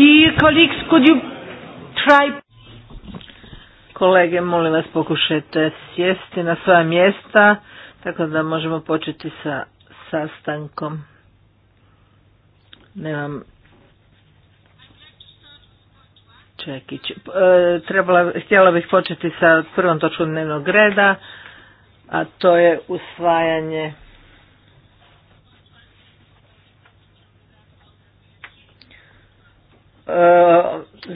Dear colleagues, could Kolege, molim vas pokušajte sjesti na svoja mjesta, tako da možemo početi sa sastankom. Nemam Čekić. E, trebala, htjela bih početi sa prvom točkom dnevnog reda, a to je usvajanje E,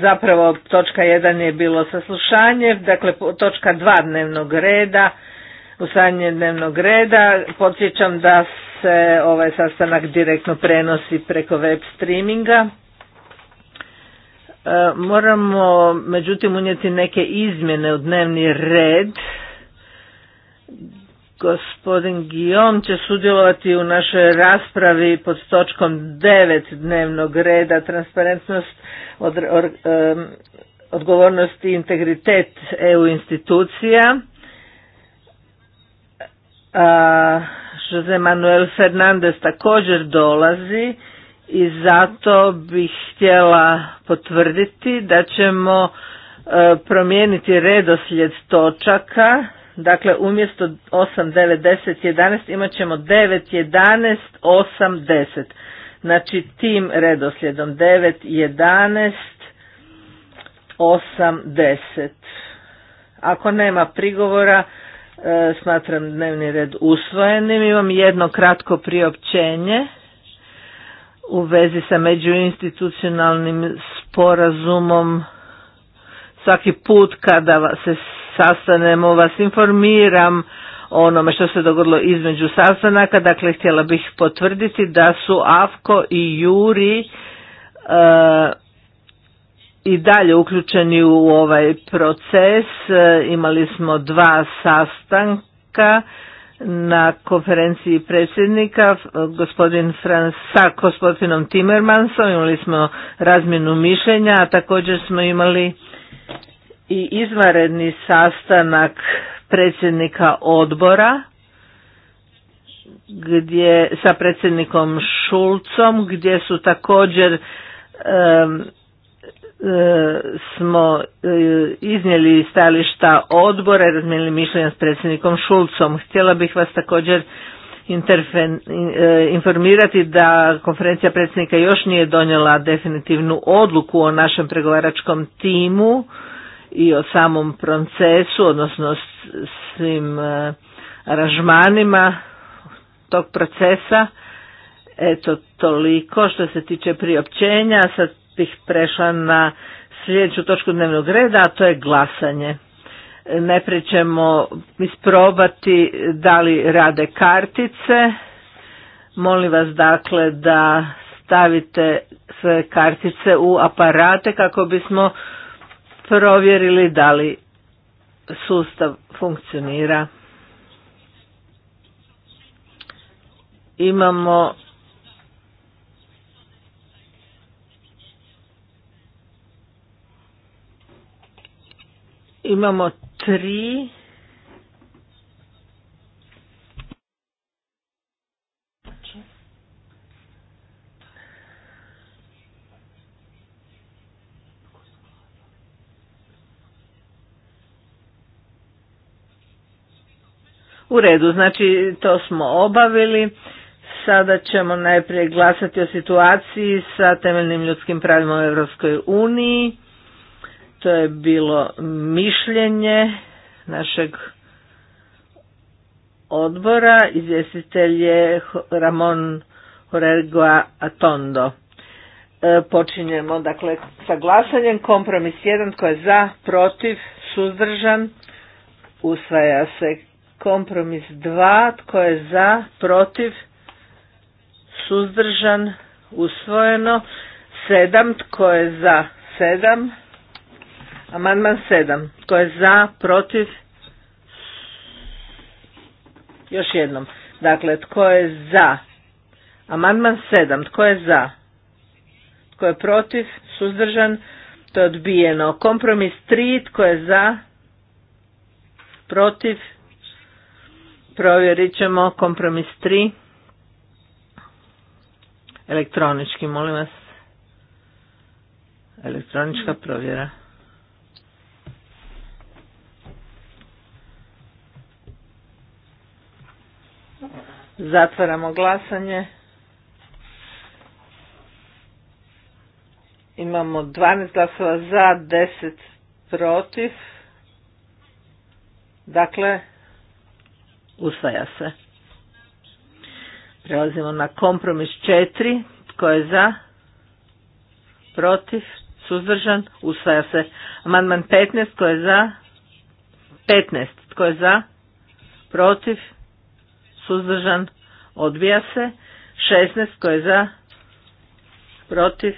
zapravo točka 1 je bilo saslušanje, dakle točka 2 dnevnog reda, usanje dnevnog reda. Podsjećam da se ovaj sastanak direktno prenosi preko web streaminga. E, moramo međutim unijeti neke izmjene u dnevni red Gospodin Guillaume će sudjelovati u našoj raspravi pod točkom 9 dnevnog reda transparentnost od, or, odgovornost i integritet EU institucija. A, Jose Manuel Fernandez također dolazi i zato bih htjela potvrditi da ćemo e, promijeniti redoslijed točaka Dakle, umjesto 8, 9, 10, 11 imat ćemo 9, 11, 8, 10. Znači tim redosljedom 9, 11, 8, 10. Ako nema prigovora, e, smatram dnevni red usvojenim. Imam jedno kratko priopćenje u vezi sa međuinstitucionalnim sporazumom. Svaki put kada se sastanemo vas informiram o onome što se dogodilo između sastanaka. Dakle, htjela bih potvrditi da su Avko i Juri e, i dalje uključeni u ovaj proces. E, imali smo dva sastanka na konferenciji predsjednika gospodin Fran, sa gospodinom Timmermansom imali smo razmjenu mišljenja, a također smo imali i izvanredni sastanak predsjednika odbora gdje sa predsjednikom Šulcom gdje su također e, smo e, iznijeli stajališta odbora i razmijenili mišljenja s predsjednikom Šulcom. Htjela bih vas također e, informirati da konferencija predsjednika još nije donijela definitivnu odluku o našem pregovaračkom timu i o samom procesu, odnosno svim e, aranžmanima tog procesa. Eto toliko što se tiče priopćenja, sad bih prešla na sljedeću točku dnevnog reda, a to je glasanje. Najprije ćemo isprobati da li rade kartice. Molim vas dakle da stavite sve kartice u aparate kako bismo provjerili da li sustav funkcionira. Imamo imamo tri U redu, znači to smo obavili. Sada ćemo najprije glasati o situaciji sa temeljnim ljudskim pravima u Europskoj uniji. To je bilo mišljenje našeg odbora. Izvjestitelj je Ramon a Atondo. E, počinjemo dakle sa glasanjem. Kompromis 1 koji je za, protiv, suzdržan. Usvaja se Kompromis 2. Tko je za? Protiv? Suzdržan? Usvojeno. 7. Tko je za? 7. Amandman 7. Tko je za? Protiv? Još jednom. Dakle, tko je za? Amandman 7. Tko je za? Tko je protiv? Suzdržan? To je odbijeno. Kompromis 3. Tko je za? Protiv? Provjerit ćemo kompromis 3. Elektronički, molim vas. Elektronička provjera. Zatvaramo glasanje. Imamo 12 glasova za, 10 protiv. Dakle, Usvaja se. Prelazimo na kompromis četiri Tko je za? Protiv? Suzdržan? Usvaja se. Amandman 15. Tko je za? 15. Tko je za? Protiv? Suzdržan? Odbija se. 16. Tko je za? Protiv?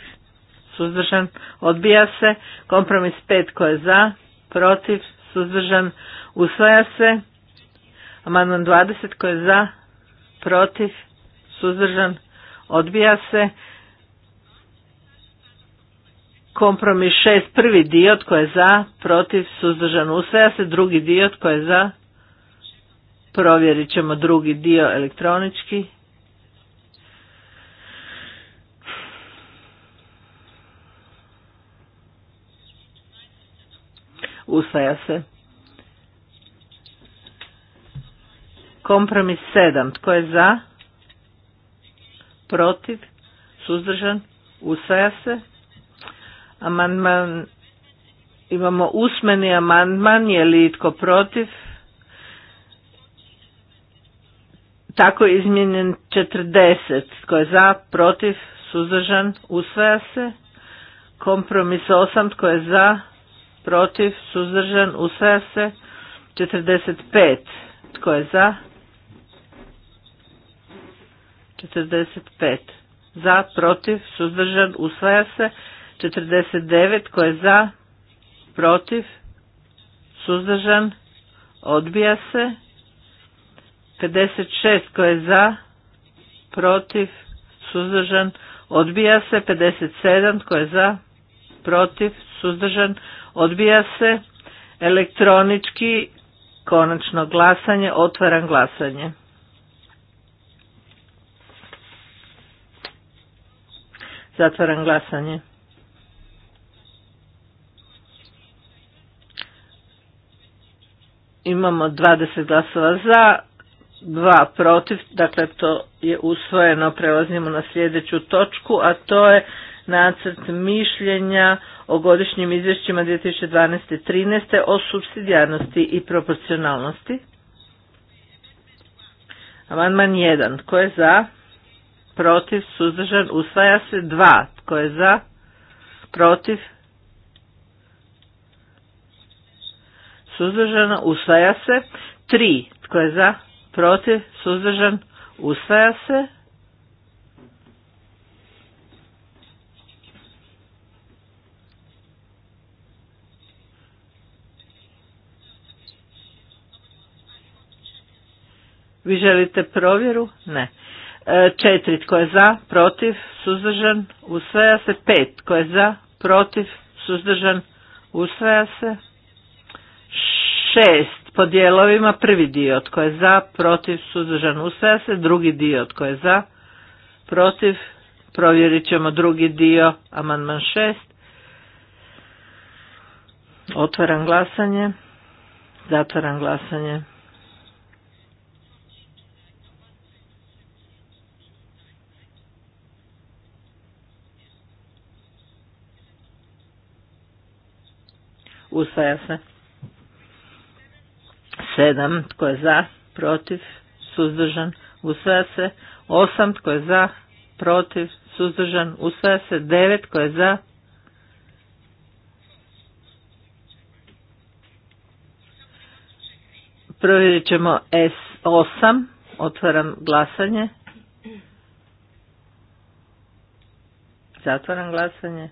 Suzdržan? Odbija se. Kompromis 5. Tko je za? Protiv? Suzdržan? Usvaja se. Amandman 20 koji je za, protiv, suzdržan, odbija se. Kompromis 6, prvi dio tko je za, protiv, suzdržan, usvaja se. Drugi dio tko je za, provjerit ćemo drugi dio elektronički. Usvaja se. Kompromis 7. Tko je za? Protiv? Suzdržan? Usvaja se. Amandman imamo usmeni amandman, je li tko protiv? Tako je izmijenjen 40. Tko je za? Protiv? Suzdržan? Usvaja se. Kompromis 8. Tko je za? Protiv? Suzdržan? Usvaja se. 45. Tko je za? 45 za, protiv, suzdržan, usvaja se. 49 tko je za, protiv, suzdržan, odbija se. 56 tko je za, protiv, suzdržan, odbija se. 57 tko je za, protiv, suzdržan, odbija se. Elektronički konačno glasanje, otvaram glasanje. Zatvaram glasanje. Imamo 20 glasova za, 2 protiv, dakle to je usvojeno, prelazimo na sljedeću točku, a to je nacrt mišljenja o godišnjim izvješćima 2012. i 2013. o subsidijarnosti i proporcionalnosti. Amandman 1. Ko je za? protiv, suzdržan, usvaja se dva, Tko je za, protiv, suzdržano, usvaja se tri, Tko je za, protiv, suzdržan, usvaja se Vi želite provjeru? Ne. Četiri tko je za, protiv, suzdržan, usvaja se. Pet tko je za, protiv, suzdržan, usvaja se. Šest po dijelovima, prvi dio tko je za, protiv, suzdržan, usvaja se. Drugi dio tko je za, protiv, provjerit ćemo drugi dio, amandman šest. Otvaram glasanje, zatvaram glasanje. usvaja se. 7 tko je za, protiv, suzdržan, usvaja se. osam tko je za, protiv, suzdržan, usvaja se. devet tko je za, Provjerit ćemo S8. Otvaram glasanje. Zatvaram glasanje.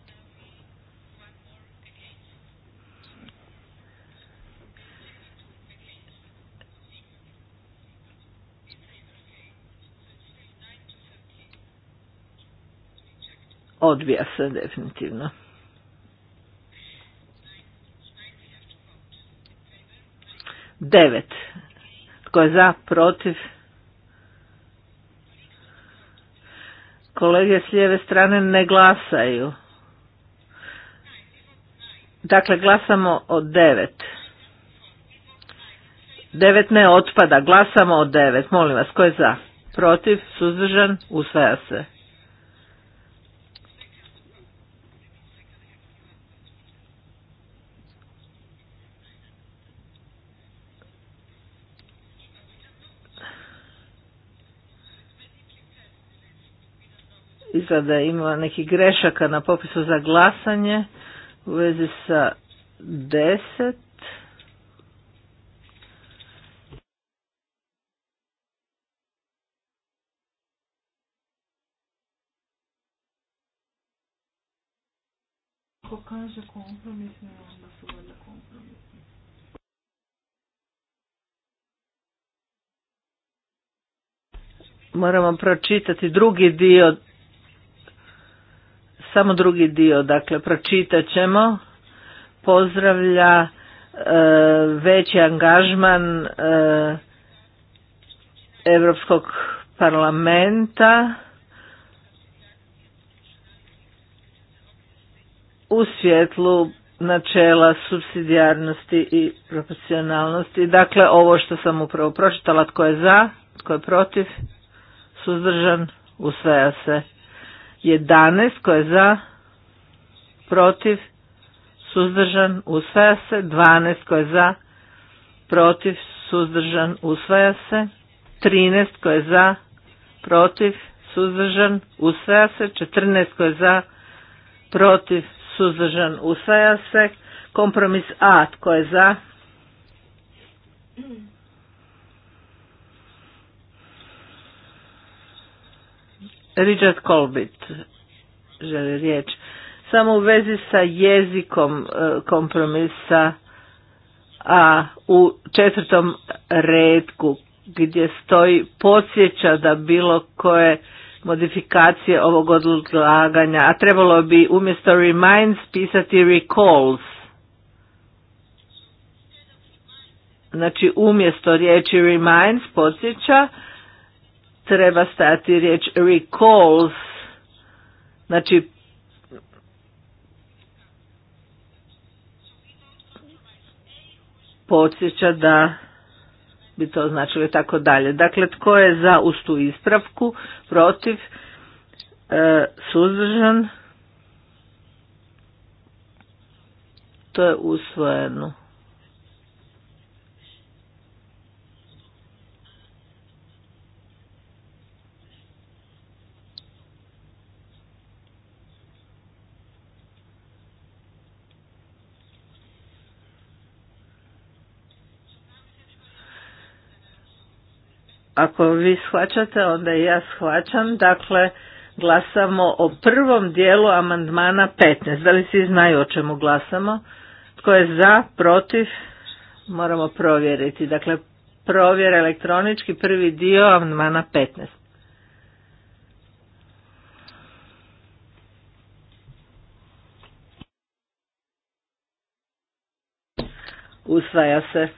odbija se definitivno. Devet. Tko je za, protiv? Kolege s lijeve strane ne glasaju. Dakle, glasamo o devet. Devet ne otpada, glasamo o devet. Molim vas, tko je za? Protiv, suzdržan, usvaja se. da ima nekih grešaka na popisu za glasanje u vezi sa 10. Ko kaže kompromisno, onda su valjda Moramo pročitati drugi dio samo drugi dio, dakle, pročitat ćemo. Pozdravlja e, veći angažman e, Europskog parlamenta u svjetlu načela subsidijarnosti i profesionalnosti. Dakle, ovo što sam upravo pročitala, tko je za, tko je protiv, suzdržan, usvaja se. 11 koje je za, protiv, suzdržan, usvaja se. 12 koje je za, protiv, suzdržan, usvaja se. 13 koje je za, protiv, suzdržan, usvaja se. 14 koje je za, protiv, suzdržan, usvaja se. Kompromis A koje je za, Richard Colbit želi riječ. Samo u vezi sa jezikom e, kompromisa, a u četvrtom redku gdje stoji podsjeća da bilo koje modifikacije ovog odlaganja, a trebalo bi umjesto reminds pisati recalls. Znači umjesto riječi reminds podsjeća, treba stati riječ recalls, znači podsjeća da bi to značilo i tako dalje. Dakle, tko je za ustu ispravku, protiv, e, suzdržan, to je usvojeno. Ako vi shvaćate, onda i ja shvaćam. Dakle, glasamo o prvom dijelu amandmana 15. Da li svi znaju o čemu glasamo? Tko je za, protiv? Moramo provjeriti. Dakle, provjer elektronički prvi dio amandmana 15. Usvaja se.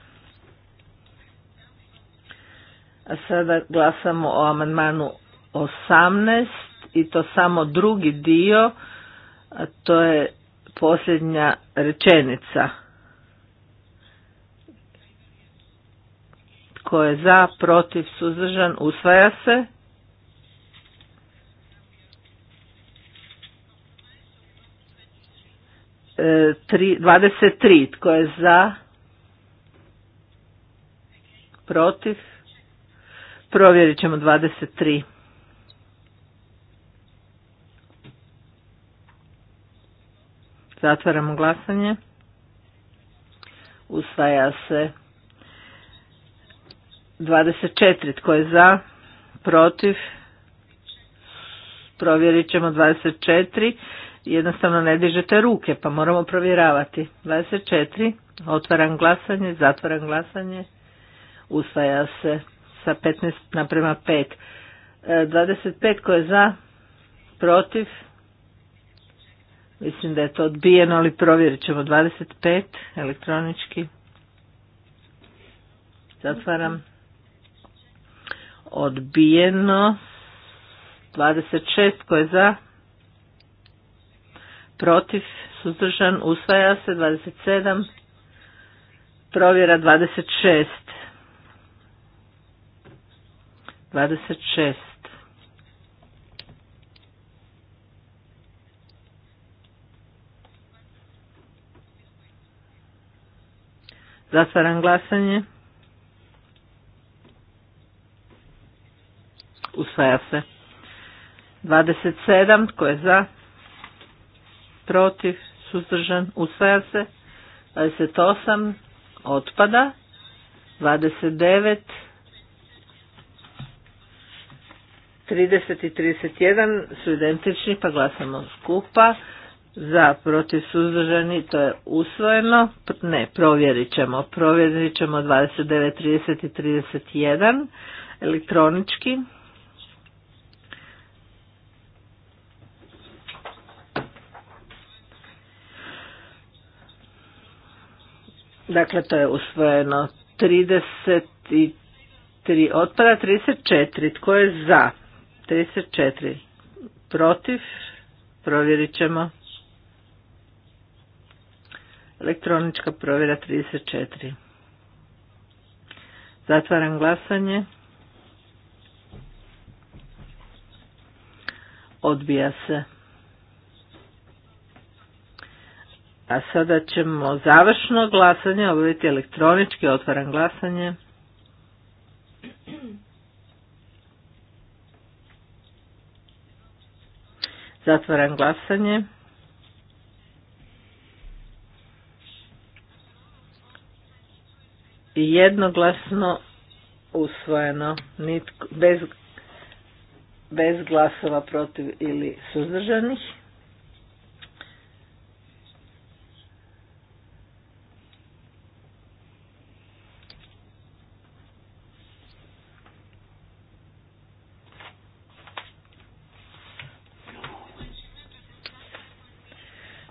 A sada glasamo o amandmanu 18 i to samo drugi dio, a to je posljednja rečenica. Tko je za, protiv, suzdržan, usvaja se. E, tri, 23. Tko je za, protiv, Provjerit ćemo 23. Zatvaramo glasanje. Usvaja se 24. Tko je za? Protiv? Provjerit ćemo 24. Jednostavno ne dižete ruke, pa moramo provjeravati. 24. Otvaram glasanje, zatvaram glasanje. Usvaja se sa 15 naprema 5. 25 koje je za, protiv, mislim da je to odbijeno, ali provjerit ćemo 25 elektronički. Zatvaram. Odbijeno. 26 koje je za, protiv, suzdržan, usvaja se 27, provjera 26. 26. Zatvaram glasanje. Usvaja se. 27. Tko je za? Protiv? Suzdržan? Usvaja se. 28. Otpada. 29. 30 i 31 su identični pa glasamo skupa. Za, protiv, suzdržani, to je usvojeno. Ne, provjerit ćemo. Provjerit ćemo 29, 30 i 31 elektronički. Dakle, to je usvojeno 33 otpada, 34. Tko je za? 34 protiv, provjerit ćemo. Elektronička provjera 34. Zatvaram glasanje. Odbija se. A sada ćemo završno glasanje obaviti elektronički. Otvaram glasanje. Zatvaram glasanje. Jednoglasno usvojeno, bez, bez glasova protiv ili suzdržanih.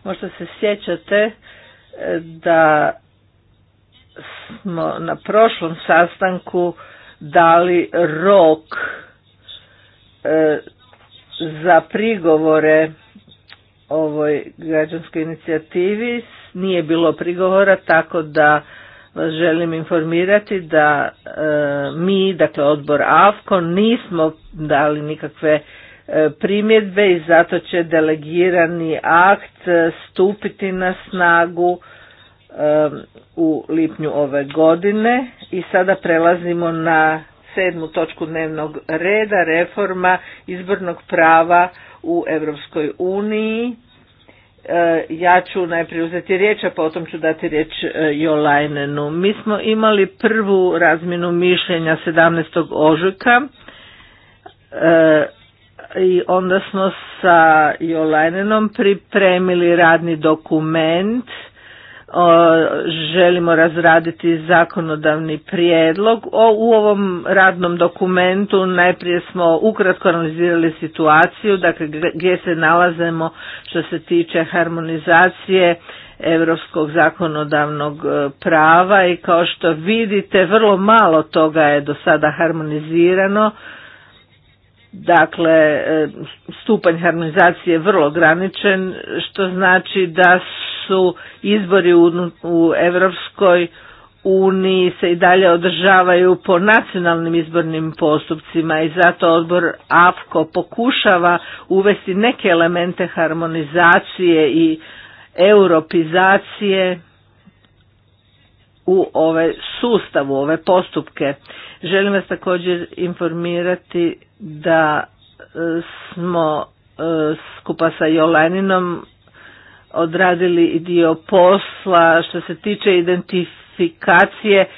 Možda se sjećate e, da smo na prošlom sastanku dali rok e, za prigovore ovoj građanskoj inicijativi. Nije bilo prigovora, tako da vas želim informirati da e, mi, dakle odbor AFKO, nismo dali nikakve E, primjedbe i zato će delegirani akt e, stupiti na snagu e, u lipnju ove godine i sada prelazimo na sedmu točku dnevnog reda reforma izbornog prava u Europskoj uniji. Ja ću najprije uzeti riječ, a potom ću dati riječ Jolajnenu. Mi smo imali prvu razminu mišljenja 17. ožujka i onda smo sa Jolajnenom pripremili radni dokument želimo razraditi zakonodavni prijedlog. u ovom radnom dokumentu najprije smo ukratko analizirali situaciju, dakle gdje se nalazimo što se tiče harmonizacije europskog zakonodavnog e, prava i kao što vidite vrlo malo toga je do sada harmonizirano. Dakle, e, stupanj harmonizacije je vrlo ograničen, što znači da su izbori u, u Europskoj Uniji se i dalje održavaju po nacionalnim izbornim postupcima i zato odbor AFKO pokušava uvesti neke elemente harmonizacije i europizacije u ove sustavu, ove postupke. Želim vas također informirati da e, smo e, skupa sa Jolaninom odradili i dio posla što se tiče identifikacije e,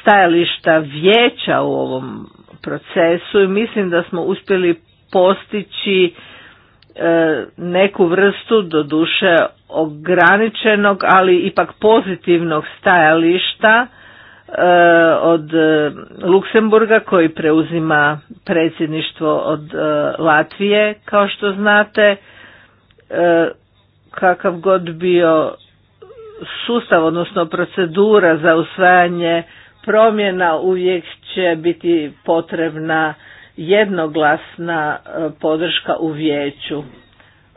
stajališta vijeća u ovom procesu i mislim da smo uspjeli postići neku vrstu do duše ograničenog ali ipak pozitivnog stajališta Eh, od eh, Luksemburga koji preuzima predsjedništvo od eh, Latvije kao što znate kakav god bio sustav odnosno procedura za usvajanje promjena uvijek će biti potrebna jednoglasna podrška u vijeću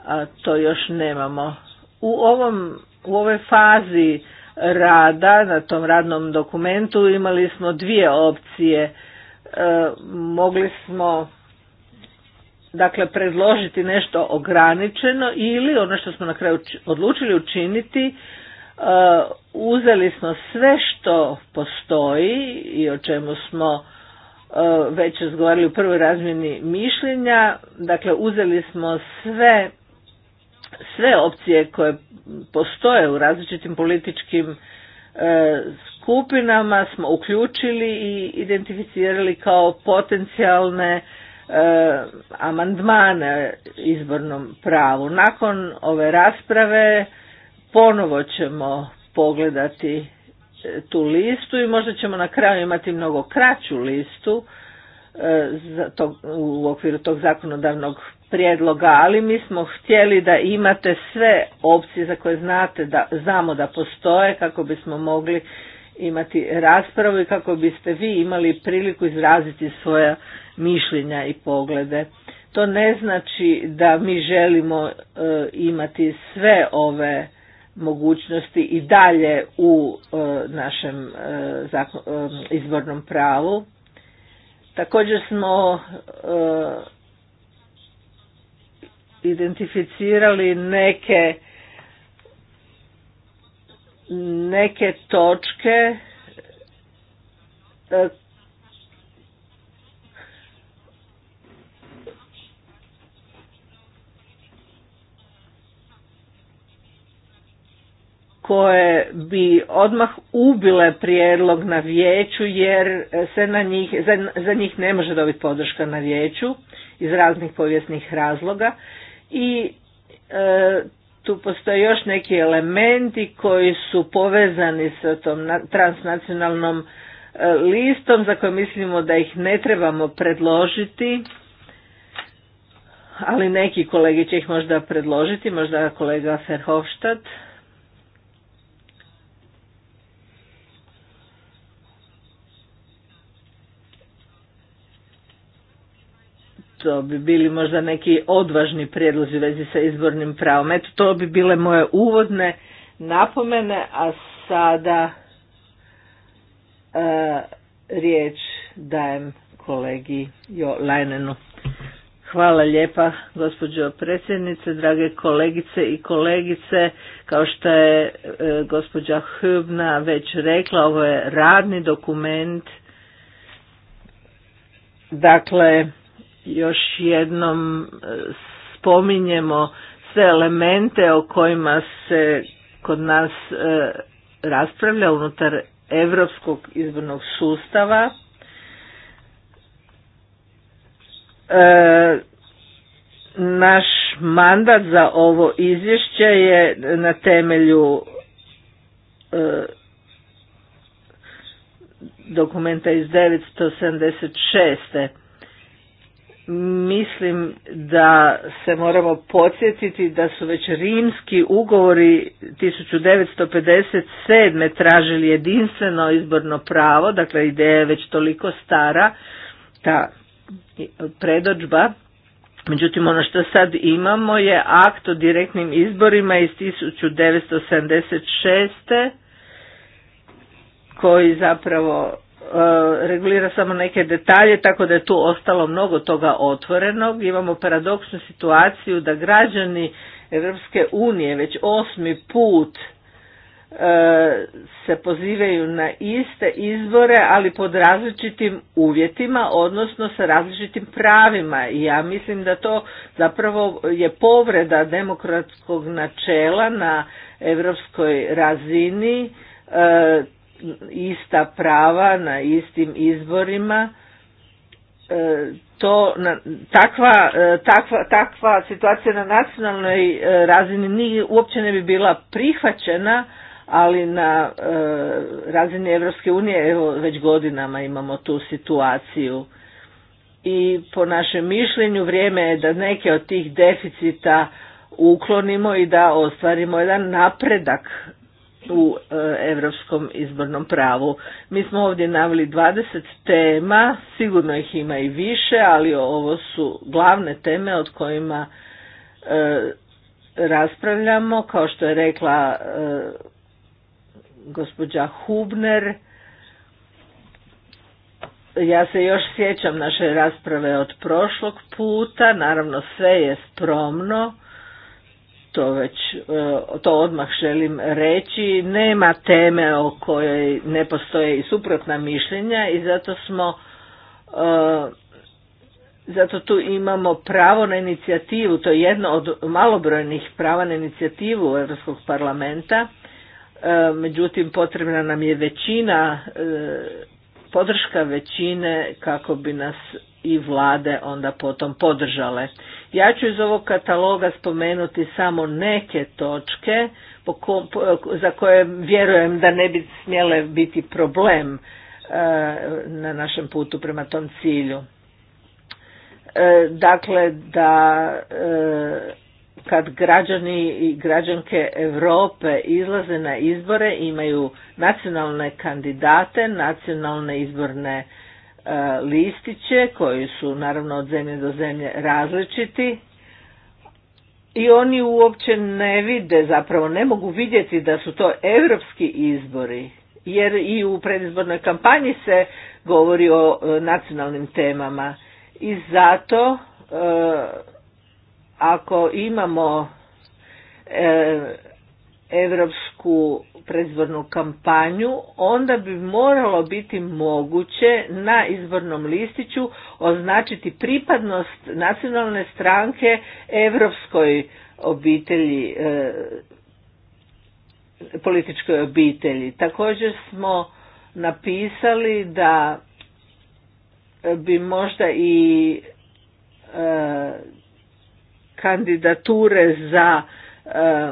a to još nemamo u ovom u ovoj fazi rada na tom radnom dokumentu imali smo dvije opcije. E, mogli smo dakle predložiti nešto ograničeno ili ono što smo na kraju odlučili učiniti e, uzeli smo sve što postoji i o čemu smo e, već razgovarali u prvoj razmjeni mišljenja, dakle uzeli smo sve sve opcije koje postoje u različitim političkim e, skupinama smo uključili i identificirali kao potencijalne e, amandmane izbornom pravu. Nakon ove rasprave ponovo ćemo pogledati e, tu listu i možda ćemo na kraju imati mnogo kraću listu u okviru tog zakonodavnog prijedloga, ali mi smo htjeli da imate sve opcije za koje znate da znamo da postoje kako bismo mogli imati raspravu i kako biste vi imali priliku izraziti svoja mišljenja i poglede. To ne znači da mi želimo e, imati sve ove mogućnosti i dalje u e, našem e, e, izbornom pravu. Također smo identificirali neke neke točke e, koje bi odmah ubile prijedlog na vijeću jer se na njih, za, za njih ne može dobiti podrška na vijeću iz raznih povijesnih razloga i e, tu postoje još neki elementi koji su povezani sa tom transnacionalnom e, listom za koje mislimo da ih ne trebamo predložiti, ali neki kolegi će ih možda predložiti, možda kolega Ferhofstadt. to bi bili možda neki odvažni prijedlozi vezi sa izbornim pravom. Eto, to bi bile moje uvodne napomene, a sada e, riječ dajem kolegi Jo Lajnenu. Hvala lijepa gospođo predsjednice, drage kolegice i kolegice. Kao što je e, gospođa Hrbna već rekla, ovo je radni dokument. Dakle, još jednom e, spominjemo sve elemente o kojima se kod nas e, raspravlja unutar europskog izbornog sustava. E, naš mandat za ovo izvješće je na temelju dokumenta iz 976 mislim da se moramo podsjetiti da su već rimski ugovori 1957. tražili jedinstveno izborno pravo, dakle ideja je već toliko stara, ta predođba. Međutim, ono što sad imamo je akt o direktnim izborima iz 1976. koji zapravo E, regulira samo neke detalje, tako da je tu ostalo mnogo toga otvorenog. Imamo paradoksnu situaciju da građani Europske unije već osmi put e, se pozivaju na iste izbore, ali pod različitim uvjetima, odnosno sa različitim pravima. I ja mislim da to zapravo je povreda demokratskog načela na europskoj razini. E, ista prava na istim izborima e, to takva, e, takva, takva situacija na nacionalnoj e, razini uopće ne bi bila prihvaćena ali na razini Europske unije evo već godinama imamo tu situaciju i po našem mišljenju vrijeme je da neke od tih deficita uklonimo i da ostvarimo jedan napredak u europskom izbornom pravu. Mi smo ovdje naveli 20 tema, sigurno ih ima i više, ali ovo su glavne teme od kojima e, raspravljamo, kao što je rekla e, gospođa Hubner. Ja se još sjećam naše rasprave od prošlog puta, naravno sve je spromno to već e, to odmah želim reći nema teme o kojoj ne postoje i suprotna mišljenja i zato smo e, zato tu imamo pravo na inicijativu to je jedno od malobrojnih prava na inicijativu Europskog parlamenta e, međutim potrebna nam je većina podrška većine kako bi nas i vlade onda potom podržale ja ću iz ovog kataloga spomenuti samo neke točke za koje vjerujem da ne bi smjele biti problem e, na našem putu prema tom cilju. E, dakle, da e, kad građani i građanke Europe izlaze na izbore, imaju nacionalne kandidate, nacionalne izborne E, listiće koji su naravno od zemlje do zemlje različiti i oni uopće ne vide, zapravo ne mogu vidjeti da su to europski izbori jer i u predizbornoj kampanji se govori o e, nacionalnim temama i zato e, ako imamo europsku predizbornu kampanju, onda bi moralo biti moguće na izbornom listiću označiti pripadnost nacionalne stranke europskoj obitelji, e, političkoj obitelji. Također smo napisali da bi možda i e, kandidature za e,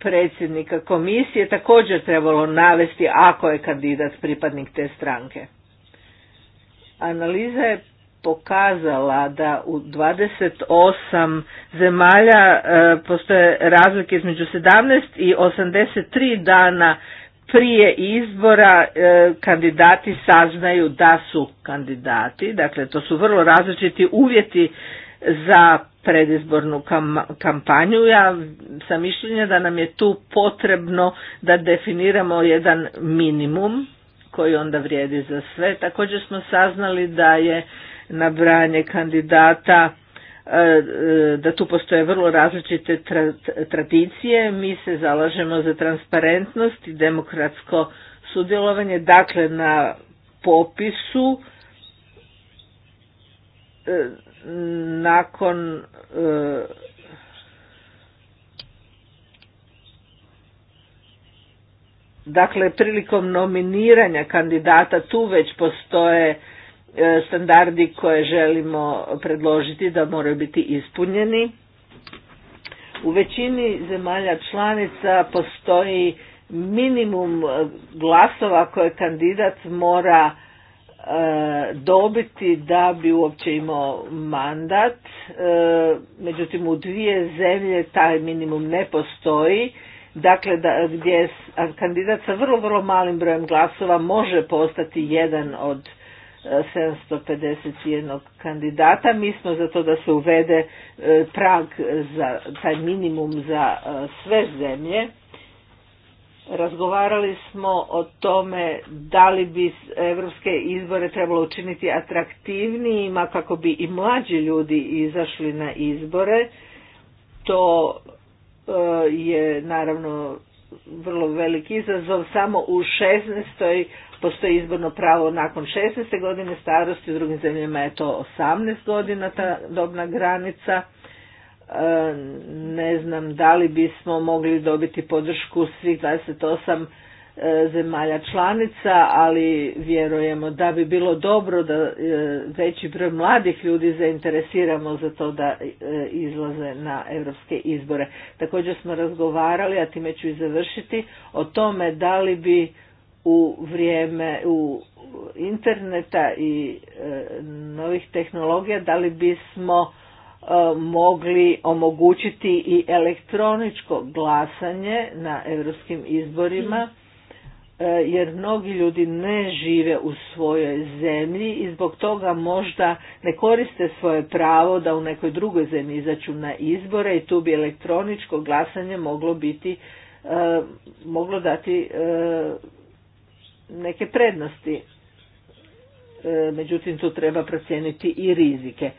predsjednika komisije također trebalo navesti ako je kandidat pripadnik te stranke. Analiza je pokazala da u 28 zemalja e, postoje razlike između 17 i 83 dana prije izbora e, kandidati saznaju da su kandidati, dakle to su vrlo različiti uvjeti za predizbornu kampanju. Ja sam mišljenja da nam je tu potrebno da definiramo jedan minimum koji onda vrijedi za sve. Također smo saznali da je nabranje kandidata e, e, da tu postoje vrlo različite tradicije. Mi se zalažemo za transparentnost i demokratsko sudjelovanje. Dakle, na popisu e, nakon e, dakle prilikom nominiranja kandidata tu već postoje e, standardi koje želimo predložiti da moraju biti ispunjeni u većini zemalja članica postoji minimum glasova koje kandidat mora E, dobiti da bi uopće imao mandat. E, međutim, u dvije zemlje taj minimum ne postoji. Dakle, da, gdje kandidat sa vrlo, vrlo malim brojem glasova može postati jedan od 751 e, kandidata. Mi smo za to da se uvede prag za taj minimum za sve zemlje Razgovarali smo o tome da li bi evropske izbore trebalo učiniti atraktivnijima kako bi i mlađi ljudi izašli na izbore. To e, je naravno vrlo velik izazov. Samo u 16. postoji izborno pravo nakon 16. godine starosti, u drugim zemljama je to 18 godina ta dobna granica ne znam da li bismo mogli dobiti podršku svih 28 e, zemalja članica, ali vjerujemo da bi bilo dobro da e, veći broj mladih ljudi zainteresiramo za to da e, izlaze na europske izbore. Također smo razgovarali, a time ću i završiti, o tome da li bi u vrijeme u interneta i novih tehnologija, da li bismo E, mogli omogućiti i elektroničko glasanje na europskim izborima mhm. e, jer mnogi ljudi ne žive u svojoj zemlji i zbog toga možda ne koriste svoje pravo da u nekoj drugoj zemlji izađu na izbore i tu bi elektroničko glasanje moglo biti e, moglo dati neke prednosti međutim tu treba procijeniti i rizike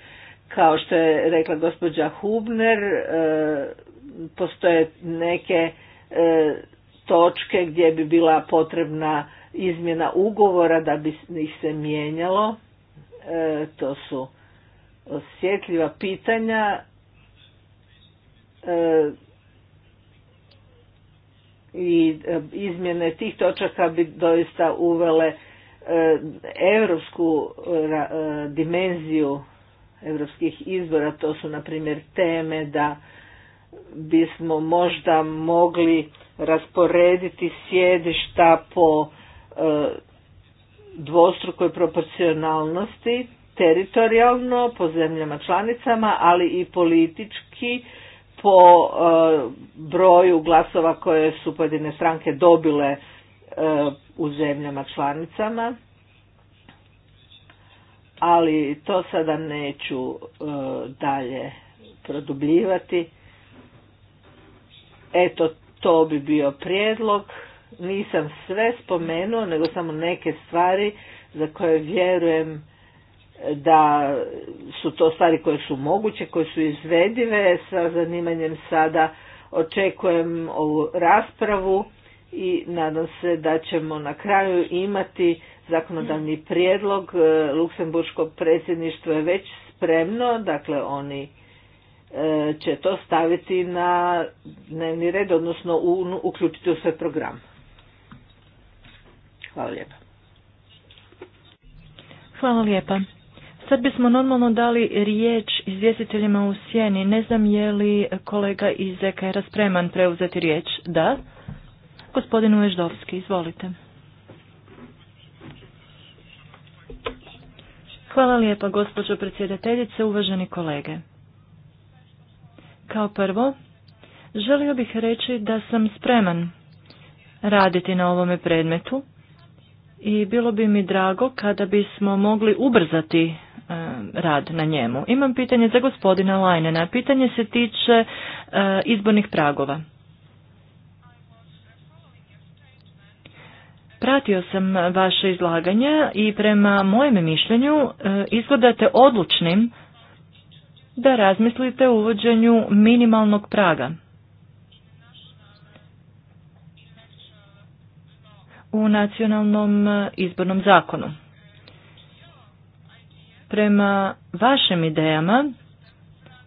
kao što je rekla gospođa Hubner, e, postoje neke e, točke gdje bi bila potrebna izmjena ugovora da bi ih se mijenjalo. E, to su osjetljiva pitanja i izmjene tih točaka bi doista uvele europsku dimenziju europskih izbora, to su na primjer teme da bismo možda mogli rasporediti sjedišta po e, dvostrukoj proporcionalnosti teritorijalno po zemljama članicama, ali i politički po e, broju glasova koje su pojedine stranke dobile e, u zemljama članicama ali to sada neću e, dalje produbljivati. Eto, to bi bio prijedlog. Nisam sve spomenuo, nego samo neke stvari za koje vjerujem da su to stvari koje su moguće, koje su izvedive. Sa zanimanjem sada očekujem ovu raspravu i nadam se da ćemo na kraju imati zakonodavni prijedlog. E, Luksemburško predsjedništvo je već spremno, dakle oni e, će to staviti na dnevni red, odnosno uključiti u svoj program. Hvala lijepa. Hvala lijepa. Sad bismo normalno dali riječ izvjestiteljima u sjeni. Ne znam je li kolega iz EKR spreman preuzeti riječ. Da. Gospodin Uježdovski, izvolite. Hvala lijepa gospođo predsjedateljice, uvaženi kolege. Kao prvo, želio bih reći da sam spreman raditi na ovome predmetu i bilo bi mi drago kada bismo mogli ubrzati e, rad na njemu. Imam pitanje za gospodina Lajnena. Pitanje se tiče e, izbornih pragova. Pratio sam vaše izlaganja i prema mojem mišljenju e, izgledate odlučnim da razmislite o uvođenju minimalnog praga. u nacionalnom e, izbornom zakonu. Prema vašim idejama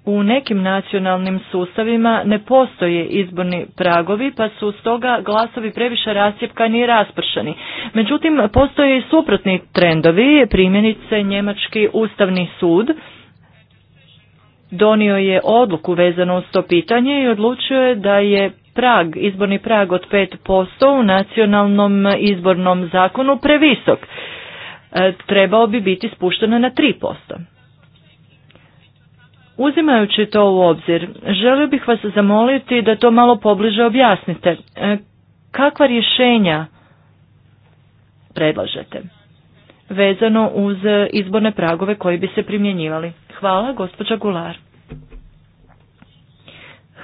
u nekim nacionalnim sustavima ne postoje izborni pragovi, pa su stoga glasovi previše rasjepkani i raspršani. Međutim, postoje i suprotni trendovi, primjenice Njemački ustavni sud, donio je odluku vezano uz to pitanje i odlučio je da je prag, izborni prag od 5% u nacionalnom izbornom zakonu previsok. E, trebao bi biti spušteno na 3%. Uzimajući to u obzir, želio bih vas zamoliti da to malo pobliže objasnite. E, kakva rješenja predlažete vezano uz izborne pragove koji bi se primjenjivali? Hvala, gospođa Gular.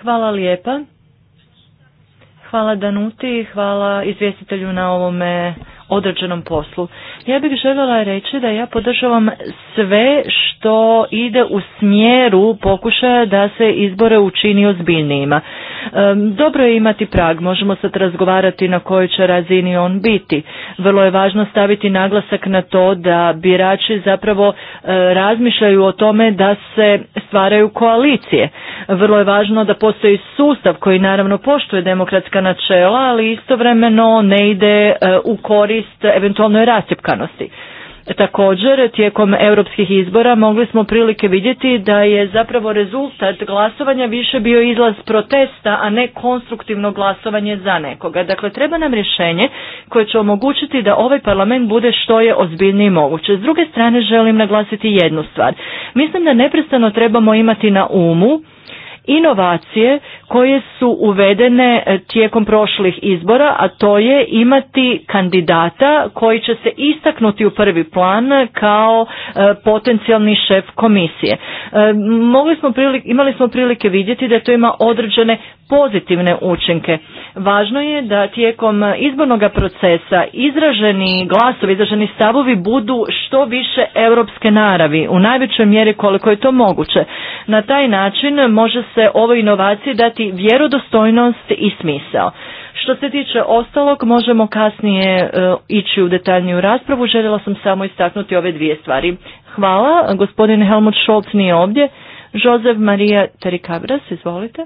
Hvala lijepa. Hvala Danuti, hvala izvjestitelju na ovome određenom poslu. Ja bih željela reći da ja podržavam sve što ide u smjeru pokušaja da se izbore učini ozbiljnijima. Dobro je imati prag, možemo sad razgovarati na kojoj će razini on biti. Vrlo je važno staviti naglasak na to da birači zapravo e, razmišljaju o tome da se stvaraju koalicije. Vrlo je važno da postoji sustav koji naravno poštuje demokratska načela, ali istovremeno ne ide e, u korist korist eventualnoj rasjepkanosti. Također, tijekom europskih izbora mogli smo prilike vidjeti da je zapravo rezultat glasovanja više bio izlaz protesta, a ne konstruktivno glasovanje za nekoga. Dakle, treba nam rješenje koje će omogućiti da ovaj parlament bude što je ozbiljnije moguće. S druge strane, želim naglasiti jednu stvar. Mislim da neprestano trebamo imati na umu inovacije koje su uvedene e, tijekom prošlih izbora, a to je imati kandidata koji će se istaknuti u prvi plan kao e, potencijalni šef komisije. E, mogli smo prilike, imali smo prilike vidjeti da to ima određene pozitivne učinke. Važno je da tijekom izbornog procesa izraženi glasovi, izraženi stavovi budu što više europske naravi, u najvećoj mjeri koliko je to moguće. Na taj način može se ovoj inovaciji dati vjerodostojnost i smisao. Što se tiče ostalog, možemo kasnije e, ići u detaljniju raspravu. Željela sam samo istaknuti ove dvije stvari. Hvala. Gospodin Helmut Scholz nije ovdje. Jozef Marija Terikabras, izvolite.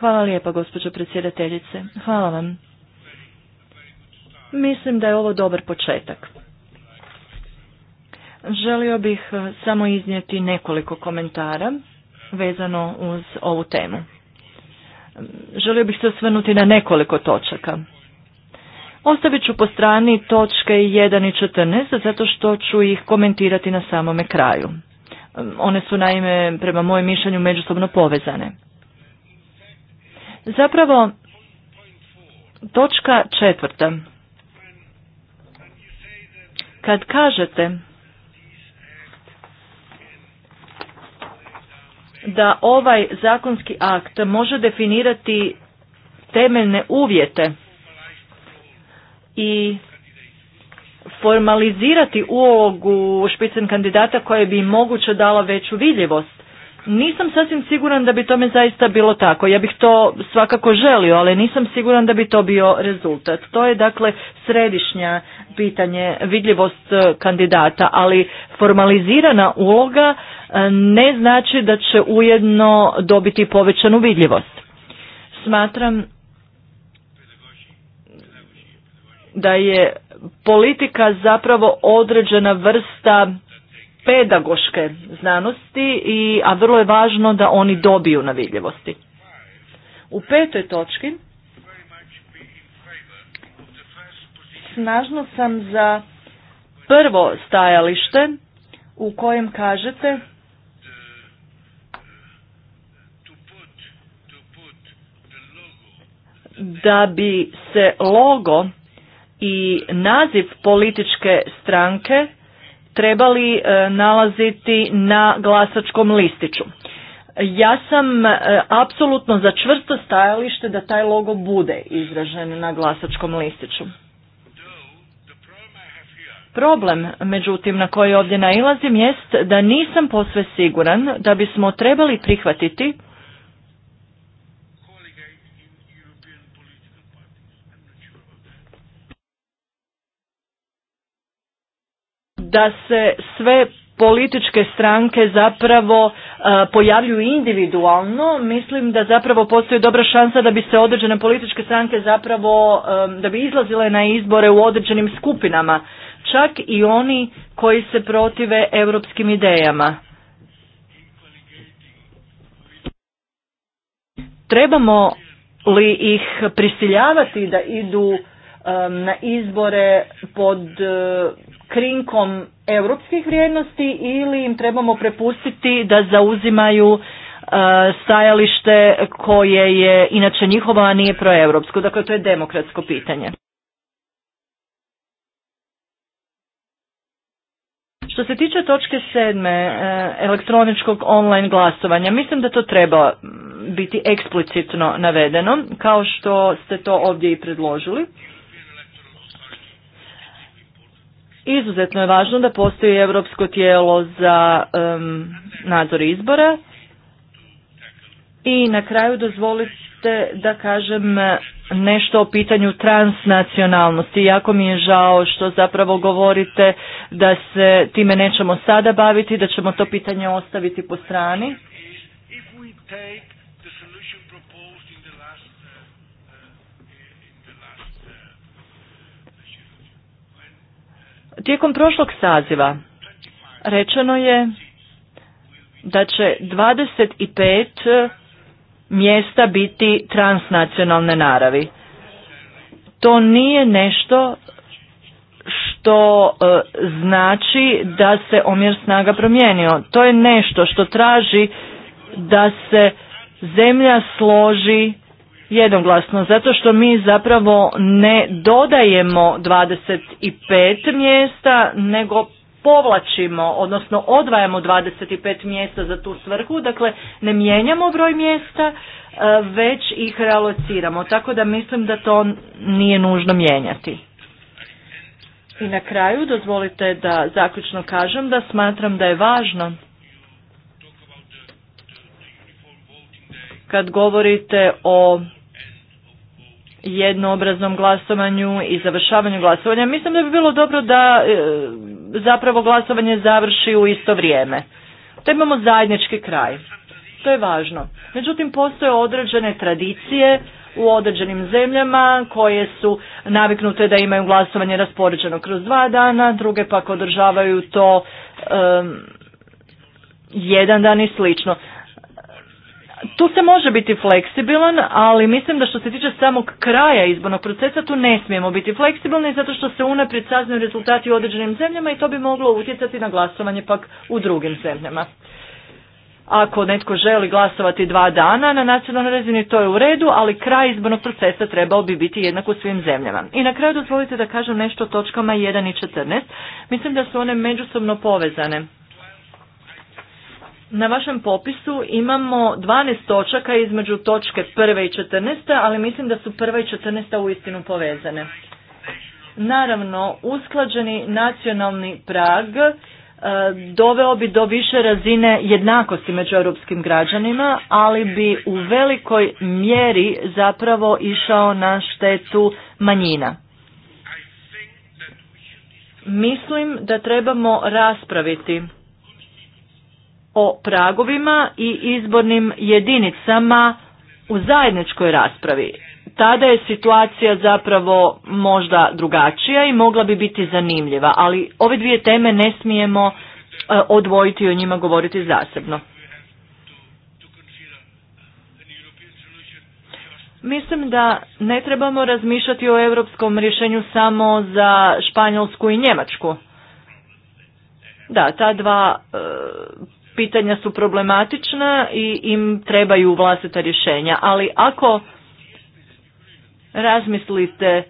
Hvala lijepa, gospođo predsjedateljice. Hvala vam. Mislim da je ovo dobar početak. Želio bih e, samo iznijeti nekoliko komentara vezano uz ovu temu. Želio bih se osvrnuti na nekoliko točaka. Ostavit ću po strani točke 1 i 14 zato što ću ih komentirati na samome kraju. One su naime prema mojem mišljenju međusobno povezane. Zapravo, točka četvrta. Kad kažete da ovaj zakonski akt može definirati temeljne uvjete i formalizirati ulogu špicen kandidata koje bi moguće dala veću vidljivost nisam sasvim siguran da bi tome zaista bilo tako. Ja bih to svakako želio, ali nisam siguran da bi to bio rezultat. To je dakle središnja pitanje, vidljivost e, kandidata, ali formalizirana uloga e, ne znači da će ujedno dobiti povećanu vidljivost. Smatram da je politika zapravo određena vrsta pedagoške znanosti, i, a vrlo je važno da oni dobiju na vidljivosti. U petoj točki snažno sam za prvo stajalište u kojem kažete da bi se logo i naziv političke stranke trebali e, nalaziti na glasačkom listiću. Ja sam e, apsolutno za čvrsto stajalište da taj logo bude izražen na glasačkom listiću. Problem, međutim, na koji ovdje nailazim jest da nisam posve siguran da bismo trebali prihvatiti da se sve političke stranke zapravo e, pojavljuju individualno, mislim da zapravo postoji dobra šansa da bi se određene političke stranke zapravo, e, da bi izlazile na izbore u određenim skupinama, čak i oni koji se protive europskim idejama. Trebamo li ih prisiljavati da idu Um, na izbore pod uh, krinkom europskih vrijednosti ili im trebamo prepustiti da zauzimaju uh, stajalište koje je inače njihovo, a nije proeuropsko, Dakle, to je demokratsko pitanje. Što se tiče točke sedme uh, elektroničkog online glasovanja, mislim da to treba biti eksplicitno navedeno, kao što ste to ovdje i predložili. Izuzetno je važno da postoji europsko tijelo za nadzor izbora. I na kraju dozvolite da kažem nešto o pitanju transnacionalnosti. Jako mi je žao što zapravo govorite da se time nećemo sada baviti, da ćemo to pitanje ostaviti po strani. Tijekom prošlog saziva rečeno je da će 25 mjesta biti transnacionalne naravi. To nije nešto što e, znači da se omjer snaga promijenio. To je nešto što traži da se zemlja složi jednoglasno, zato što mi zapravo ne dodajemo 25 mjesta, nego povlačimo, odnosno odvajamo 25 mjesta za tu svrhu, dakle ne mijenjamo broj mjesta, e, već ih realociramo, tako da mislim da to nije nužno mijenjati. I na kraju dozvolite da zaključno kažem da smatram da je važno kad govorite o jednoobraznom glasovanju i završavanju glasovanja. Mislim da bi bilo dobro da e, zapravo glasovanje završi u isto vrijeme. To imamo zajednički kraj. To je važno. Međutim, postoje određene tradicije u određenim zemljama koje su naviknute da imaju glasovanje raspoređeno kroz dva dana, druge pak održavaju to jedan dan i slično. Tu se može biti fleksibilan, ali mislim da što se tiče samog kraja izbornog procesa tu ne smijemo biti fleksibilni zato što se unaprijed saznaju rezultati u određenim zemljama i to bi moglo utjecati na glasovanje pak u drugim zemljama. Ako netko želi glasovati dva dana na nacionalnoj razini to je u redu, ali kraj izbornog procesa trebao bi biti jednak u svim zemljama. I na kraju dozvolite da kažem nešto o točkama 1 i 14. Mislim da su one međusobno povezane na vašem popisu imamo 12 točaka između točke 1. i 14. ali mislim da su 1. i 14. uistinu povezane. Naravno, usklađeni nacionalni prag e, doveo bi do više razine jednakosti među europskim građanima, ali bi u velikoj mjeri zapravo išao na štetu manjina. Mislim da trebamo raspraviti o pragovima i izbornim jedinicama u zajedničkoj raspravi. Tada je situacija zapravo možda drugačija i mogla bi biti zanimljiva, ali ove dvije teme ne smijemo e, odvojiti i o njima govoriti zasebno. Mislim da ne trebamo razmišljati o europskom rješenju samo za Španjolsku i Njemačku. Da, ta dva e, pitanja su problematična i im trebaju vlastita rješenja. Ali ako razmislite e,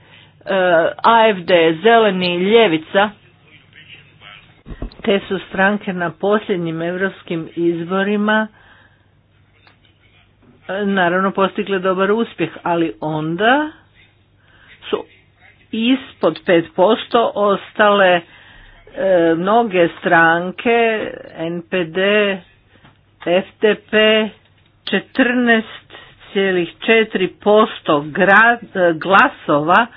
AFD, zeleni, ljevica, te su stranke na posljednjim europskim izborima e, naravno postigle dobar uspjeh, ali onda su ispod 5% ostale E, mnoge stranke, NPD, FTP, 14,4% glasova e,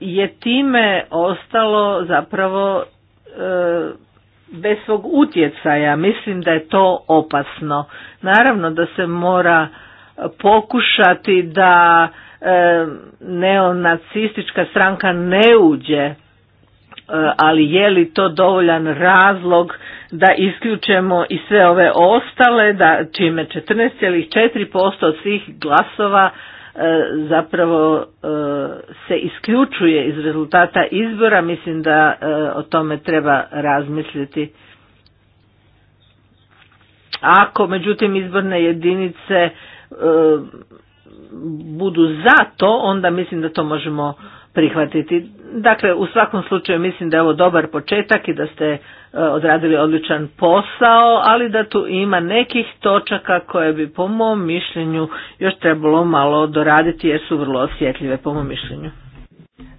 je time ostalo zapravo e, bez svog utjecaja. Mislim da je to opasno. Naravno da se mora pokušati da neonacistička stranka ne uđe Eh, ali je li to dovoljan razlog da isključemo i sve ove ostale, da čime 14,4% od svih glasova eh, zapravo eh, se isključuje iz rezultata izbora, mislim da o tome treba razmisliti. Ako međutim izborne jedinice budu za to, onda mislim da to možemo prihvatiti. Dakle, u svakom slučaju mislim da je ovo dobar početak i da ste e, odradili odličan posao, ali da tu ima nekih točaka koje bi po mom mišljenju još trebalo malo doraditi jer su vrlo osjetljive po mom mišljenju.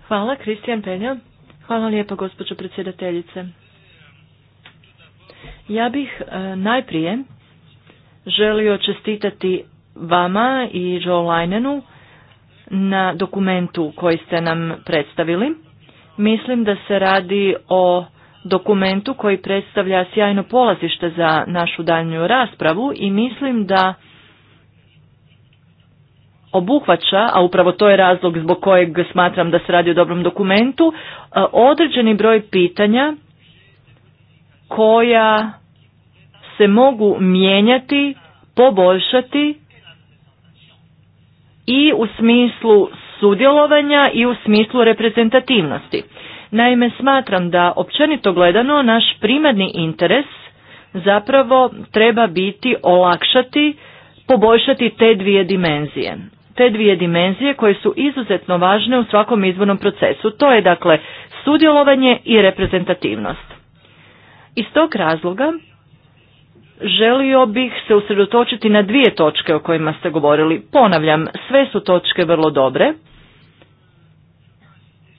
Hvala, Kristijan Penja. Hvala lijepo, gospođo predsjedateljice. Ja bih e, najprije želio čestitati vama i Joe Linenu na dokumentu koji ste nam predstavili. Mislim da se radi o dokumentu koji predstavlja sjajno polazište za našu daljnju raspravu i mislim da obuhvaća, a upravo to je razlog zbog kojeg smatram da se radi o dobrom dokumentu, e, određeni broj pitanja koja se mogu mijenjati, poboljšati i u smislu sudjelovanja i u smislu reprezentativnosti. Naime, smatram da općenito gledano naš primarni interes zapravo treba biti olakšati, poboljšati te dvije dimenzije. Te dvije dimenzije koje su izuzetno važne u svakom izbornom procesu. To je dakle sudjelovanje i reprezentativnost. Iz tog razloga Želio bih se usredotočiti na dvije točke o kojima ste govorili. Ponavljam, sve su točke vrlo dobre,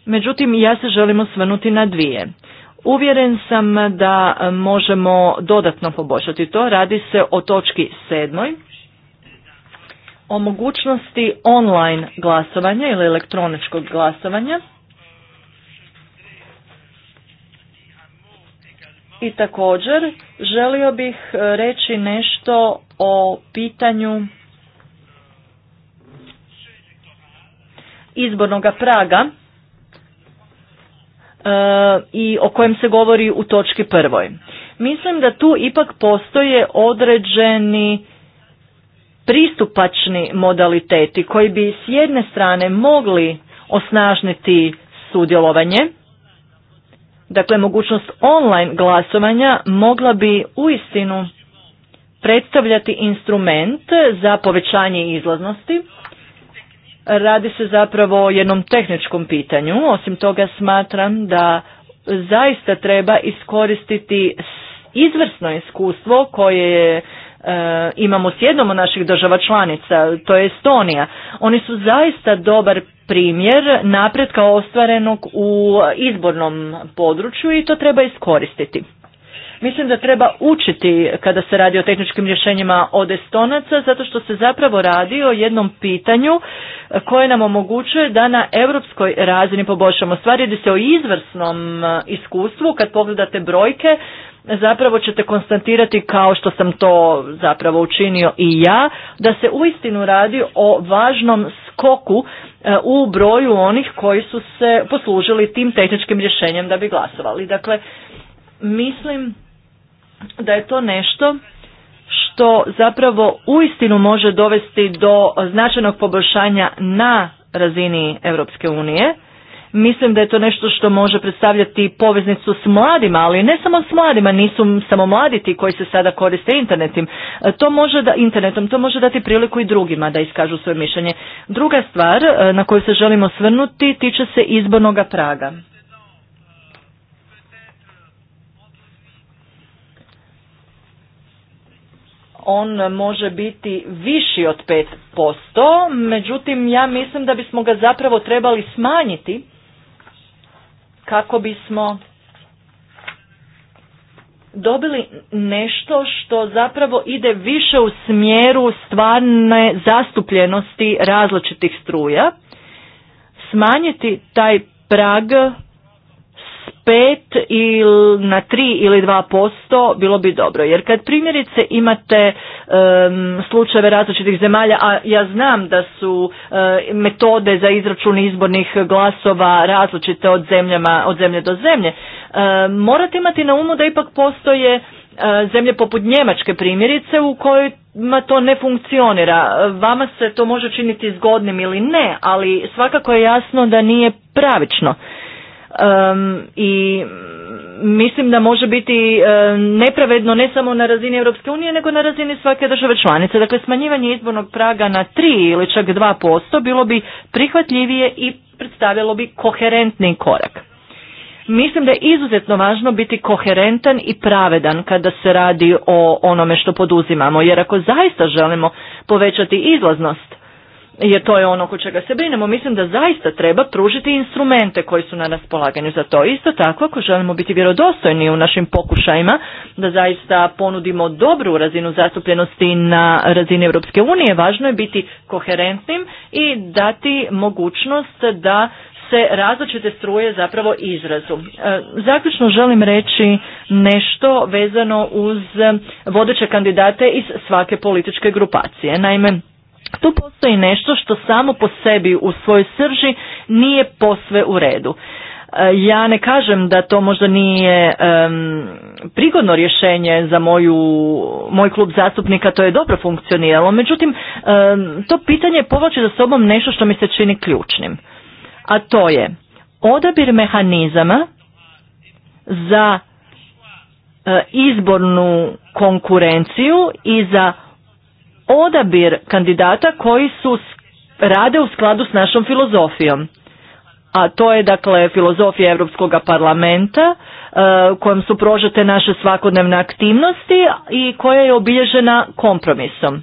međutim ja se želim osvrnuti na dvije. Uvjeren sam da možemo dodatno poboljšati to. Radi se o točki sedmoj, o mogućnosti online glasovanja ili elektroničkog glasovanja I također želio bih e, reći nešto o pitanju izbornog praga e, i o kojem se govori u točki prvoj. Mislim da tu ipak postoje određeni pristupačni modaliteti koji bi s jedne strane mogli osnažniti sudjelovanje Dakle, mogućnost online glasovanja mogla bi uistinu predstavljati instrument za povećanje izlaznosti. Radi se zapravo o jednom tehničkom pitanju. Osim toga smatram da zaista treba iskoristiti izvrsno iskustvo koje je Eh, imamo s jednom od naših država članica, to je Estonija. Oni su zaista dobar primjer napretka ostvarenog u izbornom području i to treba iskoristiti. Mislim da treba učiti kada se radi o tehničkim rješenjima od Estonaca, zato što se zapravo radi o jednom pitanju koje nam omogućuje da na europskoj razini poboljšamo stvari. Radi se o izvrsnom iskustvu, kad pogledate brojke, zapravo ćete konstatirati kao što sam to zapravo učinio i ja, da se uistinu radi o važnom skoku e, u broju onih koji su se poslužili tim tehničkim rješenjem da bi glasovali. Dakle, mislim da je to nešto što zapravo uistinu može dovesti do značajnog poboljšanja na razini Europske unije. Mislim da je to nešto što može predstavljati poveznicu s mladima, ali ne samo s mladima, nisu samo mladi ti koji se sada koriste internetom. To može da, internetom, to može dati priliku i drugima da iskažu svoje mišljenje. Druga stvar e, na koju se želimo svrnuti tiče se izbornog praga. on može biti viši od 5%, međutim ja mislim da bismo ga zapravo trebali smanjiti kako bismo dobili nešto što zapravo ide više u smjeru stvarne zastupljenosti različitih struja, smanjiti taj prag pet ili na tri ili dva posto bilo bi dobro. Jer kad primjerice imate slučajeve različitih zemalja, a ja znam da su eh, metode za izračun izbornih glasova različite od, zemljama, od zemlje do zemlje, eh, morate imati na umu da ipak postoje eh, zemlje poput Njemačke primjerice u kojima to ne funkcionira. Vama se to može činiti zgodnim ili ne, ali svakako je jasno da nije pravično i mislim da može biti e, nepravedno ne samo na razini Europske unije nego na razini svake države članice. Dakle, smanjivanje izbornog praga na 3 ili čak 2% bilo bi prihvatljivije i predstavljalo bi koherentni korak. Mislim da je izuzetno važno biti koherentan i pravedan kada se radi o onome što poduzimamo, jer ako zaista želimo povećati izlaznost, jer to je ono oko čega se brinemo. Mislim da zaista treba pružiti instrumente koji su na raspolaganju za to. Isto tako, ako želimo biti vjerodostojni u našim pokušajima, da zaista ponudimo dobru razinu zastupljenosti na razini Europske unije, važno je biti koherentnim i dati mogućnost da se različite struje zapravo izrazu. E, zaključno želim reći nešto vezano uz vodeće kandidate iz svake političke grupacije. Naime, tu postoji nešto što samo po sebi u svojoj srži nije posve u redu. E, ja ne kažem da to možda nije prigodno rješenje za moju, moj klub zastupnika, to je dobro funkcioniralo, međutim to pitanje povlači za sobom nešto što mi se čini ključnim, a to je odabir mehanizama za e, izbornu konkurenciju i za odabir kandidata koji su rade u skladu s našom filozofijom. A to je dakle filozofija Europskog parlamenta uh, kojom su prožete naše svakodnevne aktivnosti i koja je obilježena kompromisom.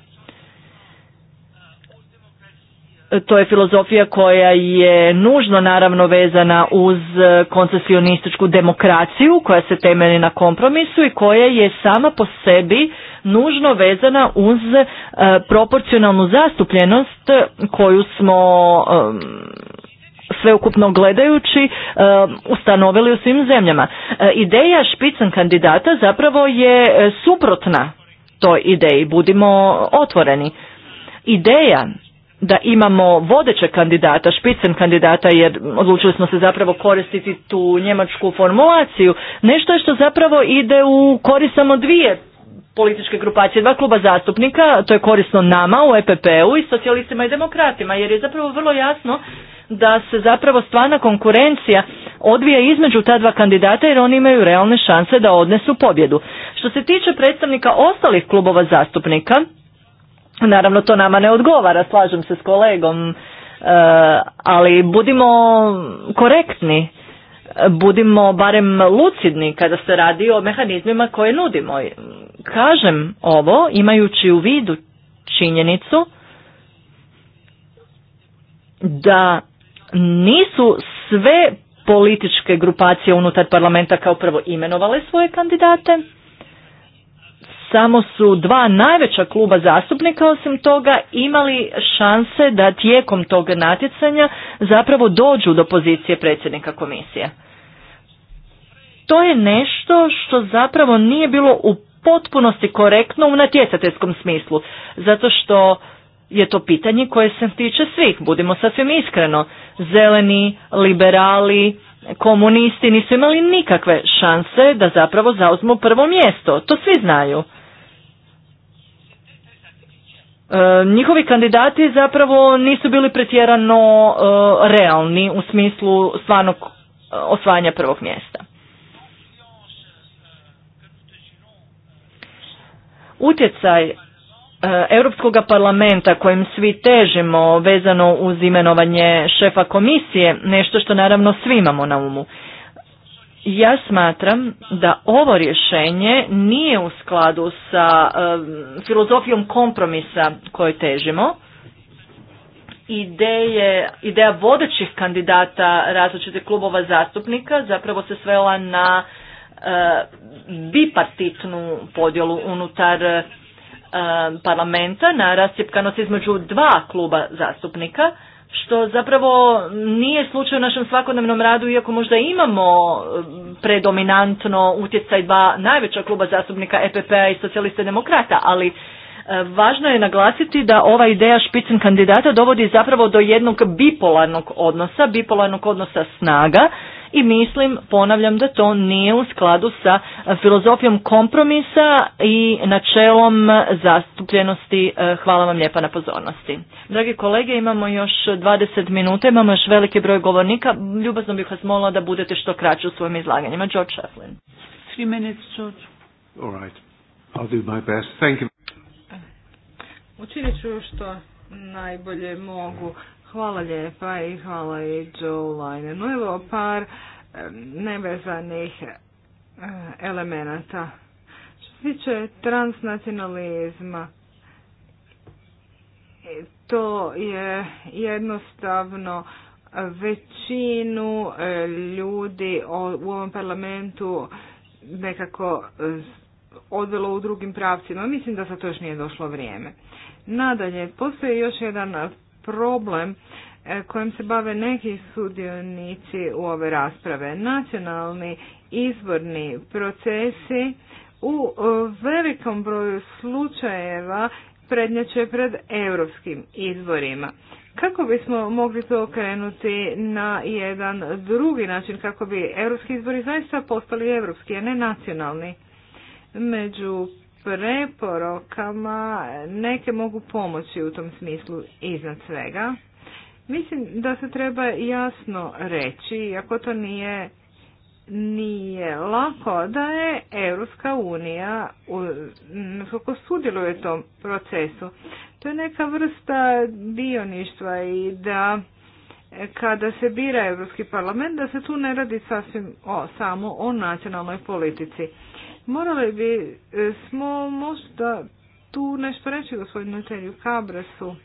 E, to je filozofija koja je nužno naravno vezana uz e, koncesionističku demokraciju koja se temelji na kompromisu i koja je sama po sebi nužno vezana uz e, proporcionalnu zastupljenost koju smo sveukupno gledajući ustanovili u svim zemljama. E, ideja špicen kandidata zapravo je e, suprotna toj ideji, budimo otvoreni. Ideja da imamo vodeće kandidata, špicen kandidata, jer odlučili smo se zapravo koristiti tu njemačku formulaciju, nešto je što zapravo ide u korist samo dvije političke grupacije, dva kluba zastupnika, to je korisno nama u EPP-u i socijalistima i demokratima, jer je zapravo vrlo jasno da se zapravo stvarna konkurencija odvija između ta dva kandidata jer oni imaju realne šanse da odnesu pobjedu. Što se tiče predstavnika ostalih klubova zastupnika, naravno to nama ne odgovara, slažem se s kolegom, eh, ali budimo korektni budimo barem lucidni kada se radi o mehanizmima koje nudimo. Kažem ovo imajući u vidu činjenicu da nisu sve političke grupacije unutar parlamenta kao prvo imenovale svoje kandidate. Samo su dva najveća kluba zastupnika osim toga imali šanse da tijekom tog natjecanja zapravo dođu do pozicije predsjednika komisije to je nešto što zapravo nije bilo u potpunosti korektno u natjecateljskom smislu, zato što je to pitanje koje se tiče svih, budimo sasvim iskreno. Zeleni, liberali, komunisti nisu imali nikakve šanse da zapravo zauzmu prvo mjesto, to svi znaju. E, njihovi kandidati zapravo nisu bili pretjerano e, realni u smislu stvarnog e, osvajanja prvog mjesta. Utjecaj e, Europskog parlamenta kojim svi težimo vezano uz imenovanje šefa komisije, nešto što naravno svi imamo na umu. Ja smatram da ovo rješenje nije u skladu sa e, filozofijom kompromisa kojoj težimo. Ideje, ideja vodećih kandidata različitih klubova zastupnika zapravo se svela na E, bipartitnu podjelu unutar e, parlamenta na rascjepkanost između dva kluba zastupnika, što zapravo nije slučaj u našem svakodnevnom radu, iako možda imamo e, predominantno utjecaj dva najveća kluba zastupnika EPP-a i socijaliste demokrata, ali Važno je naglasiti da ova ideja špicen kandidata dovodi zapravo do jednog bipolarnog odnosa, bipolarnog odnosa snaga, i mislim, ponavljam, da to nije u skladu sa filozofijom kompromisa i načelom zastupljenosti. E, hvala vam lijepa na pozornosti. Dragi kolege, imamo još 20 minuta, imamo još veliki broj govornika. Ljubazno bih vas molila da budete što kraći u svojim izlaganjima. George Shefflin. Three minutes, Učinit ću što najbolje mogu. Hvala lijepa i hvala i Joe Lajne. No, evo par nevezanih eh, elemenata. Što se tiče transnacionalizma, e, to je jednostavno većinu eh, ljudi u ovom parlamentu nekako odvelo u drugim pravcima. Mislim da za to još nije došlo vrijeme. Nadalje, postoji još jedan problem e, kojim se bave neki sudionici u ove rasprave. Nacionalni izborni procesi u e, velikom broju slučajeva prednjače pred europskim izborima. Kako bismo mogli to okrenuti na jedan drugi način, kako bi europski izbori zaista postali europski, a ne nacionalni? Među preporokama neke mogu pomoći u tom smislu iznad svega. Mislim da se treba jasno reći, iako to nije nije lako da je Europska unija nekako sudjeluje u tom procesu. To je neka vrsta dioništva i da kada se bira Europski parlament da se tu ne radi sasvim o, samo o nacionalnoj politici. Morali bi e, smo možda tu nešto reći gospodinu Teriju Kabrasu.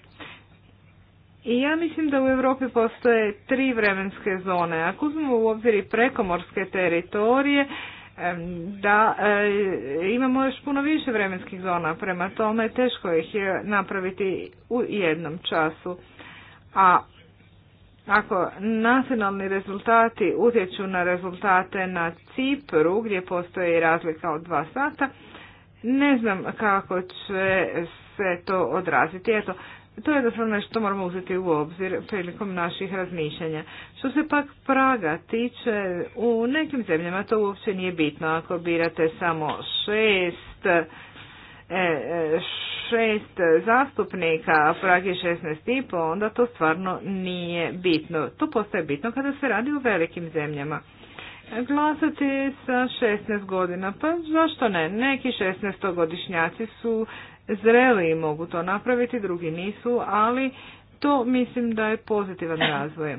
I ja mislim da u Europi postoje tri vremenske zone. Ako uzmemo u obzir i prekomorske teritorije, da e, imamo još puno više vremenskih zona, prema tome teško ih je napraviti u jednom času. A ako nacionalni rezultati utječu na rezultate na Cipru, gdje postoji razlika od dva sata, ne znam kako će se to odraziti. Eto, to je jednostavno nešto moramo uzeti u obzir prilikom naših razmišljanja. Što se pak praga tiče, u nekim zemljama to uopće nije bitno. Ako birate samo šest E, e, šest zastupnika prag je 16,5, onda to stvarno nije bitno. To postaje bitno kada se radi u velikim zemljama. E, glasati sa 16 godina, pa zašto ne? Neki 16-godišnjaci su zreli i mogu to napraviti, drugi nisu, ali to mislim da je pozitivan razvoj.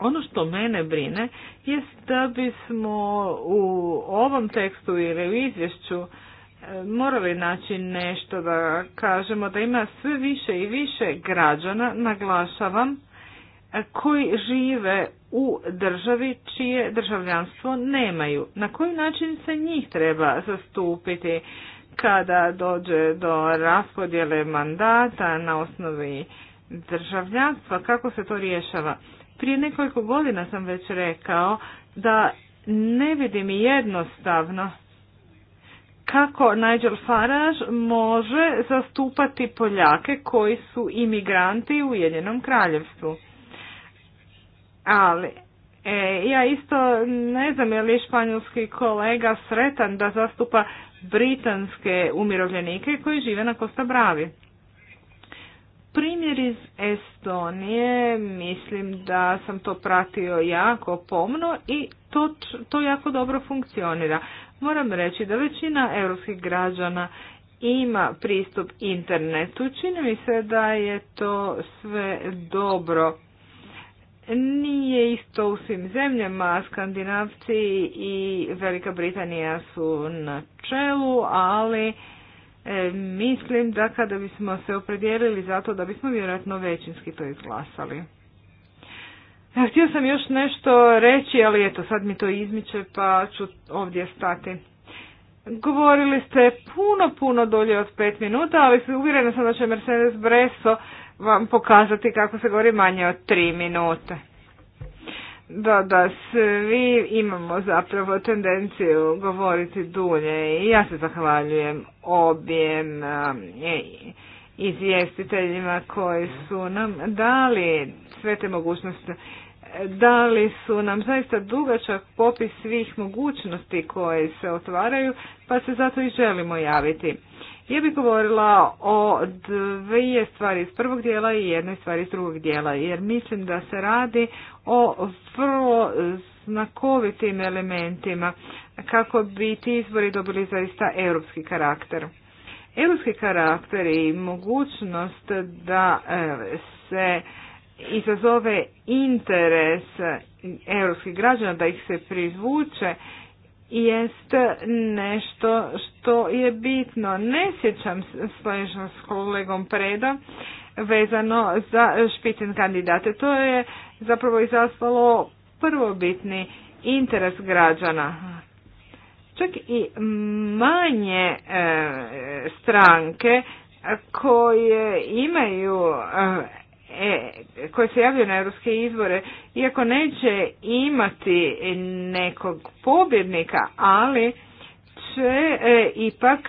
Ono što mene brine jest da bismo u ovom tekstu ili u izvješću morali naći nešto da kažemo da ima sve više i više građana, naglašavam, koji žive u državi čije državljanstvo nemaju. Na koji način se njih treba zastupiti kada dođe do raspodjele mandata na osnovi državljanstva, kako se to rješava? Prije nekoliko godina sam već rekao da ne vidim jednostavno kako Nigel Farage može zastupati Poljake koji su imigranti u Jedinom kraljevstvu. Ali e, ja isto ne znam je li španjolski kolega sretan da zastupa britanske umirovljenike koji žive na Kosta Bravi. Primjer iz Estonije, mislim da sam to pratio jako pomno i to, to jako dobro funkcionira moram reći da većina europskih građana ima pristup internetu. Čini mi se da je to sve dobro. Nije isto u svim zemljama, Skandinavci i Velika Britanija su na čelu, ali e, mislim da kada bismo se opredijelili za to da bismo vjerojatno većinski to izglasali. Ja, htio sam još nešto reći, ali eto, sad mi to izmiče pa ću ovdje stati. Govorili ste puno, puno dolje od pet minuta, ali uvjerena sam da će Mercedes Breso vam pokazati kako se govori manje od tri minute. Da, da, svi imamo zapravo tendenciju govoriti dulje i ja se zahvaljujem objem um, izvjestiteljima koji su nam dali sve te mogućnosti da li su nam zaista dugačak popis svih mogućnosti koje se otvaraju, pa se zato i želimo javiti. Ja bih govorila o dvije stvari iz prvog dijela i jednoj stvari iz drugog dijela, jer mislim da se radi o vrlo znakovitim elementima kako bi ti izbori dobili zaista europski karakter. Europski karakter i mogućnost da e, se izazove interes europskih građana da ih se prizvuče jest nešto što je bitno. Ne sjećam slažem s kolegom Preda vezano za špicen kandidate. To je zapravo izazvalo prvobitni interes građana. Čak i manje e, stranke koje imaju e, E, koje se javljaju na europske izbore, iako neće imati nekog pobjednika, ali će e, ipak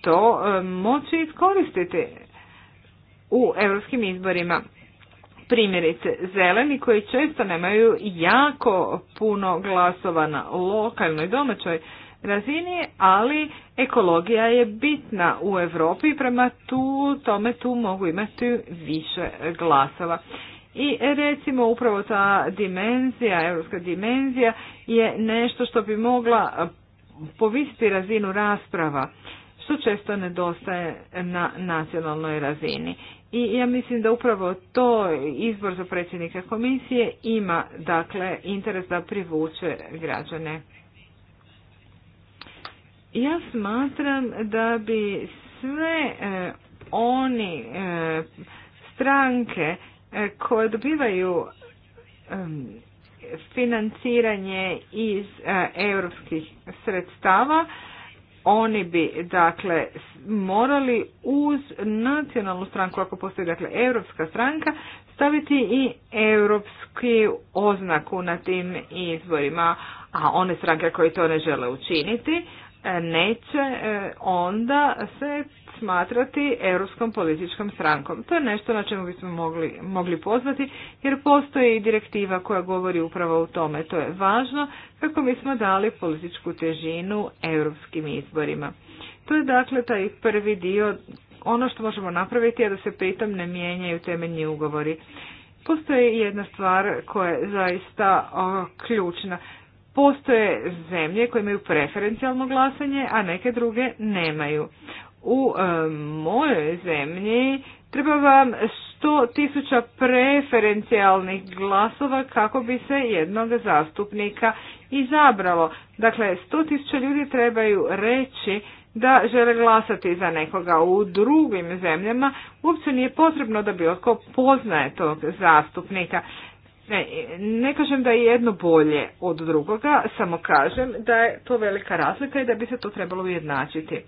to e, moći iskoristiti u europskim izborima. Primjerice, zeleni koji često nemaju jako puno glasova na lokalnoj domaćoj razini, ali ekologija je bitna u Europi prema tu tome tu mogu imati više glasova. I recimo upravo ta dimenzija, europska dimenzija je nešto što bi mogla povisiti razinu rasprava što često nedostaje na nacionalnoj razini. I ja mislim da upravo to izbor za predsjednika komisije ima dakle interes da privuče građane. Ja smatram da bi sve e, oni e, stranke e, koje dobivaju e, financiranje iz europskih sredstava, oni bi dakle morali uz nacionalnu stranku, ako postoji dakle europska stranka, staviti i europski oznaku na tim izborima, a one stranke koje to ne žele učiniti, neće e, onda se smatrati europskom političkom strankom. To je nešto na čemu bismo mogli, mogli pozvati jer postoji i direktiva koja govori upravo o tome. To je važno kako bismo dali političku težinu europskim izborima. To je dakle taj prvi dio. Ono što možemo napraviti je da se pritom ne mijenjaju temeljni ugovori. Postoji jedna stvar koja je zaista ključna. Postoje zemlje koje imaju preferencijalno glasanje, a neke druge nemaju. U e, mojoj zemlji treba vam sto tisuća preferencijalnih glasova kako bi se jednog zastupnika izabralo. Dakle, sto tisuća ljudi trebaju reći da žele glasati za nekoga u drugim zemljama, uopće nije potrebno da bilo tko poznaje tog zastupnika. Ne, ne kažem da je jedno bolje od drugoga, samo kažem da je to velika razlika i da bi se to trebalo ujednačiti.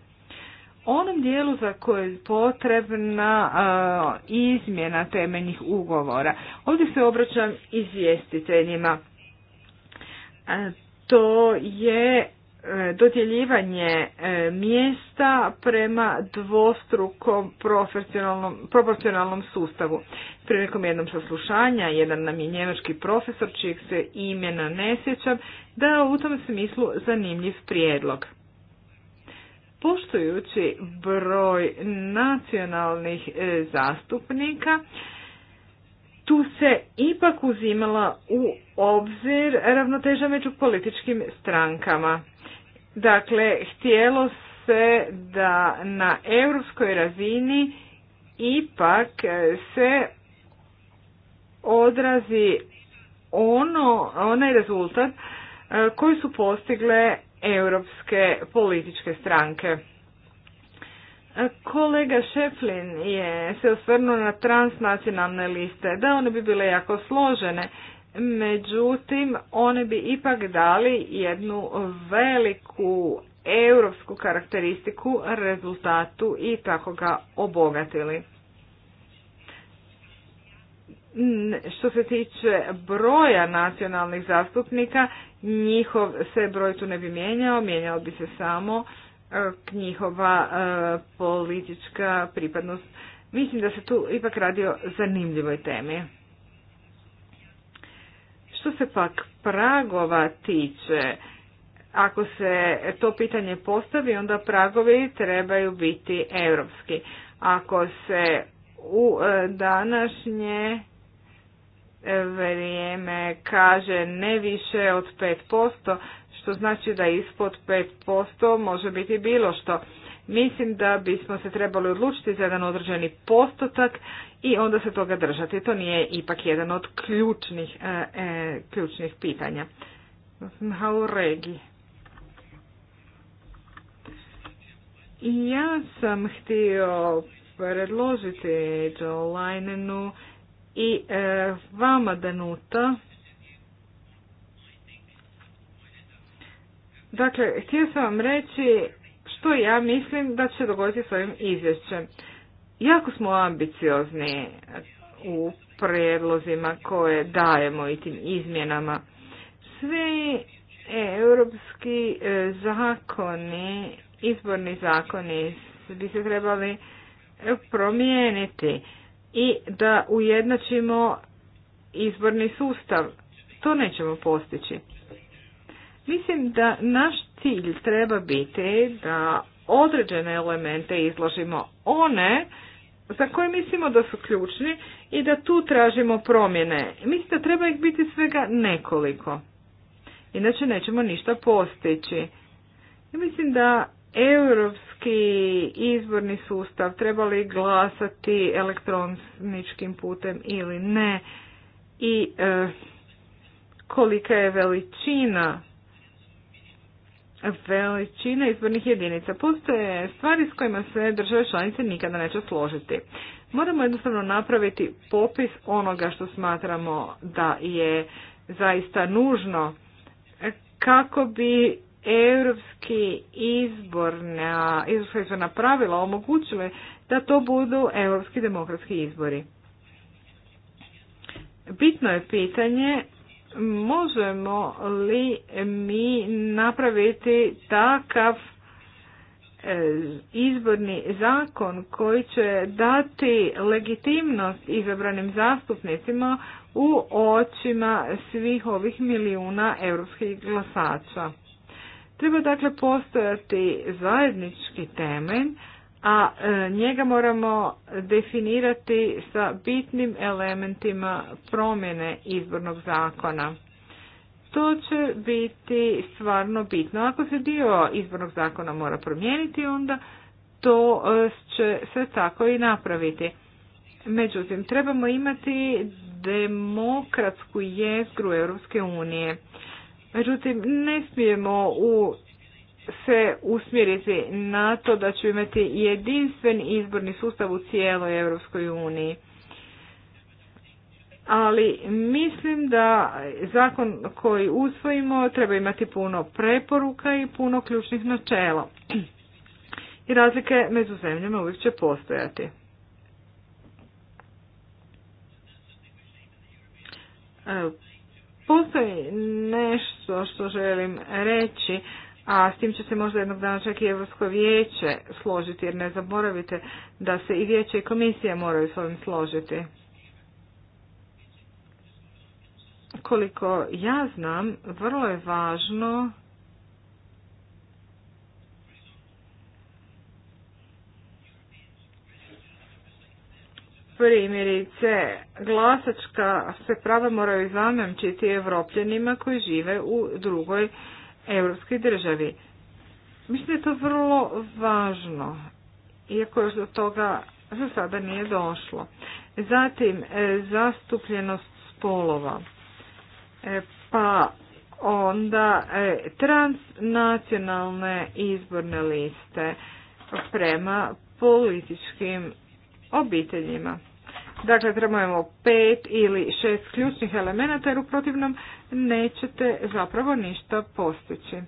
Onom dijelu za koje je potrebna izmjena temeljnih ugovora. Ovdje se obraćam izvjestiteljima. to je E, dodjeljivanje e, mjesta prema dvostrukom proporcionalnom sustavu. Prilikom jednom saslušanja, jedan nam je njemački profesor, čijeg se imena ne sjećam, je u tom smislu zanimljiv prijedlog. Poštujući broj nacionalnih e, zastupnika, tu se ipak uzimala u obzir ravnoteža među političkim strankama Dakle, htjelo se da na europskoj razini ipak se odrazi ono, onaj rezultat e, koji su postigle europske političke stranke. E, kolega Šeflin je se osvrnuo na transnacionalne liste. Da, one bi bile jako složene međutim oni bi ipak dali jednu veliku europsku karakteristiku rezultatu i tako ga obogatili. Što se tiče broja nacionalnih zastupnika, njihov se broj tu ne bi mijenjao, mijenjao bi se samo e, njihova e, politička pripadnost. Mislim da se tu ipak radi o zanimljivoj temi. Što se pak pragova tiče, ako se to pitanje postavi, onda pragovi trebaju biti europski. Ako se u e, današnje vrijeme kaže ne više od 5%, što znači da ispod 5% može biti bilo što. Mislim da bismo se trebali odlučiti za jedan određeni postotak i onda se toga držati. To nije ipak jedan od ključnih, e, e ključnih pitanja. Ja sam htio predložiti Joe Linenu i e, vama Danuta. Dakle, htio sam vam reći što ja mislim da će dogoditi s ovim izvješćem. Jako smo ambiciozni u predlozima koje dajemo i tim izmjenama. Svi europski e, zakoni, izborni zakoni bi se trebali e, promijeniti i da ujednačimo izborni sustav. To nećemo postići. Mislim da naš cilj treba biti da određene elemente izložimo one za koje mislimo da su ključni i da tu tražimo promjene. Mislim da treba ih biti svega nekoliko. Inače nećemo ništa postići. Ja mislim da europski izborni sustav trebali glasati elektroničkim putem ili ne i e, kolika je veličina veličina izbornih jedinica. Postoje stvari s kojima se države članice nikada neće složiti. Moramo jednostavno napraviti popis onoga što smatramo da je zaista nužno kako bi europski izborna, izborna pravila omogućile da to budu europski demokratski izbori. Bitno je pitanje možemo li mi napraviti takav e, izborni zakon koji će dati legitimnost izabranim zastupnicima u očima svih ovih milijuna europskih glasača. Treba dakle postojati zajednički temelj a e, njega moramo definirati sa bitnim elementima promjene izbornog zakona. To će biti stvarno bitno. Ako se dio izbornog zakona mora promijeniti, onda to e, će se tako i napraviti. Međutim, trebamo imati demokratsku jezgru Europske unije. Međutim, ne smijemo u se usmjeriti na to da ću imati jedinstven izborni sustav u cijeloj Europskoj uniji. Ali mislim da zakon koji usvojimo treba imati puno preporuka i puno ključnih načela. I razlike među zemljama uvijek će postojati. Postoji nešto što želim reći a s tim će se možda jednog dana čak i Europsko vijeće složiti, jer ne zaboravite da se i vijeće i komisija moraju s ovim složiti. Koliko ja znam, vrlo je važno primjerice glasačka se prava moraju zamemčiti evropljenima koji žive u drugoj europskoj državi. Mislim da je to vrlo važno, iako još do toga za sada nije došlo. Zatim, e, zastupljenost spolova. E, pa onda e, transnacionalne izborne liste prema političkim obiteljima. Dakle, trebamo pet ili šest ključnih elemenata jer u protivnom nećete zapravo ništa postići.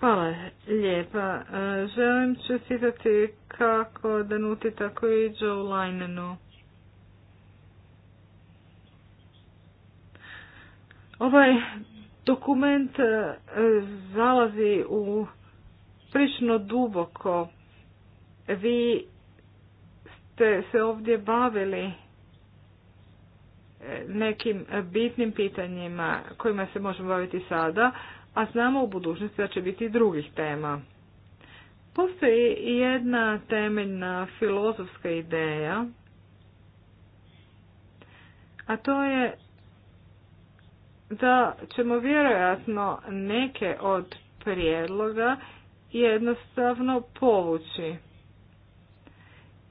Hvala lijepa. E, želim čestitati kako Danuti tako i Joe Linenu. Ovaj dokument e, zalazi u prično duboko vi ste se ovdje bavili e, nekim bitnim pitanjima kojima se možemo baviti sada, a znamo u budućnosti da će biti drugih tema. Postoji jedna temeljna filozofska ideja, a to je da ćemo vjerojatno neke od prijedloga jednostavno povući.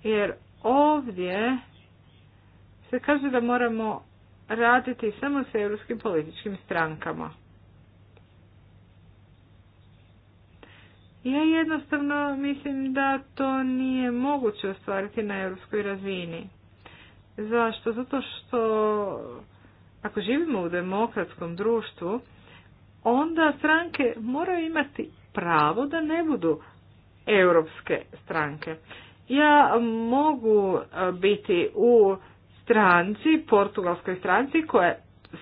Jer ovdje se kaže da moramo raditi samo s europskim političkim strankama. Ja jednostavno mislim da to nije moguće ostvariti na europskoj razini. Zašto? Zato što ako živimo u demokratskom društvu, onda stranke moraju imati pravo da ne budu europske stranke. Ja mogu e, biti u stranci, portugalskoj stranci koja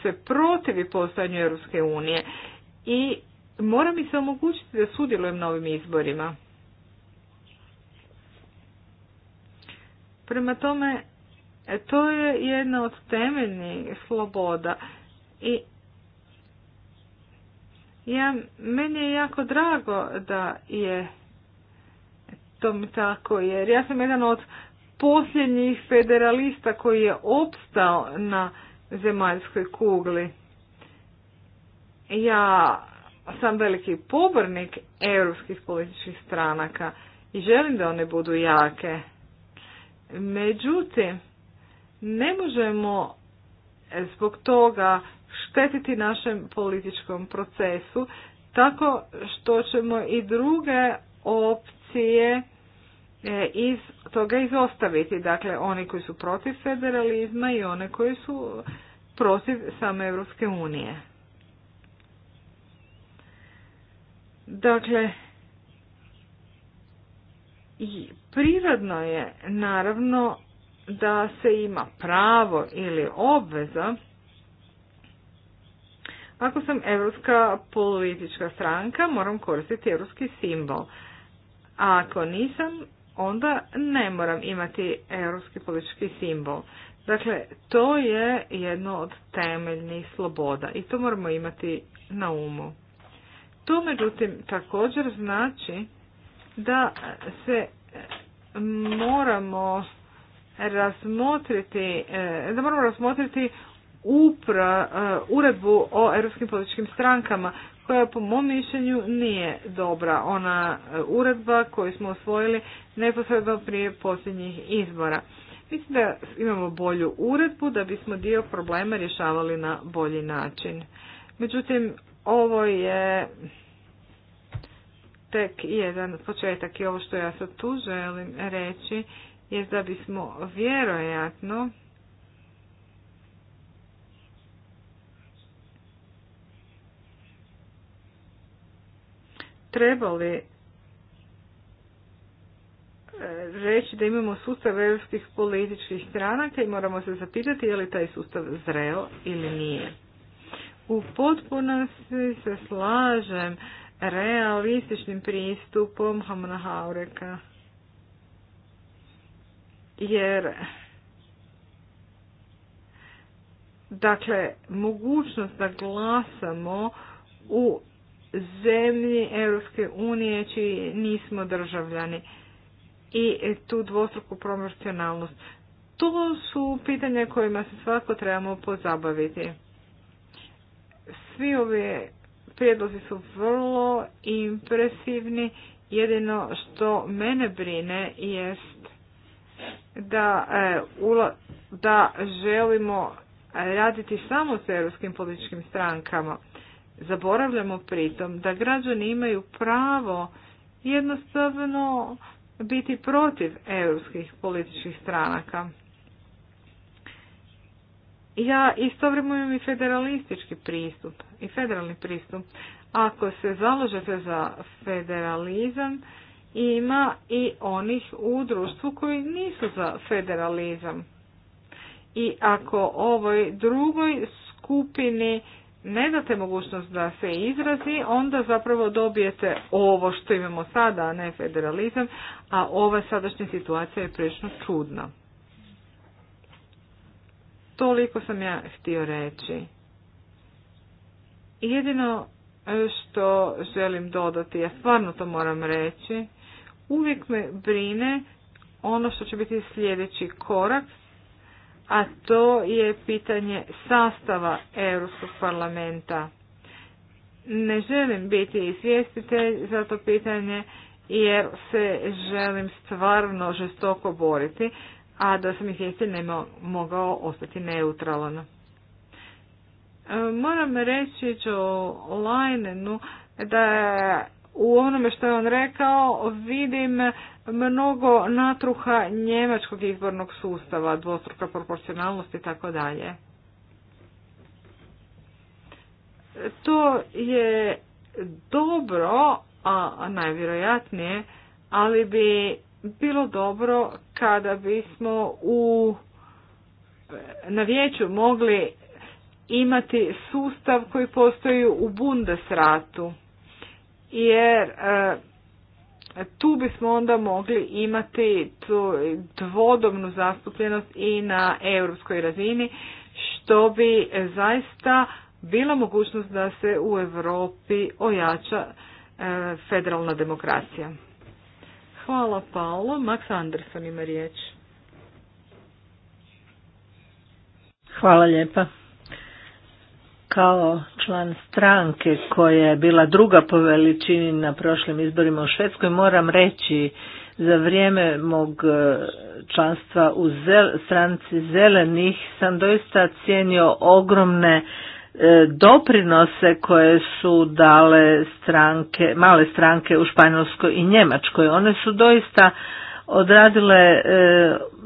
se protivi postojanju Europske unije i mora mi se omogućiti da sudjelujem na ovim izborima. Prema tome, e, to je jedna od temeljnih sloboda i ja, meni je jako drago da je tako jer ja sam jedan od posljednjih federalista koji je opstao na zemaljskoj kugli. Ja sam veliki pobornik europskih političkih stranaka i želim da one budu jake. Međutim, ne možemo zbog toga štetiti našem političkom procesu tako što ćemo i druge opcije E, iz toga izostaviti. Dakle, oni koji su protiv federalizma i one koji su protiv same Europske unije. Dakle, i prirodno je naravno da se ima pravo ili obveza ako sam evropska politička stranka moram koristiti evropski simbol. A ako nisam onda ne moram imati europski politički simbol. Dakle, to je jedno od temeljnih sloboda i to moramo imati na umu. To međutim također znači da se e, moramo razmotriti, e, da moramo razmotriti upra, e, uredbu o europskim političkim strankama koja po mom mišljenju nije dobra. Ona e, uredba koju smo osvojili neposredno prije posljednjih izbora. Mislim da imamo bolju uredbu da bismo dio problema rješavali na bolji način. Međutim, ovo je tek jedan početak i ovo što ja sad tu želim reći je da bismo vjerojatno trebali e, reći da imamo sustav europskih političkih stranaka i moramo se zapitati je li taj sustav zreo ili nije. U potpunosti se slažem realističnim pristupom Hamona Haureka. Jer dakle mogućnost da glasamo u zemlji Europske unije čiji nismo državljani i tu dvostruku promocionalnost. To su pitanja kojima se svako trebamo pozabaviti. Svi ovi prijedlozi su vrlo impresivni. Jedino što mene brine jest da, e, da želimo raditi samo s europskim političkim strankama. Zaboravljamo pritom da građani imaju pravo jednostavno biti protiv europskih političkih stranaka. Ja istovremeno imam i federalistički pristup i federalni pristup. Ako se založete za federalizam, ima i onih u društvu koji nisu za federalizam. I ako ovoj drugoj skupini ne date mogućnost da se izrazi, onda zapravo dobijete ovo što imamo sada, a ne federalizam, a ova sadašnja situacija je prilično čudna. Toliko sam ja htio reći. Jedino e, što želim dodati, ja stvarno to moram reći, uvijek me brine ono što će biti sljedeći korak a to je pitanje sastava Europskog parlamenta. Ne želim biti izvjestitelj za to pitanje jer se želim stvarno žestoko boriti, a da sam izvjestitelj ne mogao ostati neutralan. E, moram reći o Lajnenu da u onome što je on rekao vidim mnogo natruha njemačkog izbornog sustava, dvostruka proporcionalnost i tako dalje. To je dobro, a najvjerojatnije, ali bi bilo dobro kada bismo u na vijeću mogli imati sustav koji postoji u Bundesratu jer e, tu bismo onda mogli imati tu dvodobnu zastupljenost i na europskoj razini, što bi zaista bila mogućnost da se u Europi ojača e, federalna demokracija. Hvala Paolo. Max Anderson ima riječ. Hvala lijepa kao član stranke koja je bila druga po veličini na prošlim izborima u Švedskoj moram reći za vrijeme mog e, članstva u stranci zelenih sam doista cijenio ogromne e, doprinose koje su dale stranke, male stranke u Španjolskoj i Njemačkoj. One su doista odradile e,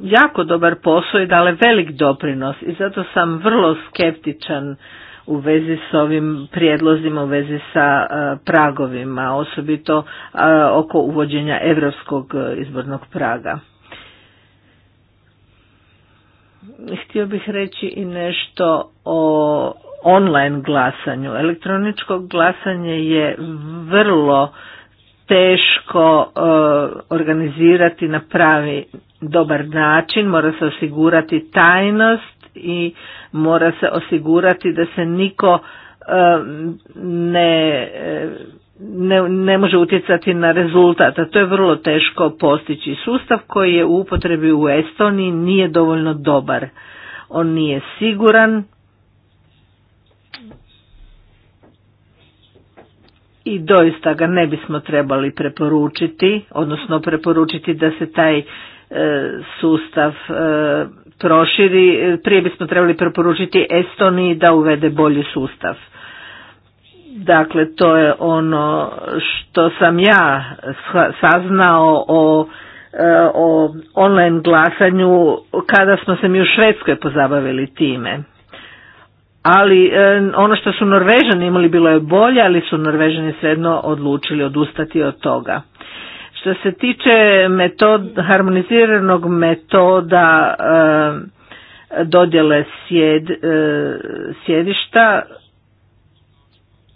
jako dobar posao i dale velik doprinos i zato sam vrlo skeptičan u vezi s ovim prijedlozima u vezi sa e, pragovima, osobito e, oko uvođenja europskog e, izbornog praga. Htio bih reći i nešto o online glasanju. Elektroničko glasanje je vrlo teško organizirati na pravi dobar način, mora se osigurati tajnost i mora se osigurati da se niko eh, ne, eh, ne, ne može utjecati na rezultat, a to je vrlo teško postići. Sustav koji je u upotrebi u Estoniji nije dovoljno dobar. On nije siguran i doista ga ne bismo trebali preporučiti, odnosno preporučiti da se taj eh, sustav proširi, e, prije bismo trebali preporučiti Estoniji da uvede bolji sustav. Dakle, to je ono što sam ja saznao o, e, o online glasanju kada smo se mi u Švedskoj pozabavili time. Ali e, ono što su Norvežani imali bilo je bolje, ali su Norvežani svejedno odlučili odustati od toga. Što se tiče metod, harmoniziranog metoda eh, dodjele sjed, eh, sjedišta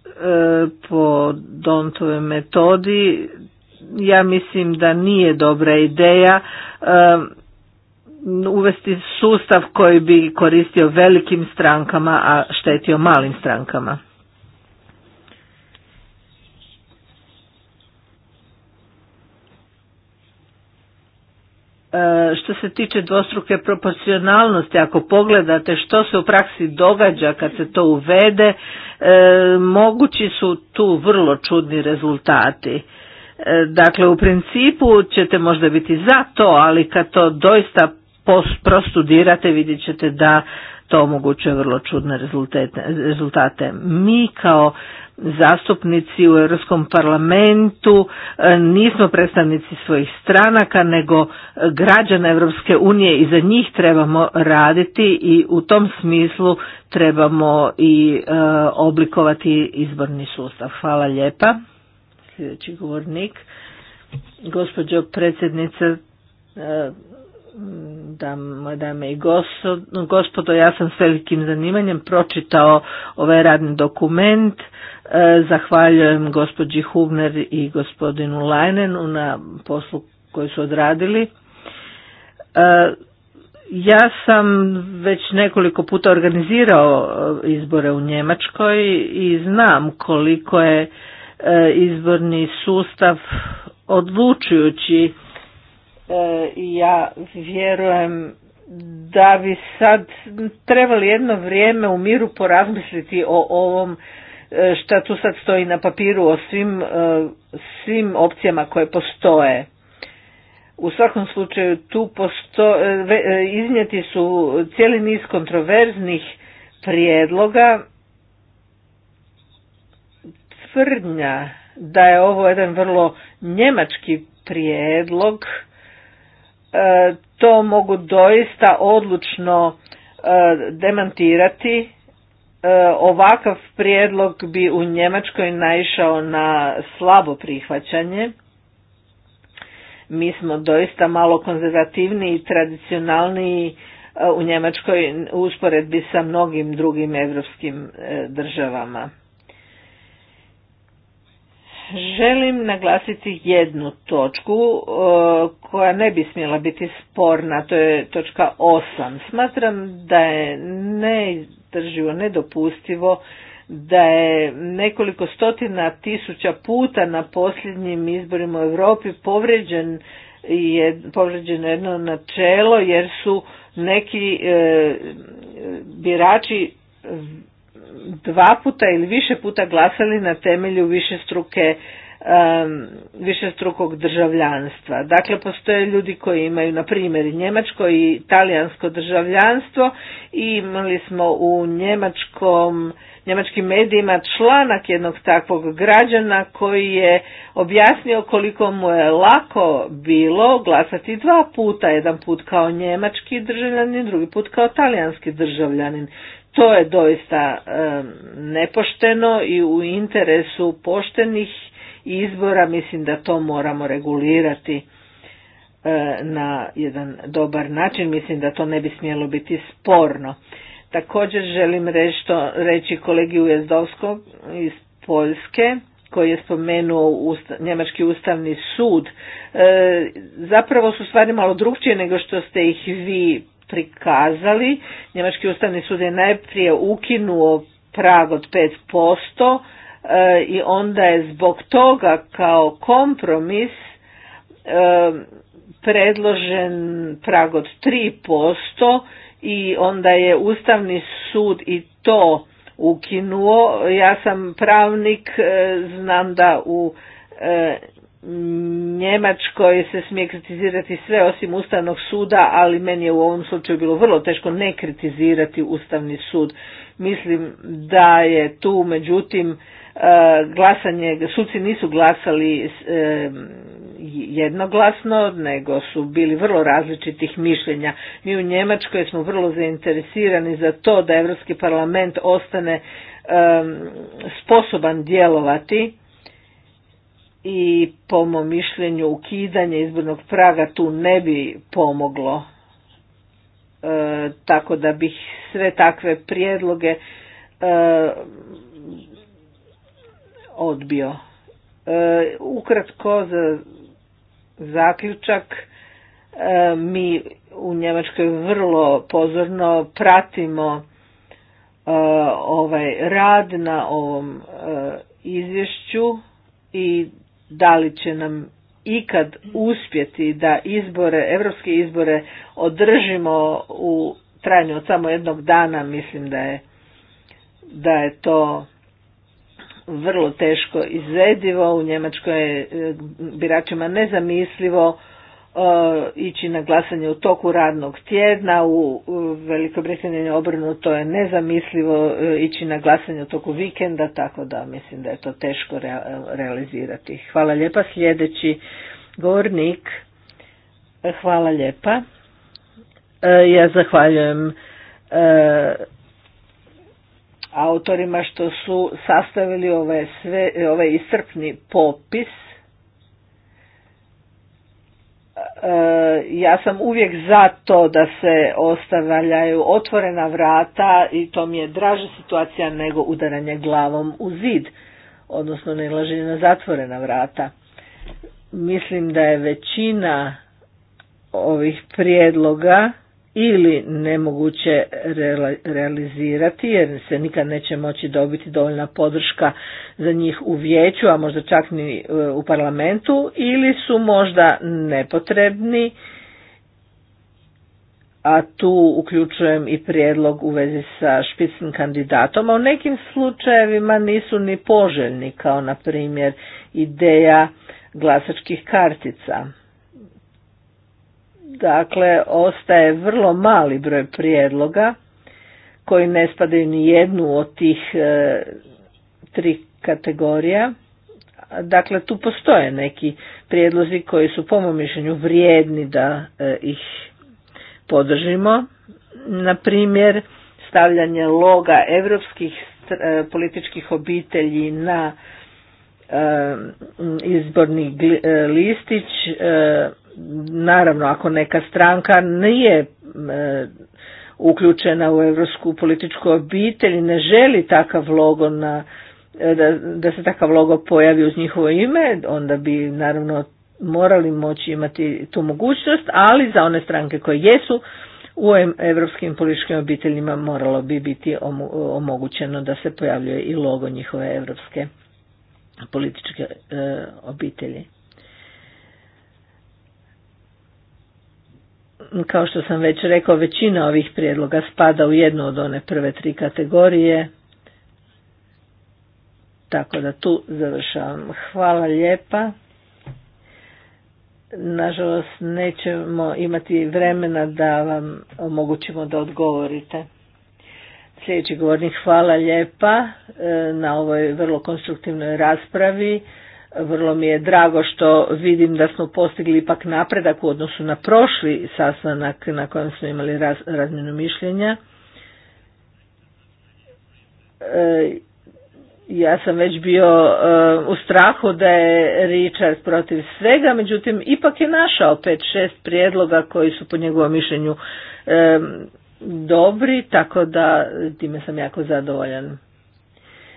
eh, po Dontove metodi, ja mislim da nije dobra ideja uvesti sustav koji bi koristio velikim strankama, a štetio malim strankama. E, što se tiče dvostruke proporcionalnosti, ako pogledate što se u praksi događa kad se to uvede, e, mogući su tu vrlo čudni rezultati. E, dakle, u principu ćete možda biti za to, ali kad to doista prostudirate vidjet ćete da to omogućuje vrlo čudne rezultate. Mi kao zastupnici u Europskom parlamentu e, nismo predstavnici svojih stranaka nego građana Europske unije i za njih trebamo raditi i u tom smislu trebamo i e, oblikovati izborni sustav. Hvala lijepa. Sljedeći govornik. Gospođo predsjednica e, da dame i gospodo, ja sam s velikim zanimanjem pročitao ovaj radni dokument. E, zahvaljujem gospođi Hubner i gospodinu Lajnenu na poslu koji su odradili. E, ja sam već nekoliko puta organizirao e, izbore u Njemačkoj i znam koliko je izborni sustav odlučujući E, ja vjerujem da bi sad trebali jedno vrijeme u miru porazmisliti o ovom e, šta tu sad stoji na papiru o svim, e, svim opcijama koje postoje. U svakom slučaju tu posto, iznijeti su cijeli niz kontroverznih prijedloga. Tvrdnja da je ovo jedan vrlo njemački prijedlog E, to mogu doista odlučno e, demantirati. E, ovakav prijedlog bi u Njemačkoj naišao na slabo prihvaćanje. Mi smo doista malo konzervativniji i tradicionalniji u Njemačkoj usporedbi sa mnogim drugim evropskim državama. Želim naglasiti jednu točku e, koja ne bi smjela biti sporna, to je točka 8. Smatram da je neizdrživo, nedopustivo da je nekoliko stotina tisuća puta na posljednjim izborima u Europi povrijeđen je povrijeđeno jedno načelo jer su neki e, birači dva puta ili više puta glasali na temelju višestruke višestrukog državljanstva. Dakle, postoje ljudi koji imaju, na primjer, njemačko i talijansko državljanstvo i imali smo u njemačkom, njemačkim medijima članak jednog takvog građana koji je objasnio koliko mu je lako bilo glasati dva puta, jedan put kao njemački državljanin, drugi put kao talijanski državljanin. To je doista nepošteno i u interesu poštenih izbora mislim da to moramo regulirati e, na jedan dobar način. Mislim da to ne bi smjelo biti sporno. Također želim reći kolegi Ujezdovskog iz Poljske koji je spomenuo Njemački ustavni sud. E, zapravo su stvari malo drugčije nego što ste ih vi prikazali. Njemački ustavni sud je najprije ukinuo prag od 5% e, i onda je zbog toga kao kompromis e, predložen prag od 3% i onda je Ustavni sud i to ukinuo. Ja sam pravnik, e, znam da u Njemačkoj se smije kritizirati sve osim Ustavnog suda, ali meni je u ovom slučaju bilo vrlo teško ne kritizirati Ustavni sud. Mislim da je tu, međutim, e, glasanje, suci nisu glasali e, jednoglasno, nego su bili vrlo različitih mišljenja. Mi u Njemačkoj smo vrlo zainteresirani za to da Europski parlament ostane e, sposoban djelovati i po mom mišljenju ukidanje izbornog praga tu ne bi pomoglo e, tako da bih sve takve prijedloge e, odbio e, ukratko za zaključak e, mi u njemačkoj vrlo pozorno pratimo ovaj rad na ovom izvješću i da li će nam ikad uspjeti da izbore, evropske izbore održimo u trajanju od samo jednog dana, mislim da je, da je to vrlo teško izvedivo, u Njemačkoj je e, biračima nezamislivo E, ići na glasanje u toku radnog tjedna, u Velikoj Britaniji obrnuto je nezamislivo e, ići na glasanje u toku vikenda, tako da mislim da je to teško e, realizirati. Hvala lijepa, sljedeći govornik, hvala lijepa. Ja zahvaljujem autorima što su sastavili ovaj, sve, ovaj iscrpni popis E, ja sam uvijek za to da se ostavljaju otvorena vrata i to mi je draža situacija nego udaranje glavom u zid, odnosno nailaženje na zatvorena vrata. Mislim da je većina ovih prijedloga ili nemoguće realizirati jer se nikad neće moći dobiti dovoljna podrška za njih u vijeću, a možda čak ni e, u parlamentu ili su možda nepotrebni a tu uključujem i prijedlog u vezi sa špicnim kandidatom, a u nekim slučajevima nisu ni poželjni, kao na primjer ideja glasačkih kartica. Dakle, ostaje vrlo mali broj prijedloga koji ne spadaju ni jednu od tih e, tri kategorija. Dakle, tu postoje neki prijedlozi koji su po mom mišljenju vrijedni da e, ih podržimo. Na primjer, stavljanje loga europskih e, političkih obitelji na izborni listić naravno ako neka stranka nije e, uključena u europsku političku obitelj ne želi takav logo na e, da, da se takav logo pojavi uz njihovo ime, onda bi naravno morali moći imati tu mogućnost, ali za one stranke koje jesu u evropskim političkim obiteljima moralo bi biti omogućeno da se pojavljuje i logo njihove evropske političke e, obitelji. kao što sam već rekao, većina ovih prijedloga spada u jednu od one prve tri kategorije. Tako da tu završavam. Hvala lijepa. Nažalost, nećemo imati vremena da vam omogućimo da odgovorite. Sljedeći govornik, hvala lijepa e, na ovoj vrlo konstruktivnoj raspravi. Vrlo mi je drago što vidim da smo postigli ipak napredak u odnosu na prošli sastanak na kojem smo imali raz, razmjenu mišljenja. E, ja sam već bio e, u strahu da je Richard protiv svega, međutim ipak je našao pet šest prijedloga koji su po njegovom mišljenju e, dobri, tako da time sam jako zadovoljan.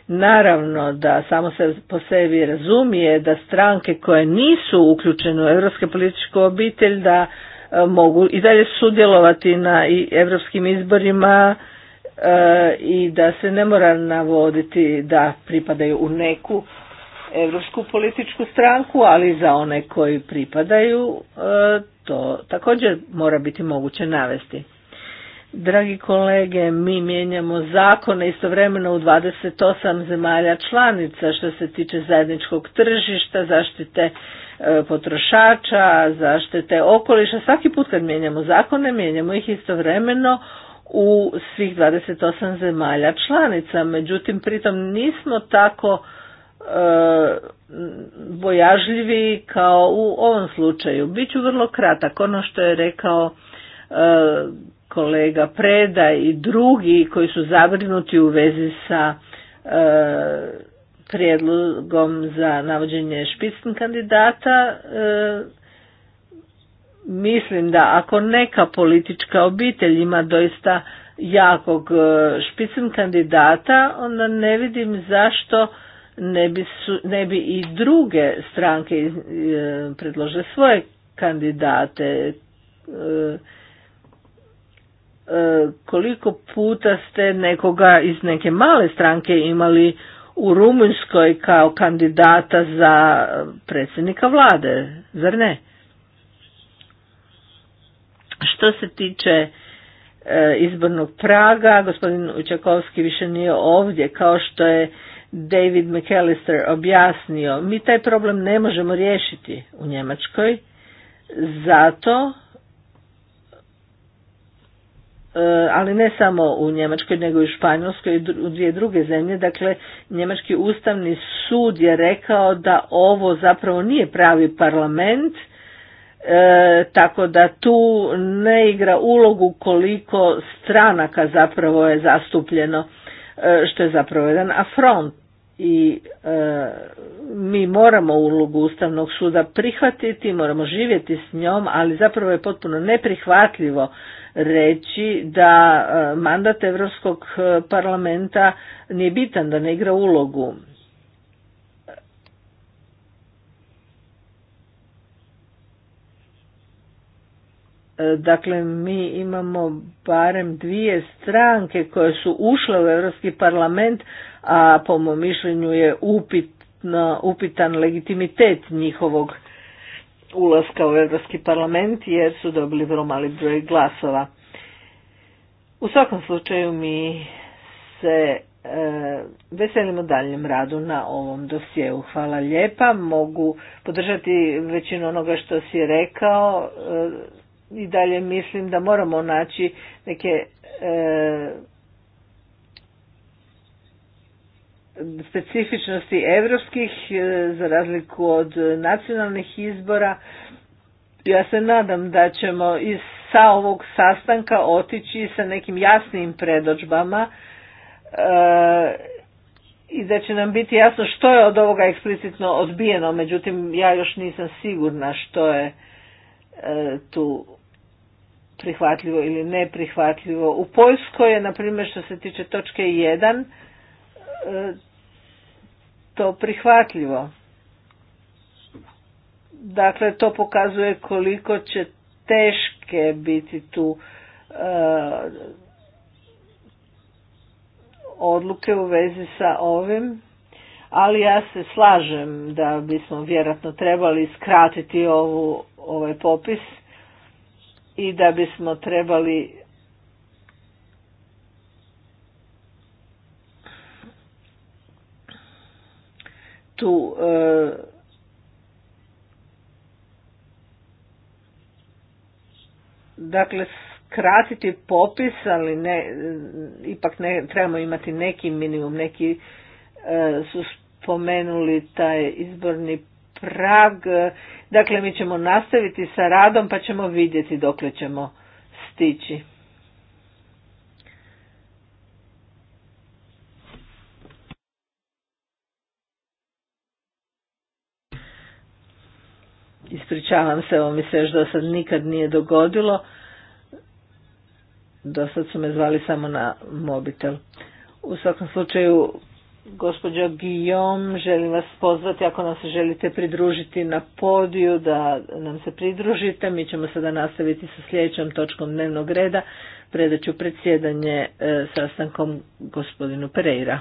Naravno da samo se po sebi razumije da stranke koje nisu uključene u europske političku obitelj da e, mogu i dalje sudjelovati na i europskim izborima e, i da se ne mora navoditi da pripadaju u neku europsku političku stranku, ali za one koji pripadaju e, to također mora biti moguće navesti. Dragi kolege, mi mijenjamo zakone istovremeno u 28 zemalja članica što se tiče zajedničkog tržišta, zaštite e, potrošača, zaštite okoliša. Svaki put kad mijenjamo zakone, mijenjamo ih istovremeno u svih 28 zemalja članica. Međutim, pritom nismo tako e, bojažljivi kao u ovom slučaju. Biću vrlo kratak. Ono što je rekao e, kolega Preda i drugi koji su zabrinuti u vezi sa e, prijedlogom za navođenje špicen kandidata, e, mislim da ako neka politička obitelj ima doista jakog e, špicen kandidata, onda ne vidim zašto ne bi, su, ne bi i druge stranke e, predlože svoje kandidate. E, E, koliko puta ste nekoga iz neke male stranke imali u Rumunjskoj kao kandidata za predsjednika vlade, zar ne? Što se tiče e, izbornog praga, gospodin Učakovski više nije ovdje, kao što je David McAllister objasnio. Mi taj problem ne možemo riješiti u Njemačkoj, zato E, ali ne samo u Njemačkoj nego i u Španjolskoj i u dvije druge zemlje. Dakle, Njemački ustavni sud je rekao da ovo zapravo nije pravi parlament, e, tako da tu ne igra ulogu koliko stranaka zapravo je zastupljeno, e, što je zapravo jedan afront. I mi moramo ulogu Ustavnog suda prihvatiti, moramo živjeti s njom, ali zapravo je potpuno neprihvatljivo reći da e, mandat Europskog e, parlamenta nije bitan, da ne igra ulogu. E, dakle, mi imamo barem dvije stranke koje su ušle u Europski parlament, a po mom mišljenju je upitan legitimitet njihovog ulaska u Europski parlament jer su dobili vrlo mali broj glasova. U svakom slučaju mi se e, veselimo daljem radu na ovom dosjeu. Hvala lijepa, mogu podržati većinu onoga što si rekao e, i dalje mislim da moramo naći neke e, specifičnosti europskih e, za razliku od nacionalnih izbora. Ja se nadam da ćemo iz sa ovog sastanka otići sa nekim jasnim predođbama e, i da će nam biti jasno što je od ovoga eksplicitno odbijeno, međutim ja još nisam sigurna što je e, tu prihvatljivo ili neprihvatljivo. U Poljskoj je, na primjer, što se tiče točke 1, to prihvatljivo. Dakle, to pokazuje koliko će teške biti tu e, odluke u vezi sa ovim, ali ja se slažem da bismo vjerojatno trebali skratiti ovu, ovaj popis i da bismo trebali tu e, dakle skratiti popis, ali ne, ipak ne, trebamo imati neki minimum, neki e, su spomenuli taj izborni prag. Dakle, mi ćemo nastaviti sa radom pa ćemo vidjeti dokle ćemo stići. Ispričavam se, ovo mi se još do sad nikad nije dogodilo. Do sad su me zvali samo na mobitel. U svakom slučaju, gospođo gijom želim vas pozvati ako nam se želite pridružiti na podiju, da nam se pridružite. Mi ćemo sada nastaviti sa sljedećom točkom dnevnog reda. Predat ću predsjedanje e, sastankom gospodinu Pereira.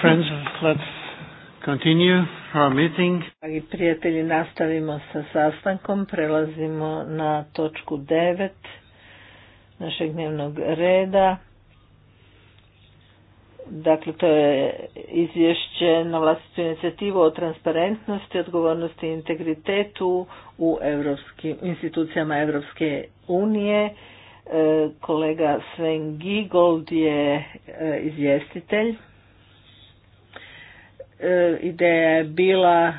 friends, let's continue our meeting. Dragi prijatelji, nastavimo sa sastankom. Prelazimo na točku 9 našeg dnevnog reda. Dakle, to je izvješće na vlastitu inicijativu o transparentnosti, odgovornosti i integritetu u institucijama Evropske unije. E, kolega Sven Gigold je e, izvjestitelj. E, ideja je bila e,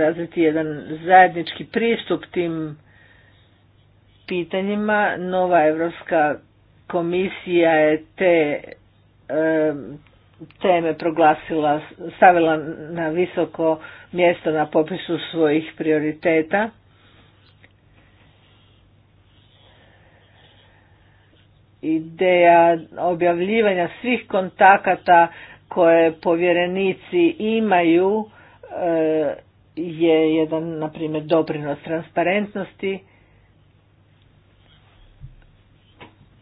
razviti jedan zajednički pristup tim pitanjima. Nova Europska komisija je te e, teme proglasila, stavila na visoko mjesto na popisu svojih prioriteta. Ideja objavljivanja svih kontakata koje povjerenici imaju e, je jedan, na primjer, doprinos transparentnosti.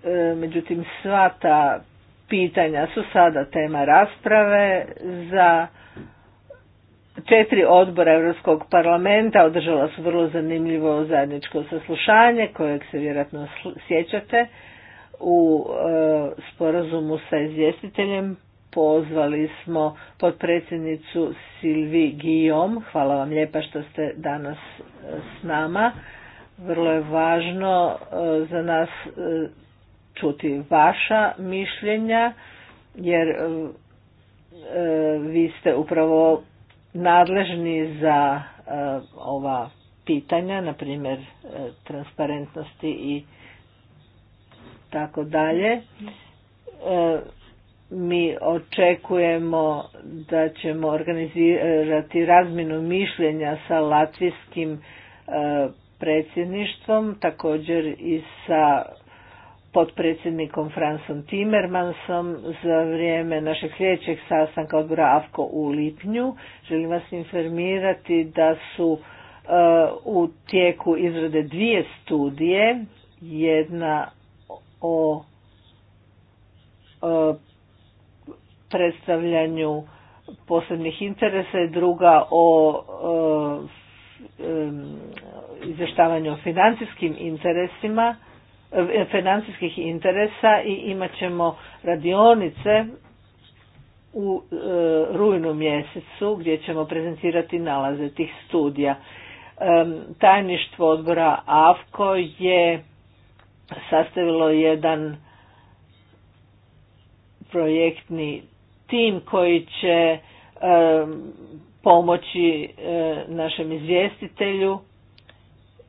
E, međutim, sva ta pitanja su sada tema rasprave za četiri odbora Europskog parlamenta održala su vrlo zanimljivo zajedničko saslušanje kojeg se vjerojatno sjećate u e, sporazumu sa izvjestiteljem pozvali smo potpredsjednicu Silvi Gijom. Hvala vam lijepa što ste danas e, s nama. Vrlo je važno e, za nas e, čuti vaša mišljenja jer vi ste upravo nadležni za ova pitanja, na primjer transparentnosti i tako dalje mi očekujemo da ćemo organizirati razminu mišljenja sa latvijskim e, predsjedništvom, također i sa potpredsjednikom Fransom Timmermansom za vrijeme našeg sljedećeg sastanka odbora AFKO u lipnju. Želim vas informirati da su e, u tijeku izrade dvije studije, jedna o e, predstavljanju posebnih interesa i druga o e, izvještavanju o financijskim interesima e, financijskih interesa i imat ćemo radionice u e, rujnu mjesecu gdje ćemo prezentirati nalaze tih studija. tajništvo odbora AFKO je sastavilo jedan projektni tim koji će pomoći e, našem izvjestitelju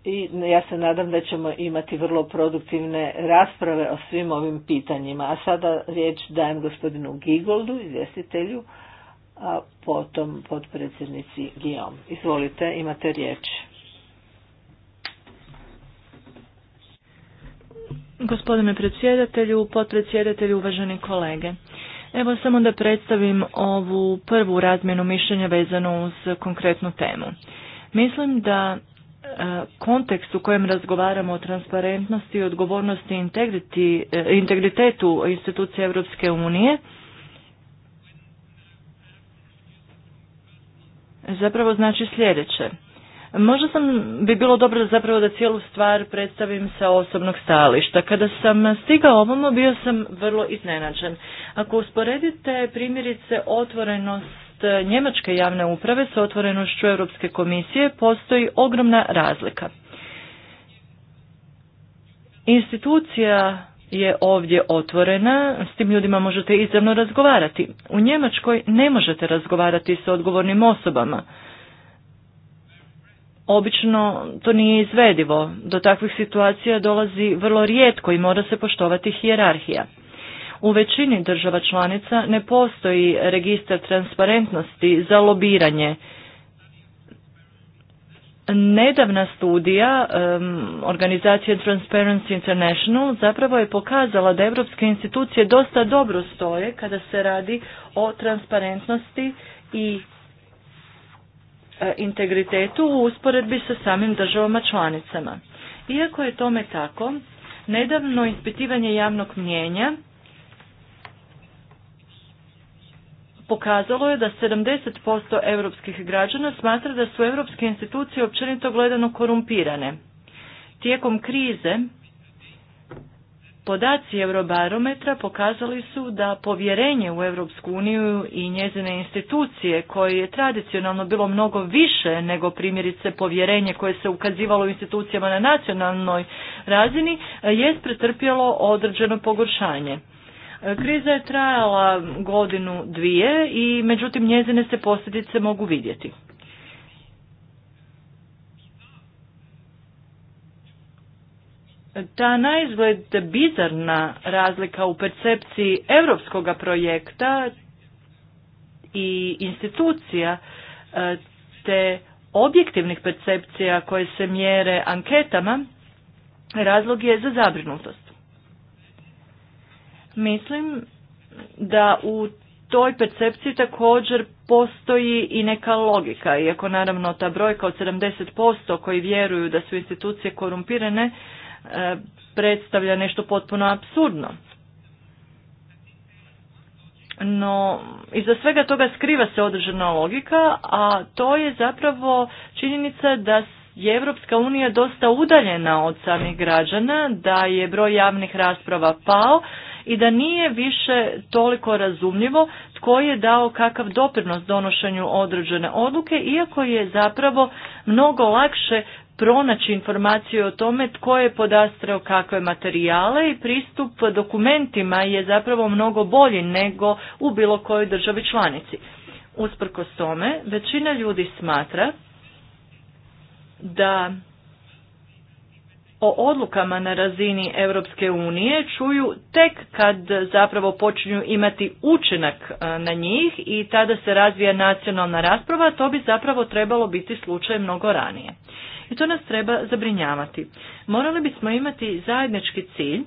i ja se nadam da ćemo imati vrlo produktivne rasprave o svim ovim pitanjima. A sada riječ dajem gospodinu Gigoldu, izvjestitelju, a potom potpredsjednici Guillaume. Izvolite, imate riječ. Gospodine predsjedatelju, potpredsjedatelju, uvaženi kolege. Evo samo da predstavim ovu prvu razmjenu mišljenja vezanu uz konkretnu temu. Mislim da e, kontekst u kojem razgovaramo o transparentnosti, odgovornosti i e, integritetu institucije Europske unije zapravo znači sljedeće. Možda sam, bi bilo dobro zapravo da cijelu stvar predstavim sa osobnog stališta. Kada sam stigao ovamo bio sam vrlo iznenađen. Ako usporedite primjerice otvorenost njemačke javne uprave sa otvorenošću Europske komisije, postoji ogromna razlika. Institucija je ovdje otvorena, s tim ljudima možete izravno razgovarati. U Njemačkoj ne možete razgovarati sa odgovornim osobama. Obično to nije izvedivo. Do takvih situacija dolazi vrlo rijetko i mora se poštovati hijerarhija. U većini država članica ne postoji registar transparentnosti za lobiranje. Nedavna studija um, organizacije Transparency International zapravo je pokazala da evropske institucije dosta dobro stoje kada se radi o transparentnosti i E, integritetu u usporedbi sa samim državama članicama. Iako je tome tako, nedavno ispitivanje javnog mnjenja pokazalo je da 70% europskih građana smatra da su europske institucije općenito gledano korumpirane. Tijekom krize Podaci Eurobarometra pokazali su da povjerenje u Europsku uniju i njezine institucije, koje je tradicionalno bilo mnogo više nego primjerice povjerenje koje se ukazivalo u institucijama na nacionalnoj razini, je pretrpjelo određeno pogoršanje. Kriza je trajala godinu, dvije i međutim njezine se posljedice mogu vidjeti. ta najzgled bizarna razlika u percepciji evropskog projekta i institucija e, te objektivnih percepcija koje se mjere anketama razlog je za zabrinutost. Mislim da u toj percepciji također postoji i neka logika, iako naravno ta brojka od 70% koji vjeruju da su institucije korumpirane predstavlja nešto potpuno absurdno. No, iza svega toga skriva se određena logika, a to je zapravo činjenica da je Evropska unija dosta udaljena od samih građana, da je broj javnih rasprava pao i da nije više toliko razumljivo tko je dao kakav doprinos donošenju određene odluke, iako je zapravo mnogo lakše pronaći informaciju o tome tko je podastrao kakve materijale i pristup dokumentima je zapravo mnogo bolji nego u bilo kojoj državi članici. Usprkos tome, većina ljudi smatra da o odlukama na razini Europske unije čuju tek kad zapravo počinju imati učinak e, na njih i tada se razvija nacionalna rasprava, to bi zapravo trebalo biti slučaj mnogo ranije i to nas treba zabrinjavati. Morali bismo imati zajednički cilj,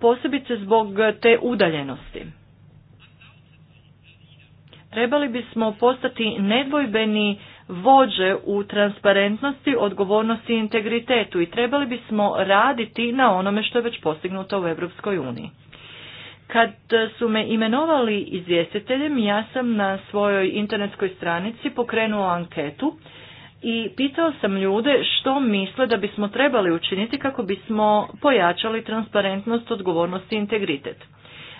posebice zbog te udaljenosti. Trebali bismo postati nedvojbeni vođe u transparentnosti, odgovornosti i integritetu i trebali bismo raditi na onome što je već postignuto u Europskoj uniji. Kad su me imenovali izvjestiteljem, ja sam na svojoj internetskoj stranici pokrenuo anketu i pitao sam ljude što misle da bismo trebali učiniti kako bismo pojačali transparentnost, odgovornost i integritet.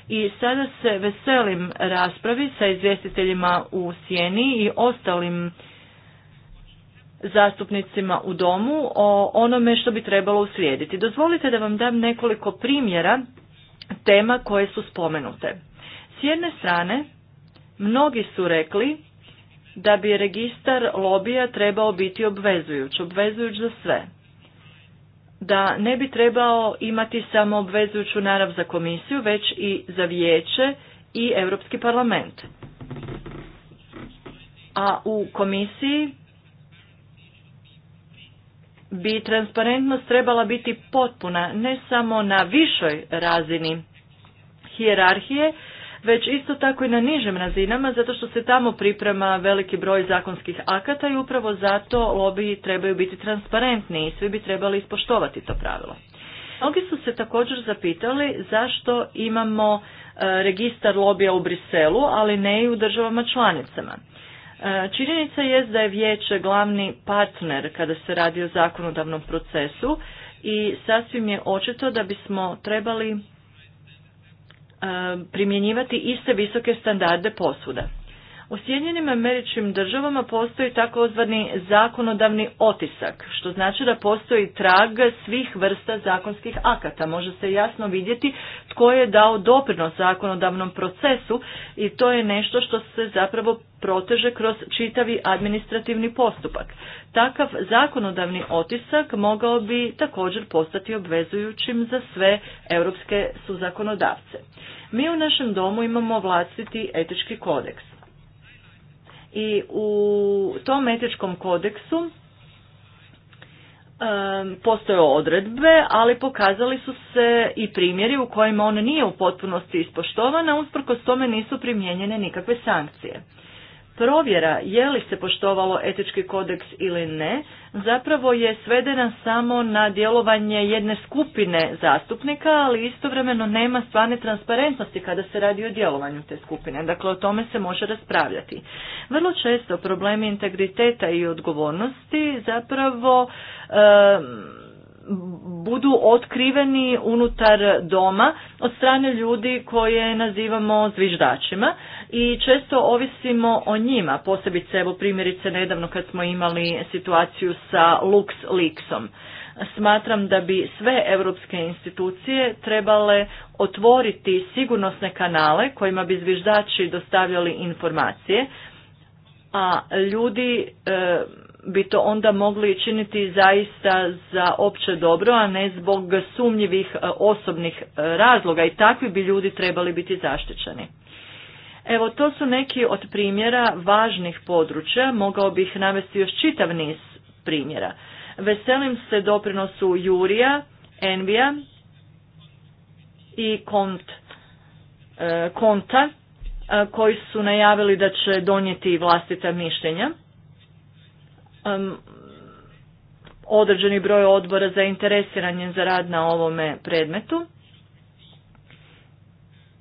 I sada se veselim raspravi sa izvjestiteljima u sjeni i ostalim zastupnicima u domu o onome što bi trebalo uslijediti. Dozvolite da vam dam nekoliko primjera tema koje su spomenute. S jedne strane, mnogi su rekli da bi registar lobija trebao biti obvezujuć, obvezujuć za sve. Da ne bi trebao imati samo obvezujuću narav za komisiju, već i za vijeće i Europski parlament. A u komisiji bi transparentnost trebala biti potpuna ne samo na višoj razini hijerarhije, već isto tako i na nižim razinama zato što se tamo priprema veliki broj zakonskih akata i upravo zato lobiji trebaju biti transparentni i svi bi trebali ispoštovati to pravilo. Mnogi su se također zapitali zašto imamo e, registar lobija u Briselu, ali ne i u državama članicama. E, činjenica je da je vijeće glavni partner kada se radi o zakonodavnom procesu i sasvim je očito da bismo trebali primjenjivati iste visoke standarde posuda. U Sjedinjenim američkim državama postoji takozvani zakonodavni otisak, što znači da postoji trag svih vrsta zakonskih akata. Može se jasno vidjeti tko je dao doprinos zakonodavnom procesu i to je nešto što se zapravo proteže kroz čitavi administrativni postupak. Takav zakonodavni otisak mogao bi također postati obvezujućim za sve europske suzakonodavce. Mi u našem domu imamo vlastiti etički kodeks. I u tom etičkom kodeksu postoje odredbe, ali pokazali su se i primjeri u kojima on nije u potpunosti ispoštovana, usprkos tome nisu primijenjene nikakve sankcije provjera je li se poštovalo etički kodeks ili ne, zapravo je svedena samo na djelovanje jedne skupine zastupnika, ali istovremeno nema stvarne transparentnosti kada se radi o djelovanju te skupine. Dakle, o tome se može raspravljati. Vrlo često problemi integriteta i odgovornosti zapravo budu otkriveni unutar doma od strane ljudi koje nazivamo zviždačima i često ovisimo o njima, posebice evo primjerice nedavno kad smo imali situaciju sa leaksom. Smatram da bi sve europske institucije trebale otvoriti sigurnosne kanale kojima bi zviždači dostavljali informacije, a ljudi e, bi to onda mogli činiti zaista za opće dobro, a ne zbog sumnjivih e, osobnih e, razloga i takvi bi ljudi trebali biti zaštićeni. Evo, to su neki od primjera važnih područja, mogao bih navesti još čitav niz primjera. Veselim se doprinosu Jurija, Envija i Kont, e, Konta, koji su najavili da će donijeti vlastita mišljenja um, određeni broj odbora za interesiranje za rad na ovome predmetu.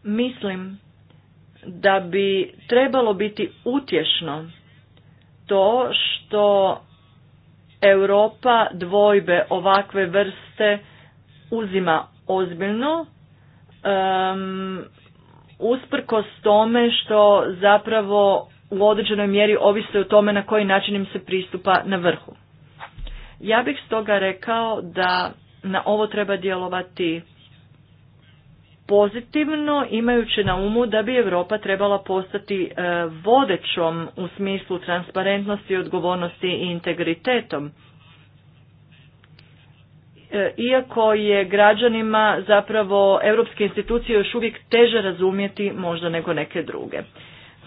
Mislim da bi trebalo biti utješno to što Europa dvojbe ovakve vrste uzima ozbiljno um, usprkos tome što zapravo u određenoj mjeri ovise o tome na koji način im se pristupa na vrhu. Ja bih stoga rekao da na ovo treba djelovati pozitivno imajući na umu da bi Europa trebala postati e, vodećom u smislu transparentnosti, odgovornosti i integritetom. E, iako je građanima zapravo europske institucije još uvijek teže razumjeti možda nego neke druge.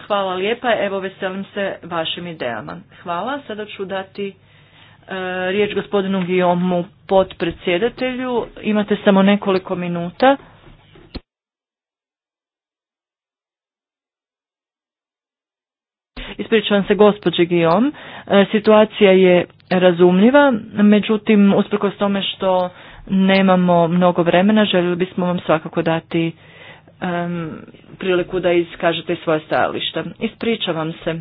Hvala lijepa, evo veselim se vašim idejama. Hvala, sada ću dati e, riječ gospodinu Gijomu predsjedatelju. Imate samo nekoliko minuta. Ispričavam se gospođi Gijom. E, situacija je razumljiva, međutim, usprkos tome što nemamo mnogo vremena, željeli bismo vam svakako dati priliku da iskažete svoje stajališta. Ispričavam se.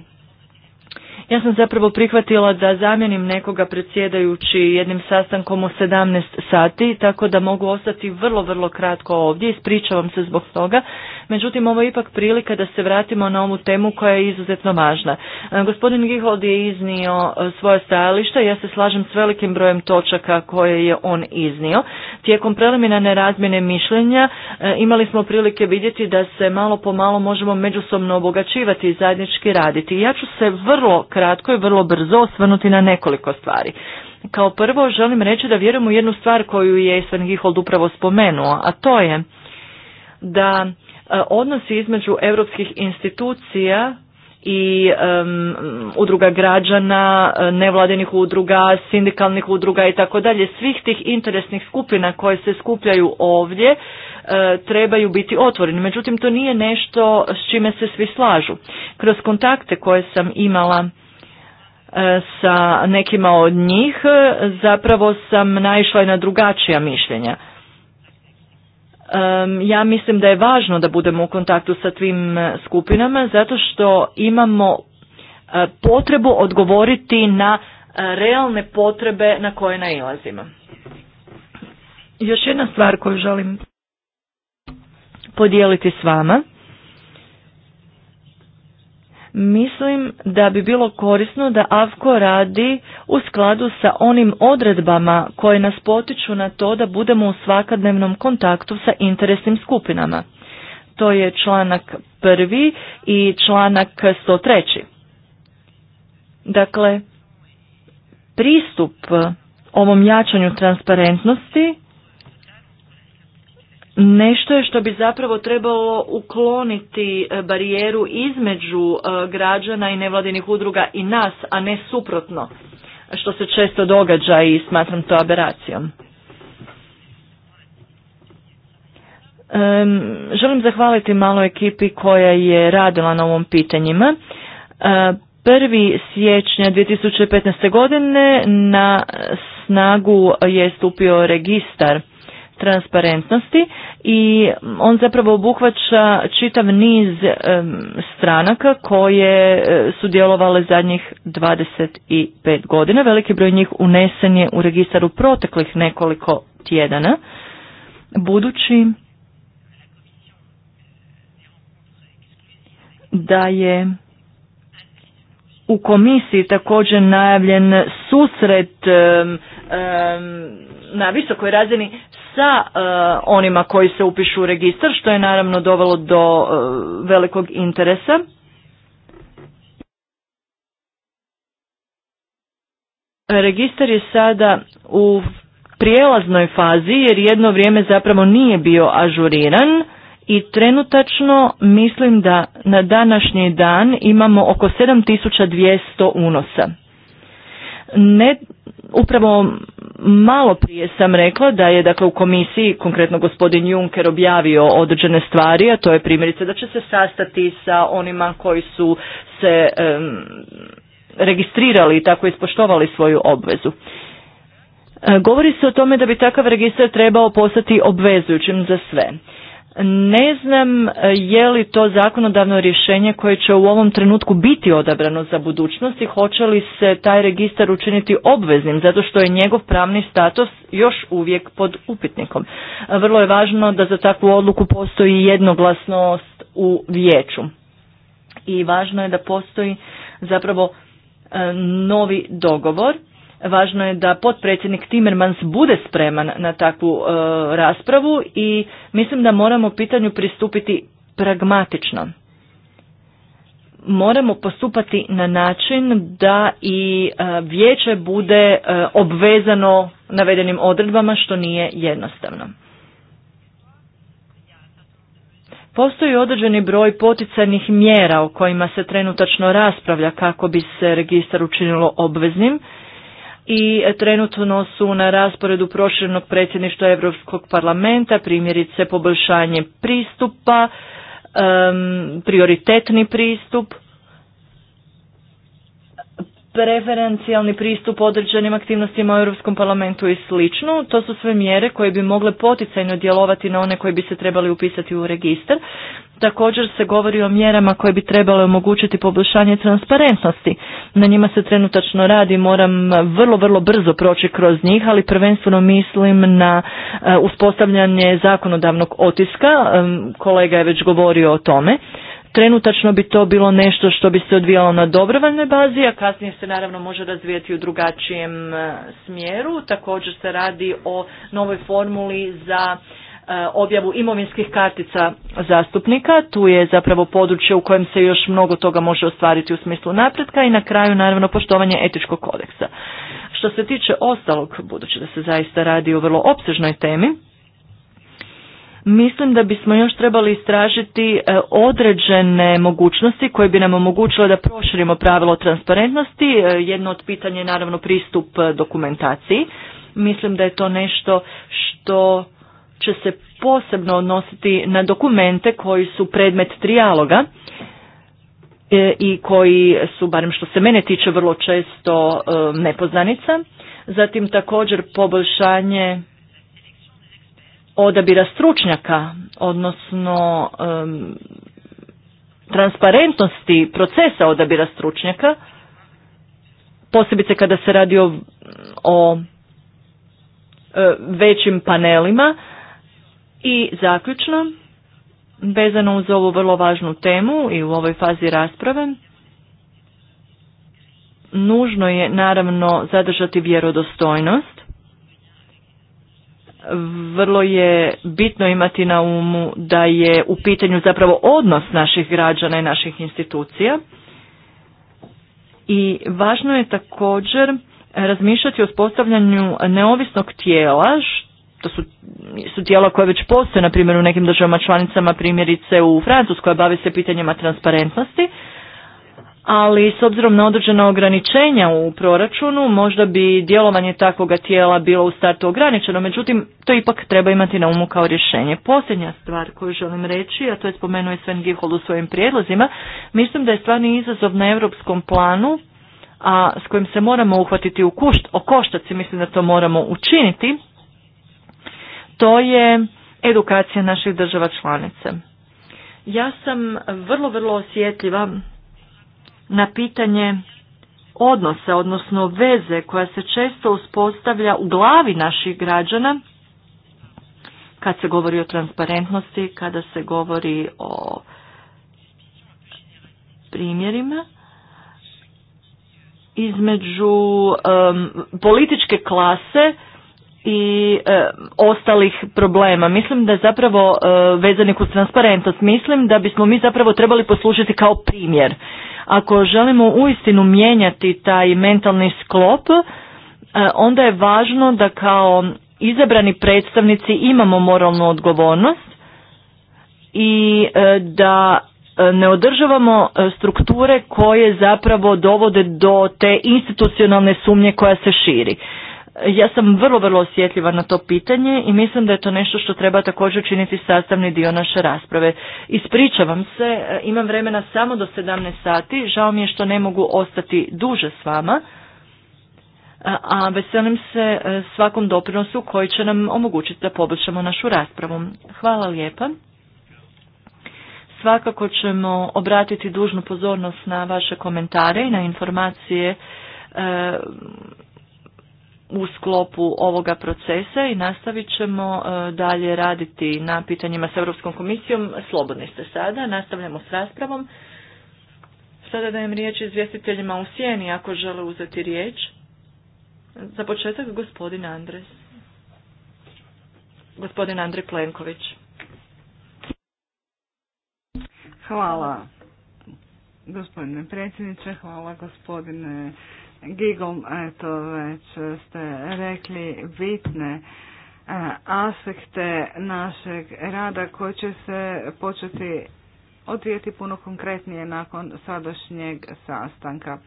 Ja sam zapravo prihvatila da zamjenim nekoga predsjedajući jednim sastankom u 17 sati, tako da mogu ostati vrlo, vrlo kratko ovdje. Ispričavam se zbog toga. Međutim, ovo je ipak prilika da se vratimo na ovu temu koja je izuzetno važna. E, gospodin Gihold je iznio e, svoje stajalište, ja se slažem s velikim brojem točaka koje je on iznio. Tijekom preliminarne razmjene mišljenja e, imali smo prilike vidjeti da se malo po malo možemo međusobno obogaćivati i zajednički raditi. Ja ću se vrlo kratko i vrlo brzo osvrnuti na nekoliko stvari. Kao prvo želim reći da vjerujem u jednu stvar koju je Sven Gihold upravo spomenuo, a to je da E, odnosi između europskih institucija i udruga građana, e, nevladinih udruga, sindikalnih udruga i tako dalje, svih tih interesnih skupina koje se skupljaju ovdje e, trebaju biti otvoreni. Međutim, to nije nešto s čime se svi slažu. Kroz kontakte koje sam imala sa nekima od njih, zapravo sam naišla i na drugačija mišljenja ja mislim da je važno da budemo u kontaktu sa svim e, skupinama zato što imamo e, potrebu odgovoriti na e, realne potrebe na koje nailazimo. Još jedna stvar koju želim podijeliti s vama Mislim da bi bilo korisno da AVKO radi u skladu sa onim odredbama koje nas potiču na to da budemo u svakadnevnom kontaktu sa interesnim skupinama. To je članak prvi i članak 103. Dakle, pristup ovom jačanju transparentnosti nešto je što bi zapravo trebalo ukloniti e, barijeru između e, građana i nevladinih udruga i nas, a ne suprotno, što se često događa i smatram to aberacijom. Um, želim zahvaliti malo ekipi koja je radila na ovom pitanjima. Uh, e, 1. siječnja 2015. godine na snagu je stupio registar transparentnosti i on zapravo obuhvaća čitav niz stranaka koje e, su djelovale zadnjih 25 godina. Veliki broj njih unesen je u registar u proteklih nekoliko tjedana. Budući da je u komisiji također najavljen susret na visokoj razini sa e, onima koji se upišu u registar, što je naravno dovelo do e, velikog interesa. Registar je sada u prijelaznoj fazi jer jedno vrijeme zapravo nije bio ažuriran i trenutačno mislim da na današnji dan imamo oko 7200 unosa. Ne, Upravo malo prije sam rekla da je dakle u komisiji konkretno gospodin Juncker objavio određene stvari, a to je primjerice da će se sastati sa onima koji su se registrirali i tako ispoštovali svoju obvezu. E, govori se o tome da bi takav registar trebao postati obvezujućim za sve. Ne znam e, je li to zakonodavno rješenje koje će u ovom trenutku biti odabrano za budućnost i hoće li se taj registar učiniti obveznim zato što je njegov pravni status još uvijek pod upitnikom. E, vrlo je važno da za takvu odluku postoji jednoglasnost u vijeću i važno je da postoji zapravo e, novi dogovor Važno je da potpredsjednik Timmermans bude spreman na takvu e, raspravu i mislim da moramo pitanju pristupiti pragmatično. Moramo postupati na način da i e, vijeće bude e, obvezano navedenim odredbama što nije jednostavno. Postoji određeni broj poticajnih mjera o kojima se trenutačno raspravlja kako bi se registar učinilo obveznim i trenutno su na rasporedu proširenog predsjedništva Europskog parlamenta, primjerice poboljšanje pristupa, um, prioritetni pristup, preferencijalni pristup određenim aktivnostima u Europskom parlamentu i slično. To su sve mjere koje bi mogle poticajno djelovati na one koji bi se trebali upisati u registar. Također se govori o mjerama koje bi trebale omogućiti poboljšanje transparentnosti. Na njima se trenutačno radi, moram vrlo, vrlo brzo proći kroz njih, ali prvenstveno mislim na e, uspostavljanje zakonodavnog otiska, e, kolega je već govorio o tome. Trenutačno bi to bilo nešto što bi se odvijalo na dobrovoljnoj bazi, a kasnije se naravno može razvijeti u drugačijem e, smjeru. Također se radi o novoj formuli za E, objavu imovinskih kartica zastupnika. Tu je zapravo područje u kojem se još mnogo toga može ostvariti u smislu napretka i na kraju naravno poštovanje etičkog kodeksa. Što se tiče ostalog, budući da se zaista radi o vrlo opsežnoj temi, Mislim da bismo još trebali istražiti e, određene mogućnosti koje bi nam omogućile da proširimo pravilo transparentnosti. E, jedno od pitanja je naravno pristup dokumentaciji. Mislim da je to nešto što će se posebno odnositi na dokumente koji su predmet trijaloga e, i koji su, barem što se mene tiče, vrlo često e, nepoznanica. Zatim također poboljšanje odabira stručnjaka, odnosno transparentnosti procesa odabira stručnjaka, posebice kada se radi o e, većim panelima, i zaključno, vezano uz ovu vrlo važnu temu i u ovoj fazi rasprave, nužno je naravno zadržati vjerodostojnost. Vrlo je bitno imati na umu da je u pitanju zapravo odnos naših građana i naših institucija. I važno je također razmišljati o postavljanju neovisnog tijela to su, su tijela koje već postoje, na primjer u nekim državama članicama, primjerice u Francuskoj bave se pitanjima transparentnosti, ali s obzirom na određena ograničenja u proračunu, možda bi djelovanje takvoga tijela bilo u startu ograničeno, međutim, to ipak treba imati na umu kao rješenje. Posljednja stvar koju želim reći, a to je spomenuo i Sven Gihol u svojim prijedlozima, mislim da je stvarni izazov na europskom planu, a s kojim se moramo uhvatiti u kušt, o mislim da to moramo učiniti, to je edukacija naših država članice. Ja sam vrlo, vrlo osjetljiva na pitanje odnosa, odnosno veze koja se često uspostavlja u glavi naših građana kad se govori o transparentnosti, kada se govori o primjerima između političke klase i e, ostalih problema. Mislim da je zapravo e, vezanik uz transparentnost. Mislim da bismo mi zapravo trebali poslušati kao primjer. Ako želimo uistinu mijenjati taj mentalni sklop, e, onda je važno da kao izabrani predstavnici imamo moralnu odgovornost i e, da ne održavamo strukture koje zapravo dovode do te institucionalne sumnje koja se širi ja sam vrlo, vrlo osjetljiva na to pitanje i mislim da je to nešto što treba također učiniti sastavni dio naše rasprave. Ispričavam se, e, imam vremena samo do 17 sati, žao mi je što ne mogu ostati duže s vama, e, a veselim se e, svakom doprinosu koji će nam omogućiti da poboljšamo našu raspravu. Hvala lijepa. Svakako ćemo obratiti dužnu pozornost na vaše komentare i na informacije u sklopu ovoga procesa i nastavit ćemo e, dalje raditi na pitanjima s Europskom komisijom. Slobodni ste sada, nastavljamo s raspravom. Sada dajem riječ izvjestiteljima u sjeni ako žele uzeti riječ. Za početak gospodin Andres. Gospodin Andrej Plenković. Hvala gospodine predsjedniče, hvala gospodine Gigom, eto već ste rekli, bitne e, aspekte našeg rada koji će se početi odvijeti puno konkretnije nakon sadašnjeg sastanka.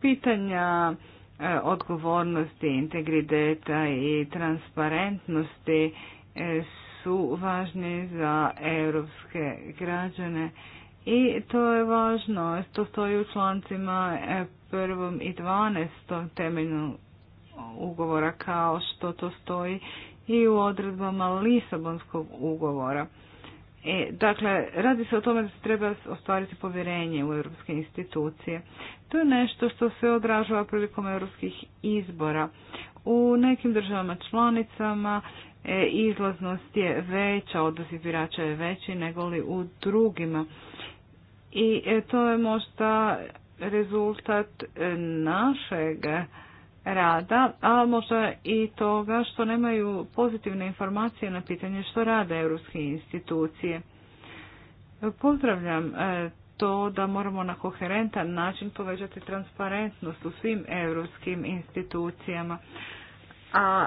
Pitanja e, odgovornosti, integriteta i transparentnosti e, su važni za europske građane i to je važno, to stoji u člancima e, prvom i 12. temeljnog ugovora kao što to stoji i u odredbama Lisabonskog ugovora. E, dakle, radi se o tome da se treba ostvariti povjerenje u europske institucije. To je nešto što se odražava prilikom europskih izbora. U nekim državama članicama e, izlaznost je veća, odlazi birača je veći nego li u drugima. I e, to je možda rezultat e, našeg rada, a možda i toga što nemaju pozitivne informacije na pitanje što rade europske institucije. Pozdravljam e, to da moramo na koherentan način povećati transparentnost u svim europskim institucijama. A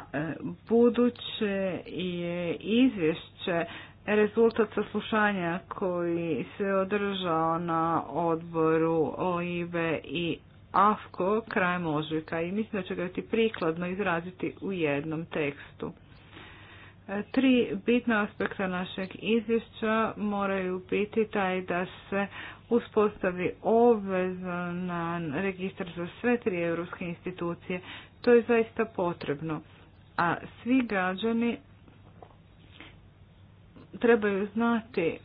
buduće je izvješće rezultat saslušanja koji se održao na odboru OIBE i AFKO krajem ožujka i mislim da će ga ti prikladno izraziti u jednom tekstu. E, tri bitna aspekta našeg izvješća moraju biti taj da se uspostavi obvezan registar za sve tri europske institucije. To je zaista potrebno, a svi građani trebaju znati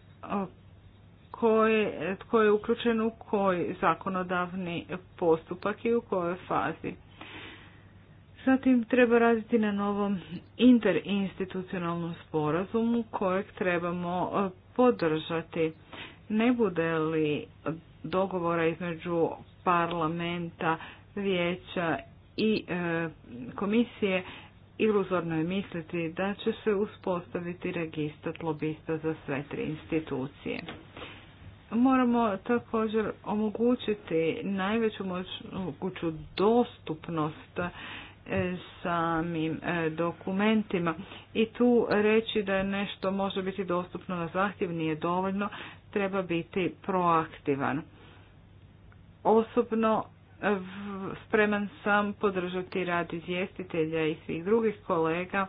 koje, tko je uključen u koji zakonodavni postupak i u kojoj fazi. Zatim treba raditi na novom interinstitucionalnom sporazumu kojeg trebamo podržati. Ne bude li dogovora između parlamenta, vijeća i e, komisije iluzorno je misliti da će se uspostaviti registar lobista za sve tri institucije. Moramo također omogućiti najveću moguću dostupnost e, samim e, dokumentima i tu reći da nešto može biti dostupno na zahtjev nije dovoljno, treba biti proaktivan. Osobno spreman sam podržati rad izvjestitelja i svih drugih kolega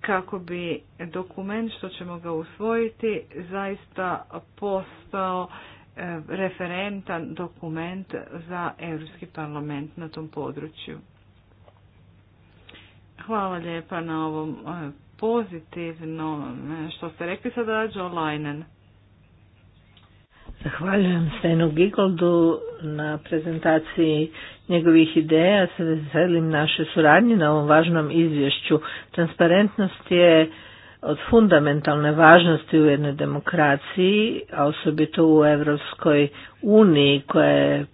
kako bi dokument što ćemo ga usvojiti zaista postao e, referentan dokument za Europski parlament na tom području. Hvala lijepa na ovom e, pozitivnom e, što ste rekli sada, Joe Leinen. Zahvaljujem Stenu Gigoldu na prezentaciji njegovih ideja. Se veselim naše suradnje na ovom važnom izvješću. Transparentnost je od fundamentalne važnosti u jednoj demokraciji, a osobito u Europskoj uniji koja je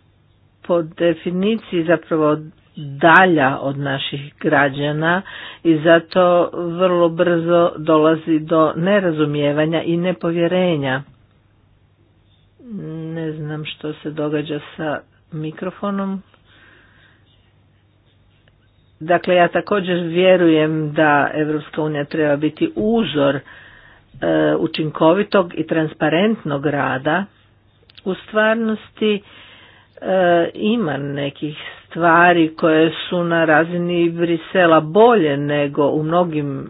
po definiciji zapravo dalja od naših građana i zato vrlo brzo dolazi do nerazumijevanja i nepovjerenja. Ne znam što se događa sa mikrofonom. Dakle, ja također vjerujem da europska unija treba biti uzor e, učinkovitog i transparentnog rada. U stvarnosti e, ima nekih stvari koje su na razini Brisela bolje nego u mnogim e,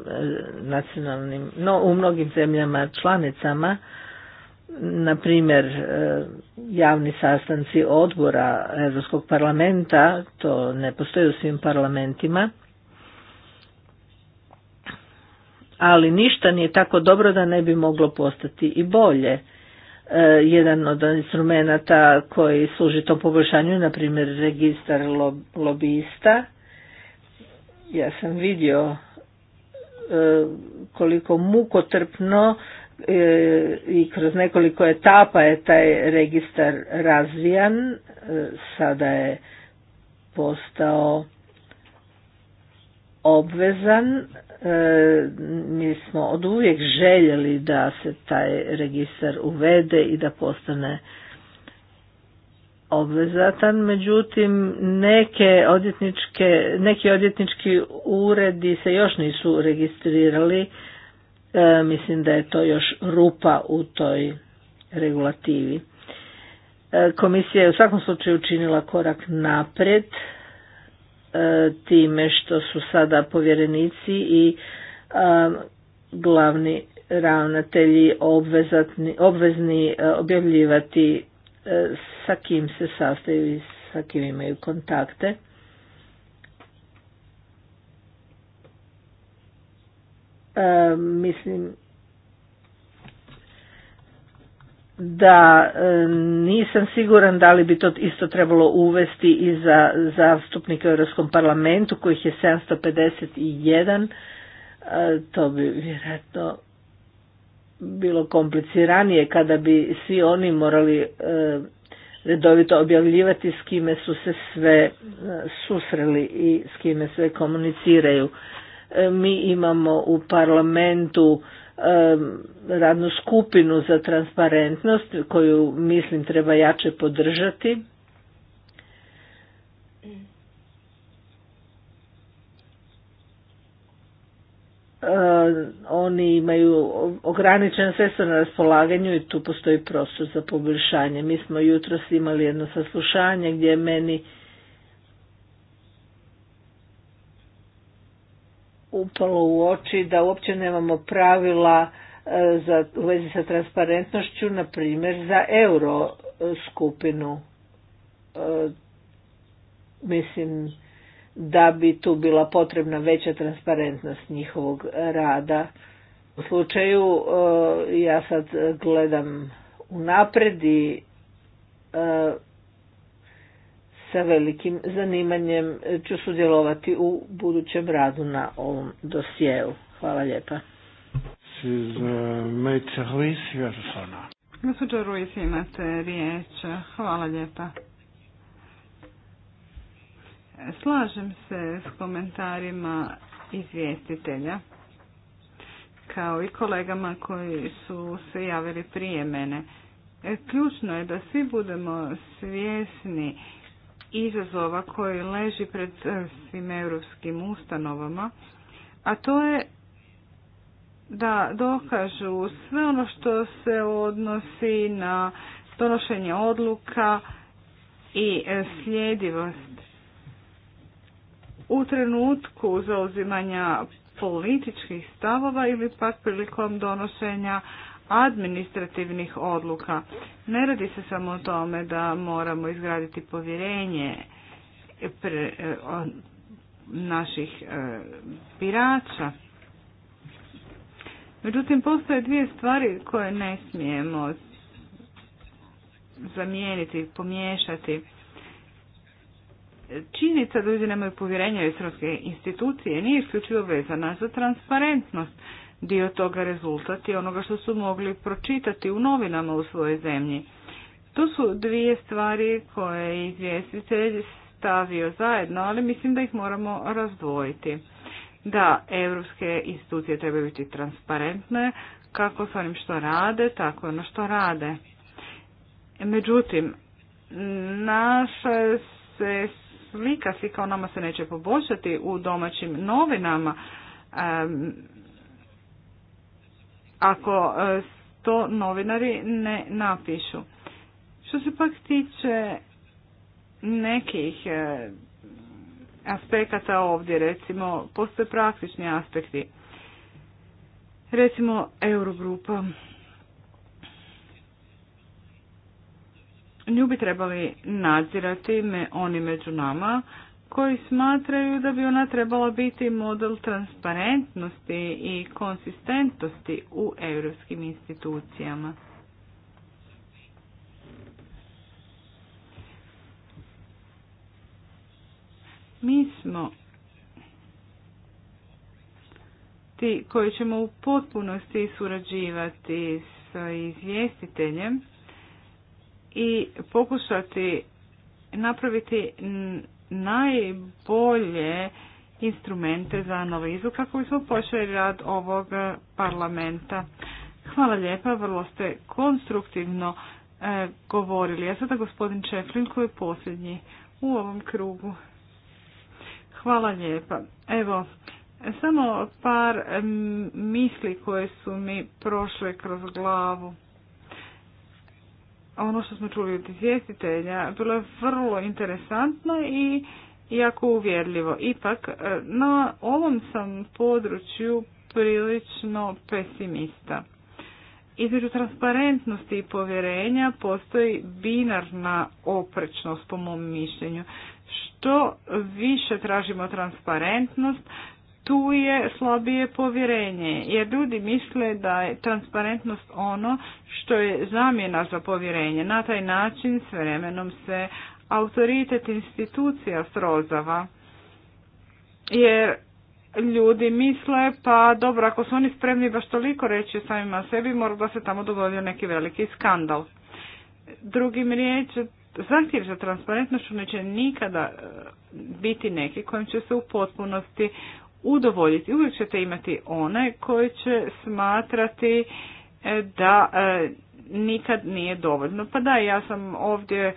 nacionalnim, no u mnogim zemljama članicama na primjer e, javni sastanci odbora Europskog parlamenta, to ne postoji u svim parlamentima, ali ništa nije tako dobro da ne bi moglo postati i bolje. E, jedan od instrumenta... koji služi tom poboljšanju, na primjer registar lobista, ja sam vidio e, koliko mukotrpno E, i kroz nekoliko etapa je taj registar razvijan, e, sada je postao obvezan. E, mi smo od uvijek željeli da se taj registar uvede i da postane obvezatan, međutim neke odjetničke, neki odjetnički uredi se još nisu registrirali E, mislim da je to još rupa u toj regulativi. E, komisija je u svakom slučaju učinila korak naprijed e, time što su sada povjerenici i glavni ravnatelji obvezatni, obvezni objavljivati sa kim se sastaju i sa kim imaju kontakte. E, mislim da e, nisam siguran da li bi to isto trebalo uvesti i za zastupnike u Europskom parlamentu kojih je 751 e, to bi vjerojatno bilo kompliciranije kada bi svi oni morali redovito objavljivati s kime su se sve susreli i s kime sve komuniciraju mi imamo u parlamentu radnu skupinu za transparentnost koju mislim treba jače podržati. oni imaju ograničena sredstva na raspolaganju i tu postoji prostor za poboljšanje. Mi smo jutros imali jedno saslušanje gdje je meni upalo u oči da uopće nemamo pravila e, za, u vezi sa transparentnošću, na primjer za euro e, skupinu. E, mislim da bi tu bila potrebna veća transparentnost njihovog rada. U slučaju ja sad gledam unapred i velikim zanimanjem ću sudjelovati u budućem radu na ovom dosjeu. Hvala lijepa. Uh, Gospođo Ruiz, imate riječ. Hvala lijepa. Slažem se s komentarima izvjestitelja kao i kolegama koji su se javili prije mene. E, ključno je da svi budemo svjesni izazova koji leži pred eh, svim europskim ustanovama, a to je da dokažu sve ono što se odnosi na donošenje odluka i eh, sljedivost. U trenutku zauzimanja političkih stavova ili pak prilikom donošenja administrativnih odluka. Ne radi se samo o tome da moramo izgraditi povjerenje e, naših e, birača. Međutim, postoje dvije stvari koje ne smijemo zamijeniti, pomiješati. Činjenica da ljudi nemaju povjerenja u europske institucije nije isključivo vezana za transparentnost dio toga rezultati i onoga što su mogli pročitati u novinama u svojoj zemlji. To su dvije stvari koje je izvjestitelj stavio zajedno, ali mislim da ih moramo razdvojiti. Da, europske institucije trebaju biti transparentne, kako s onim što rade, tako i ono što rade. Međutim, naša se slika, slika o nama se neće poboljšati u domaćim novinama, ako e, to novinari ne napišu. Što se pak tiče nekih e, aspekata ovdje, recimo, postoje praktični aspekti. Recimo, Eurogrupa. Nju bi trebali nadzirati oni među nama koji smatraju da bi ona trebala biti model transparentnosti i konsistentnosti u europskim institucijama. Mi smo ti koji ćemo u potpunosti surađivati sa izvjestiteljem i pokušati napraviti najbolje instrumente za analizu kako bismo počeli rad ovog parlamenta. Hvala lijepa, vrlo ste konstruktivno e, govorili. A sada gospodin Čeflin koji je posljednji u ovom krugu. Hvala lijepa. Evo, samo par misli koje su mi prošle kroz glavu ono što smo čuli od izvjestitelja bilo je vrlo interesantno i jako uvjerljivo. Ipak, e, na ovom sam području prilično pesimista. Između transparentnosti i povjerenja postoji binarna oprečnost po mom mišljenju. Što više tražimo transparentnost, tu je slabije povjerenje, jer ljudi misle da je transparentnost ono što je zamjena za povjerenje. Na taj način s vremenom se autoritet institucija srozava, jer ljudi misle pa dobro, ako su oni spremni baš toliko reći samima sebi, mora da se tamo dogodio neki veliki skandal. Drugim riječem, zahtjev za transparentnost neće nikada e, biti neki kojim će se u potpunosti udovoljiti. Uvijek ćete imati one koji će smatrati e, da e, nikad nije dovoljno. Pa da, ja sam ovdje e,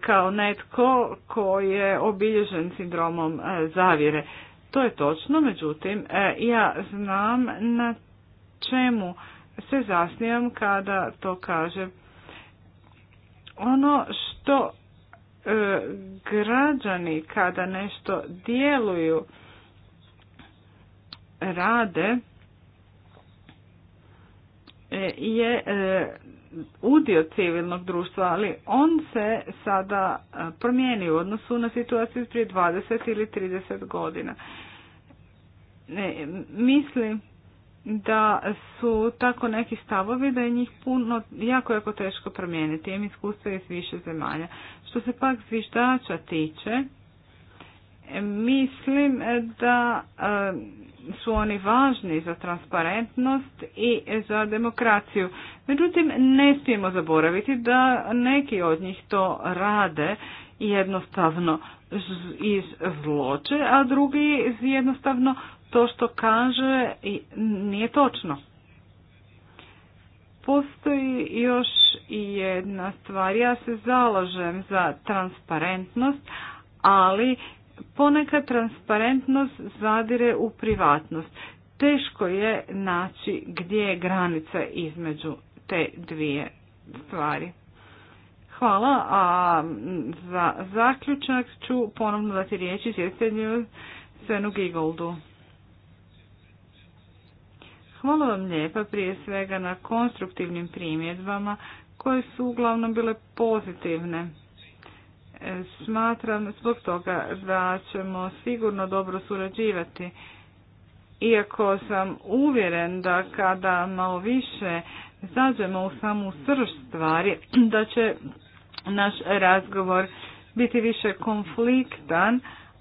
kao netko koji je obilježen sindromom zavjere. To je točno, međutim, ja znam na čemu se zasnijam kada to kažem. Ono što građani kada nešto djeluju rade e, je e, udio civilnog društva, ali on se sada e, promijeni u odnosu na situaciju prije 20 ili 30 godina. Mislim da su tako neki stavovi da je njih puno, jako, jako teško promijeniti. Imam iskustva iz više zemalja. Što se pak zviždača tiče, Mislim da e, su oni važni za transparentnost i za demokraciju. Međutim, ne smijemo zaboraviti da neki od njih to rade jednostavno iz zloče, a drugi jednostavno to što kaže nije točno. Postoji još jedna stvar. Ja se zalažem za transparentnost, ali Ponekad transparentnost zadire u privatnost. Teško je naći gdje je granica između te dvije stvari. Hvala, a za zaključak ću ponovno dati riječ izvjestitelju Svenu Gigoldu. Hvala vam lijepa prije svega na konstruktivnim primjedbama koje su uglavnom bile pozitivne. Smatram zbog toga da ćemo sigurno dobro surađivati. Iako sam uvjeren da kada malo više zađemo u samu srž stvari, da će naš razgovor biti više konfliktan,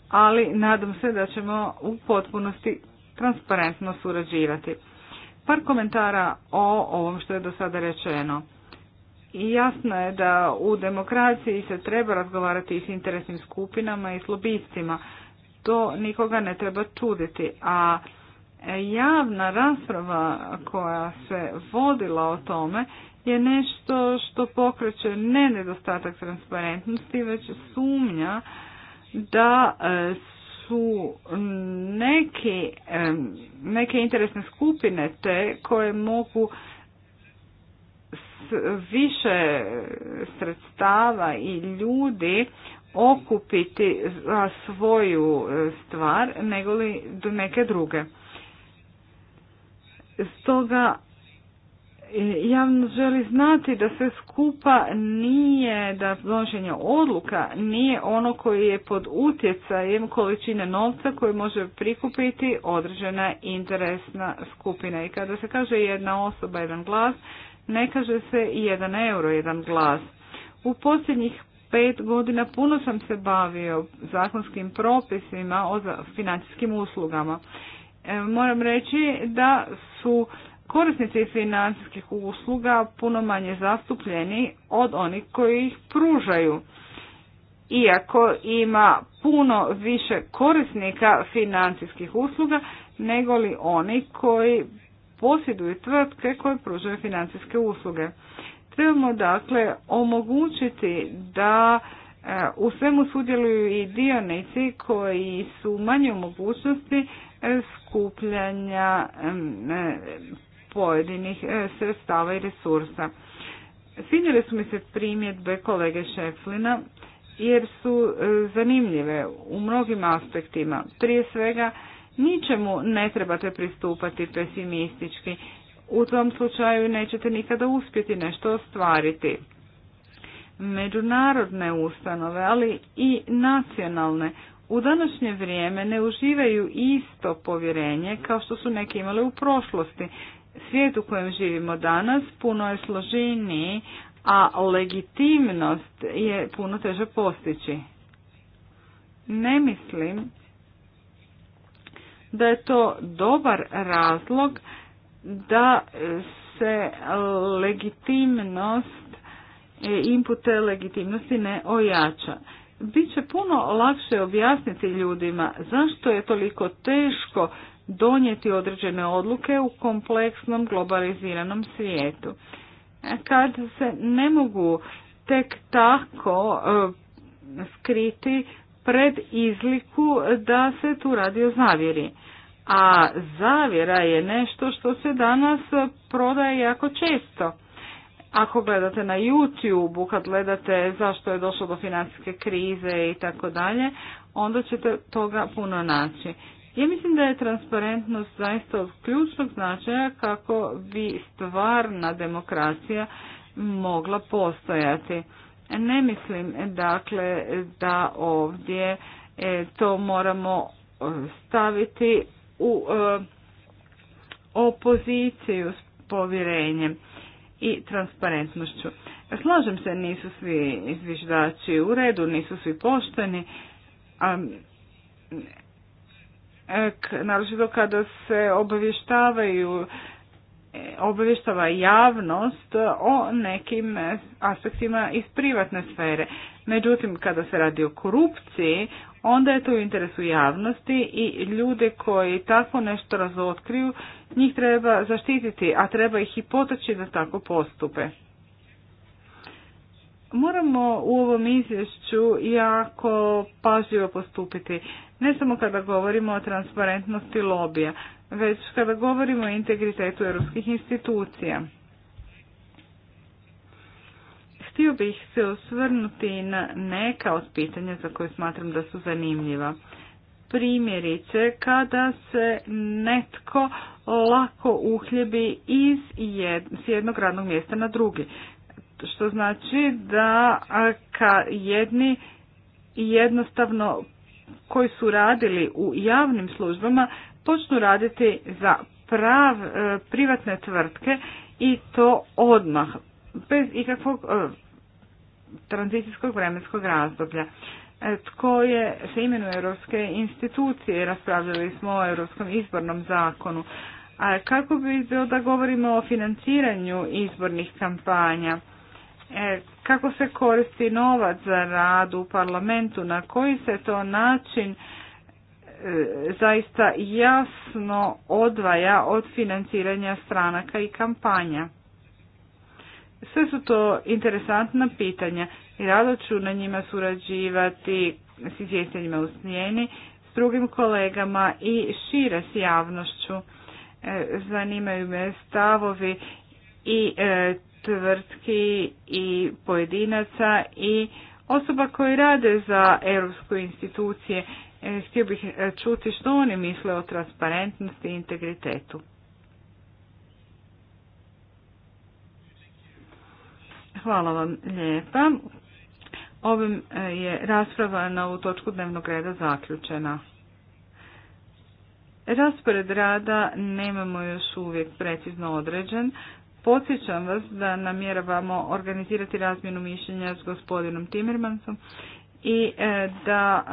ali nadam se da ćemo u potpunosti transparentno surađivati. Par komentara o ovom što je do sada rečeno jasno je da u demokraciji se treba razgovarati i s interesnim skupinama i s lobistima. To nikoga ne treba čuditi, a javna rasprava koja se vodila o tome je nešto što pokreće ne nedostatak transparentnosti, već sumnja da e, su neki, neke interesne skupine te koje mogu više sredstava i ljudi okupiti za svoju stvar nego li do neke druge. Stoga e, javno želi znati da se skupa nije, da donošenje odluka nije ono koji je pod utjecajem količine novca koji može prikupiti određena interesna skupina. I kada se kaže jedna osoba, jedan glas, ne kaže se i jedan euro, jedan glas. U posljednjih pet godina puno sam se bavio zakonskim propisima o financijskim uslugama. E, moram reći da su korisnici financijskih usluga puno manje zastupljeni od onih koji ih pružaju. Iako ima puno više korisnika financijskih usluga nego li oni koji posjeduju tvrtke koje pružaju financijske usluge. Trebamo dakle omogućiti da e, u svemu sudjeluju i dionici koji su manje u mogućnosti e, skupljanja e, pojedinih sredstava i resursa. Svidjele su mi se primjedbe kolege Šeflina jer su zanimljive u mnogim aspektima. Prije svega Ničemu ne trebate pristupati pesimistički. U tom slučaju nećete nikada uspjeti nešto ostvariti. Međunarodne ustanove, ali i nacionalne, u današnje vrijeme ne uživaju isto povjerenje kao što su neke imale u prošlosti. Svijet u kojem živimo danas puno je složeniji, a legitimnost je puno teže postići. Ne mislim da je to dobar razlog da se legitimnost, e, inpute legitimnosti ne ojača. Biće puno lakše objasniti ljudima zašto je toliko teško donijeti određene odluke u kompleksnom globaliziranom svijetu. E, kad se ne mogu tek tako e, skriti pred izliku da se tu radi o zavjeri. A zavjera je nešto što se danas prodaje jako često. Ako gledate na YouTube, kad gledate zašto je došlo do financijske krize i tako dalje, onda ćete toga puno naći. Ja mislim da je transparentnost zaista od ključnog značaja kako bi stvarna demokracija mogla postojati. Ne mislim dakle da ovdje e, to moramo e, staviti u e, opoziciju s povjerenjem i transparentnošću. Slažem se, nisu svi izviždači u redu, nisu svi pošteni, a, naročito kada se obavještavaju obavještava javnost o nekim aspektima iz privatne sfere. Međutim, kada se radi o korupciji, onda je to u interesu javnosti i ljude koji tako nešto razotkriju, njih treba zaštititi, a treba ih i potaći da tako postupe. Moramo u ovom izvješću jako pažljivo postupiti, ne samo kada govorimo o transparentnosti lobija, već kada govorimo o integritetu europskih institucija. Htio bih se osvrnuti na neka od pitanja za koje smatram da su zanimljiva. Primjerice, kada se netko lako uhljebi iz s jednog radnog mjesta na drugi. Što znači da ka jedni jednostavno koji su radili u javnim službama počnu raditi za prav, e, privatne tvrtke i to odmah, bez ikakvog e, tranzicijskog vremenskog razdoblja. E, tko je se imenuje europske institucije, raspravljali smo o europskom izbornom zakonu. A kako bi bilo da govorimo o financiranju izbornih kampanja? Kako se koristi novac za rad u parlamentu? Na koji se to način zaista jasno odvaja od financiranja stranaka i kampanja. Sve su to interesantna pitanja i rado ću na njima surađivati s izvjestiteljima u snijeni, s drugim kolegama i šire s javnošću. E, zanimaju me stavovi i e, tvrtki i pojedinaca i osoba koji rade za europske institucije E, htio bih e, čuti što oni misle o transparentnosti i integritetu. Hvala vam lijepa. Ovim e, je rasprava na ovu točku dnevnog reda zaključena. Raspored rada nemamo još uvijek precizno određen. Podsjećam vas da namjeravamo organizirati razmjenu mišljenja s gospodinom Timmermansom i da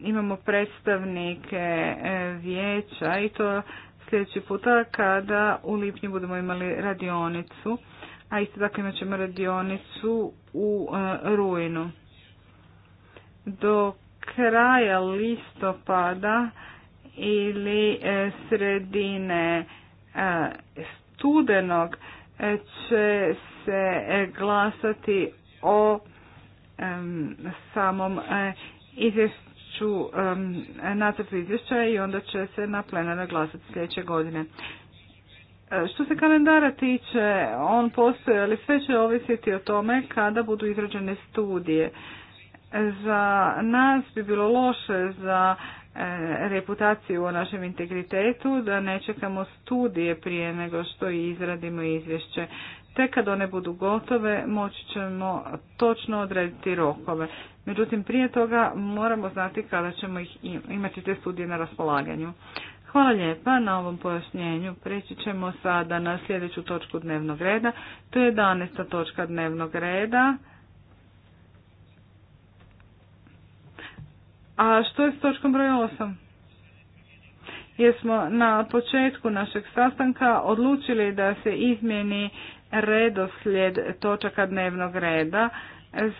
imamo predstavnike e, vijeća i to sljedeći puta kada u lipnju budemo imali radionicu, a isto tako imat ćemo radionicu u e, rujnu. Do kraja listopada ili e, sredine studenog će se glasati o samom izvješću izvješću, nacrtu izvješća i onda će se na plenarno glasati sljedeće godine. E, što se kalendara tiče, on postoji, ali sve će ovisiti o tome kada budu izrađene studije. Za nas bi bilo loše za e, reputaciju o našem integritetu, da ne čekamo studije prije nego što izradimo izvješće. Te kad one budu gotove moći ćemo točno odrediti rokove. Međutim, prije toga moramo znati kada ćemo ih imati te studije na raspolaganju. Hvala lijepa na ovom pojašnjenju. Preći ćemo sada na sljedeću točku dnevnog reda. To je 11. točka dnevnog reda. A što je s točkom broj 8? Jer smo na početku našeg sastanka odlučili da se izmjeni redoslijed točaka dnevnog reda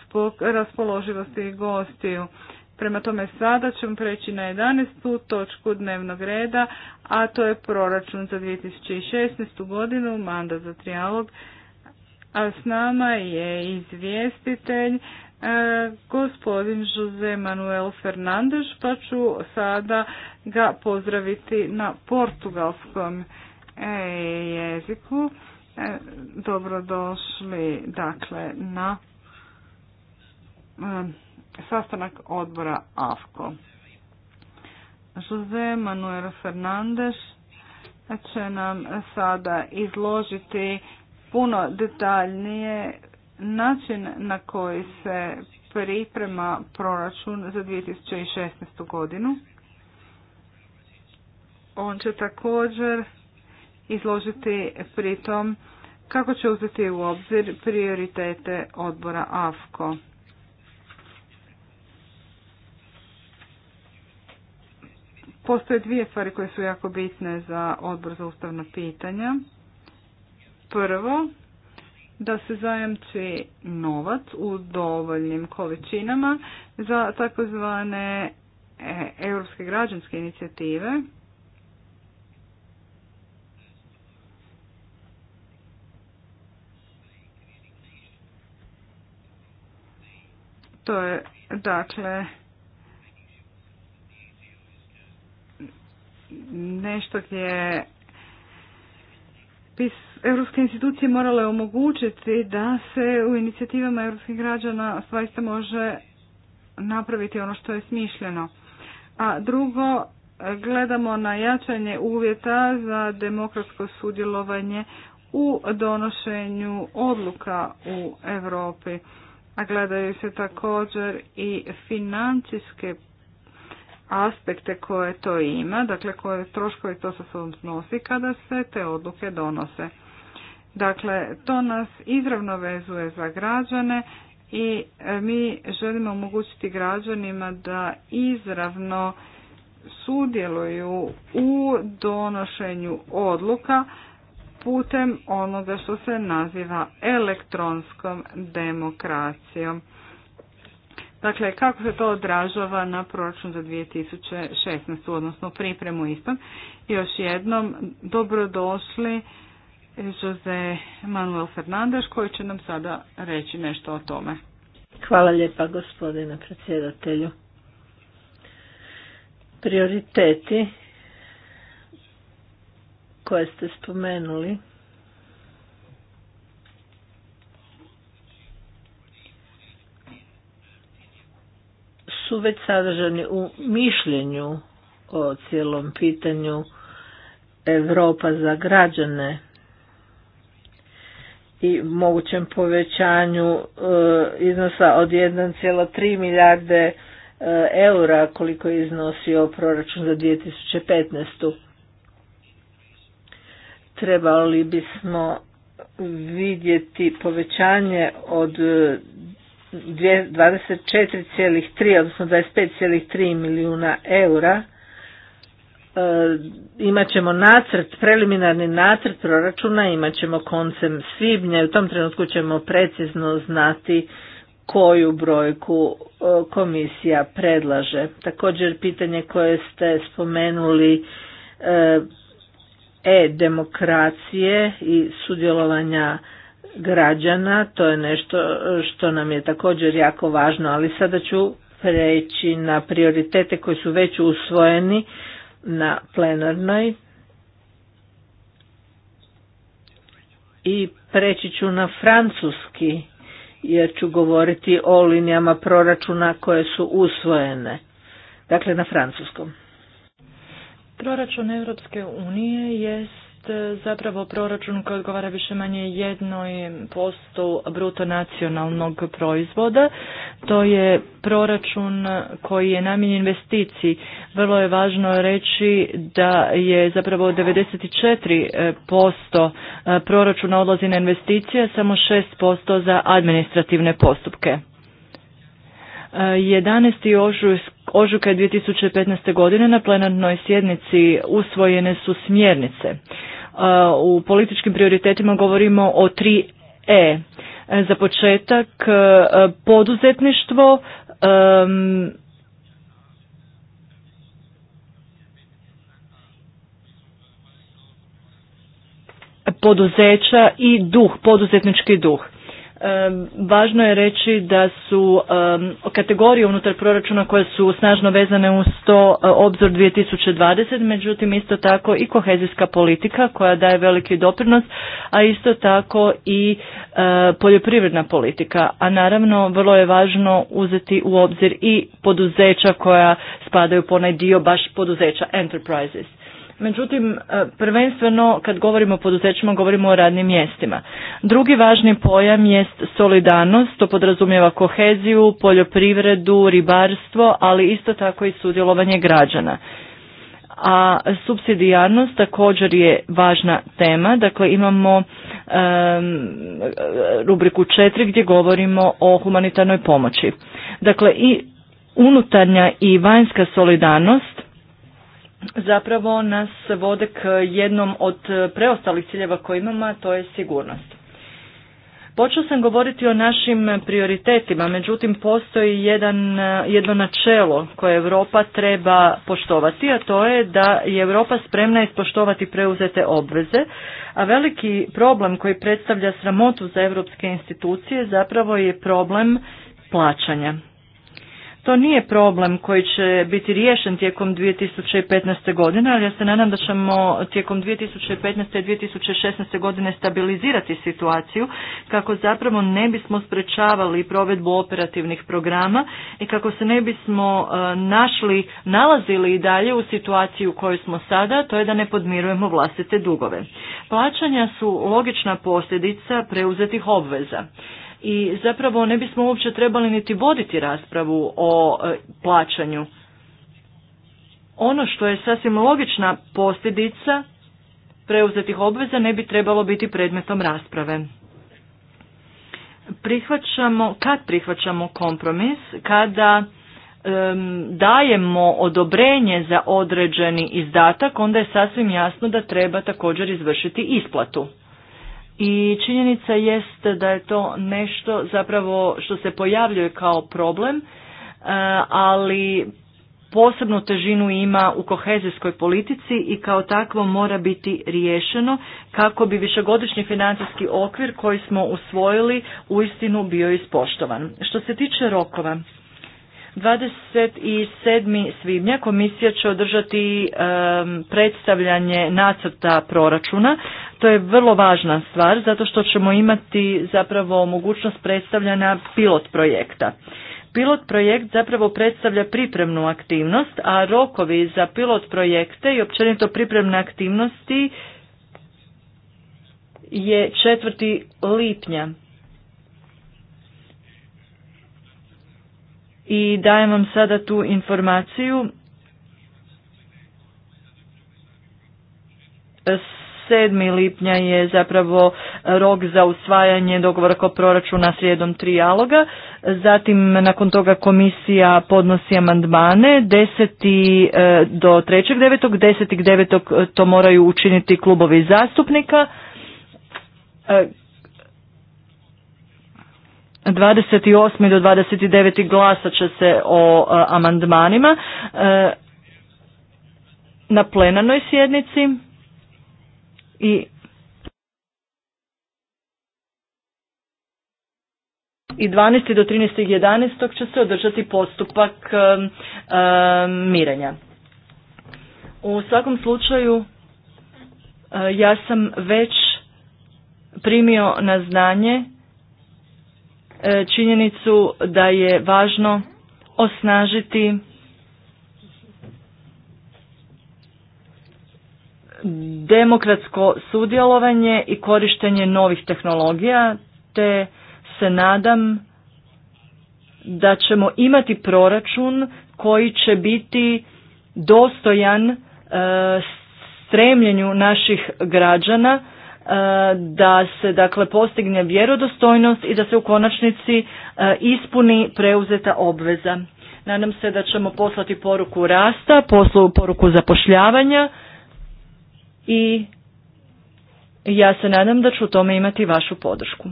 zbog raspoloživosti gostiju. Prema tome sada ćemo preći na 11. točku dnevnog reda, a to je proračun za 2016. godinu, mandat za trijalog. A s nama je izvjestitelj e, gospodin Jose Manuel Fernandez, pa ću sada ga pozdraviti na portugalskom e, jeziku. E, dobrodošli dakle na e, sastanak odbora AFKO. Jose Manuel Fernandez će nam sada izložiti puno detaljnije način na koji se priprema proračun za 2016. godinu. On će također izložiti pritom kako će uzeti u obzir prioritete odbora AFKO. Postoje dvije stvari koje su jako bitne za odbor za ustavna pitanja. Prvo, da se zajamči novac u dovoljnim količinama za takozvane e, europske građanske inicijative To je, dakle, nešto gdje Europske institucije morale omogućiti da se u inicijativama europskih građana stvarista može napraviti ono što je smišljeno. A drugo, gledamo na jačanje uvjeta za demokratsko sudjelovanje u donošenju odluka u Europi a gledaju se također i financijske aspekte koje to ima, dakle koje troškovi to sa sobom snosi kada se te odluke donose. Dakle, to nas izravno vezuje za građane i e, mi želimo omogućiti građanima da izravno sudjeluju u donošenju odluka putem onoga što se naziva elektronskom demokracijom. Dakle, kako se to odražava na proračun za 2016. odnosno pripremu istom. Još jednom, dobrodošli Jose Manuel Fernandez koji će nam sada reći nešto o tome. Hvala lijepa gospodine predsjedatelju. Prioriteti koje ste spomenuli. su već sadržani u mišljenju o cijelom pitanju Europa za građane i mogućem povećanju e, iznosa od 1,3 milijarde e, eura koliko je iznosio proračun za 2015 trebali bismo vidjeti povećanje od 24,3 e, odnosno 25,3 milijuna eura e, imat ćemo nacrt, preliminarni nacrt proračuna, imat ćemo koncem svibnja i u tom trenutku ćemo precizno znati koju brojku e, komisija predlaže. Također pitanje koje ste spomenuli e-demokracije i sudjelovanja građana, to je nešto e, što nam je također jako važno, ali sada ću preći na prioritete koji su već usvojeni na plenarnoj i preći ću na francuski jer ću govoriti o linijama proračuna koje su usvojene, dakle na francuskom. Proračun Europske unije jest e, zapravo proračun koji odgovara više manje jednoj posto bruto nacionalnog proizvoda. To je proračun koji je namijenjen investiciji. Vrlo je važno reći da je zapravo 94% e, e, proračuna odlazi na investicije, samo 6% za administrativne postupke. 11. ožujsk ožujka 2015. godine na plenarnoj sjednici usvojene su smjernice. E, u političkim prioritetima govorimo o 3E. E, za početak e, poduzetništvo, poduzeća i duh, poduzetnički duh. Važno je reći da su kategorije unutar proračuna koje su snažno vezane uz to e, obzor 2020, međutim isto tako i kohezijska politika koja daje veliki doprinos, a isto tako i e, poljoprivredna politika. A naravno vrlo je važno uzeti u obzir i poduzeća koja spadaju po onaj dio baš poduzeća, enterprises. Međutim, e, prvenstveno kad govorimo o poduzećima, govorimo o radnim mjestima. Drugi važni pojam jest solidarnost, to podrazumijeva koheziju, poljoprivredu, ribarstvo, ali isto tako i sudjelovanje građana a subsidijarnost također je važna tema. Dakle, imamo rubriku 4 gdje govorimo o humanitarnoj pomoći. Dakle, i unutarnja i vanjska solidarnost zapravo nas vode k jednom od preostalih ciljeva koje imamo, a to je sigurnost. Počeo sam govoriti o našim prioritetima, međutim postoji jedan, jedno načelo koje Europa treba poštovati, a to je da je Europa spremna ispoštovati preuzete obveze, a veliki problem koji predstavlja sramotu za europske institucije zapravo je problem plaćanja. To nije problem koji će biti riješen tijekom 2015. godine, ali ja se nadam da ćemo tijekom 2015. i 2016. godine stabilizirati situaciju kako zapravo ne bismo sprečavali provedbu operativnih programa i kako se ne bismo e, našli, nalazili i dalje u situaciji u kojoj smo sada, to je da ne podmirujemo vlastite dugove. Plaćanja su logična posljedica preuzetih obveza i zapravo ne bismo uopće trebali niti voditi raspravu o e, plaćanju. Ono što je sasvim logična posljedica preuzetih obveza ne bi trebalo biti predmetom rasprave. Prihvaćamo, kad prihvaćamo kompromis, kada dajemo odobrenje za određeni izdatak, onda je sasvim jasno da treba također izvršiti isplatu i činjenica jest da je to nešto zapravo što se pojavljuje kao problem, e, ali posebnu težinu ima u kohezijskoj politici i kao takvo mora biti riješeno kako bi višegodišnji financijski okvir koji smo usvojili uistinu bio ispoštovan. Što se tiče rokova, 27. svibnja komisija će održati predstavljanje nacrta proračuna. To je vrlo važna stvar zato što ćemo imati zapravo mogućnost predstavljanja pilot projekta. Pilot projekt zapravo predstavlja pripremnu aktivnost, a rokovi za pilot projekte i općenito pripremne aktivnosti je 4. lipnja i dajem vam sada tu informaciju. 7. lipnja je zapravo rok za usvajanje dogovora o proračuna slijedom trijaloga. Zatim nakon toga komisija podnosi amandmane 10. E, do 10. 9. to moraju učiniti klubovi zastupnika. E, 28. do 29. glasat će se o e, amandmanima e, na plenarnoj sjednici i i 12. do 13. 11. će se održati postupak e, mirenja. U svakom slučaju ja sam već primio na znanje E, činjenicu da je važno osnažiti demokratsko sudjelovanje i korištenje novih tehnologija, te se nadam da ćemo imati proračun koji će biti dostojan e, stremljenju naših građana E, da se dakle postigne vjerodostojnost i da se u konačnici e, ispuni preuzeta obveza. Nadam se da ćemo poslati poruku rasta, poslu poruku zapošljavanja i ja se nadam da ću u tome imati vašu podršku.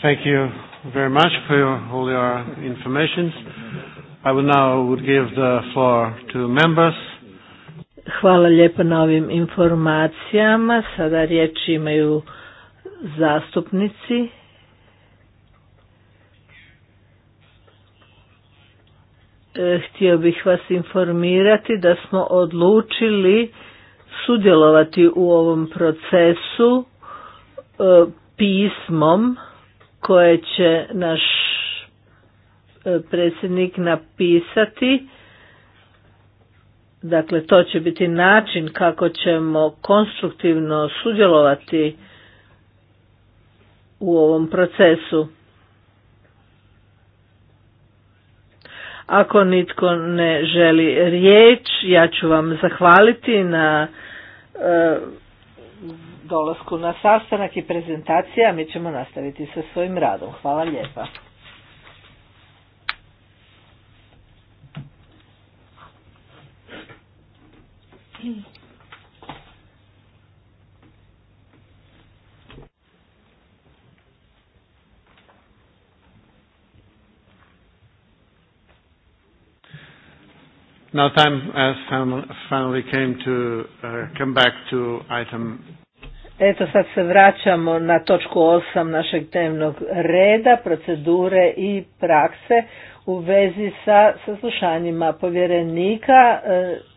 Thank you very much for your, all your informations. I will now give the floor to members. Hvala lijepo na ovim informacijama. Sada riječ imaju zastupnici. E, htio bih vas informirati da smo odlučili sudjelovati u ovom procesu e, pismom koje će naš e, predsjednik napisati Dakle, to će biti način kako ćemo konstruktivno sudjelovati u ovom procesu. Ako nitko ne želi riječ, ja ću vam zahvaliti na e, dolasku na sastanak i prezentacija, mi ćemo nastaviti sa svojim radom. Hvala lijepa. Now time has finally came to uh, come back to item. Eto sad se vraćamo na točku 8 našeg dnevnog reda, procedure i prakse u vezi sa saslušanjima povjerenika. Uh,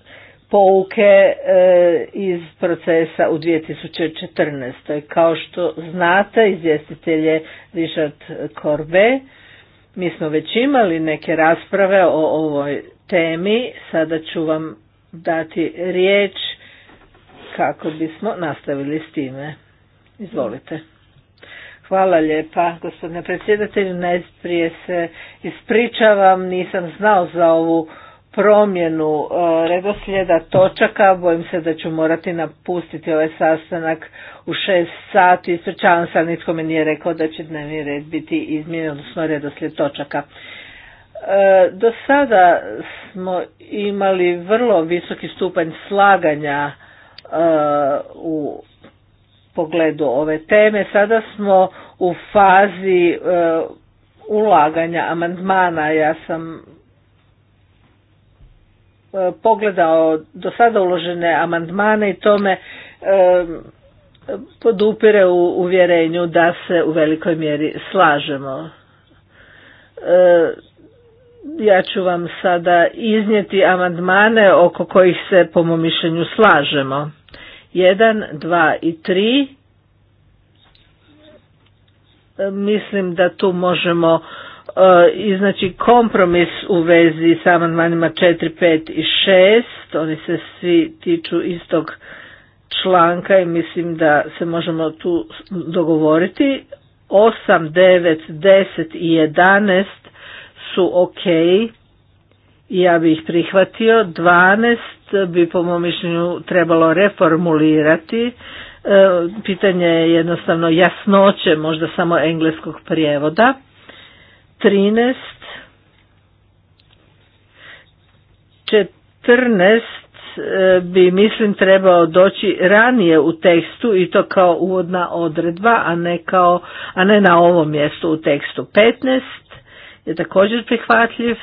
pouke e, iz procesa u 2014. Kao što znate, izvjestitelj je Richard Korbe. Mi smo već imali neke rasprave o ovoj temi. Sada ću vam dati riječ kako bismo nastavili s time. Izvolite. Hvala lijepa, gospodine predsjedatelju. Najprije se ispričavam, nisam znao za ovu promjenu e, redoslijeda točaka. Bojim se da ću morati napustiti ovaj sastanak u šest sati. Ispričavam se, nitko mi nije rekao da će dnevni red biti izmijenjen, odnosno redoslijed točaka. E, do sada smo imali vrlo visoki stupanj slaganja e, u pogledu ove teme. Sada smo u fazi ulaganja amandmana. Ja sam pogledao do sada uložene amandmane i tome podupire u uvjerenju da se u velikoj mjeri slažemo. Ja ću vam sada iznijeti amandmane oko kojih se po mom mišljenju slažemo. Jedan, dva i tri. Mislim da tu možemo E, znači kompromis u vezi sa amandmanima 4, 5 i 6. Oni se svi tiču istog članka i mislim da se možemo tu dogovoriti. 8, 9, 10 i 11 su ok i ja bih ih prihvatio. 12 bi po mom mišljenju trebalo reformulirati. E, pitanje je jednostavno jasnoće možda samo engleskog prijevoda. 13, 14 eh, bi mislim trebao doći ranije u tekstu i to kao uvodna odredba, a ne, kao, a ne na ovom mjestu u tekstu. 15 je također prihvatljiv.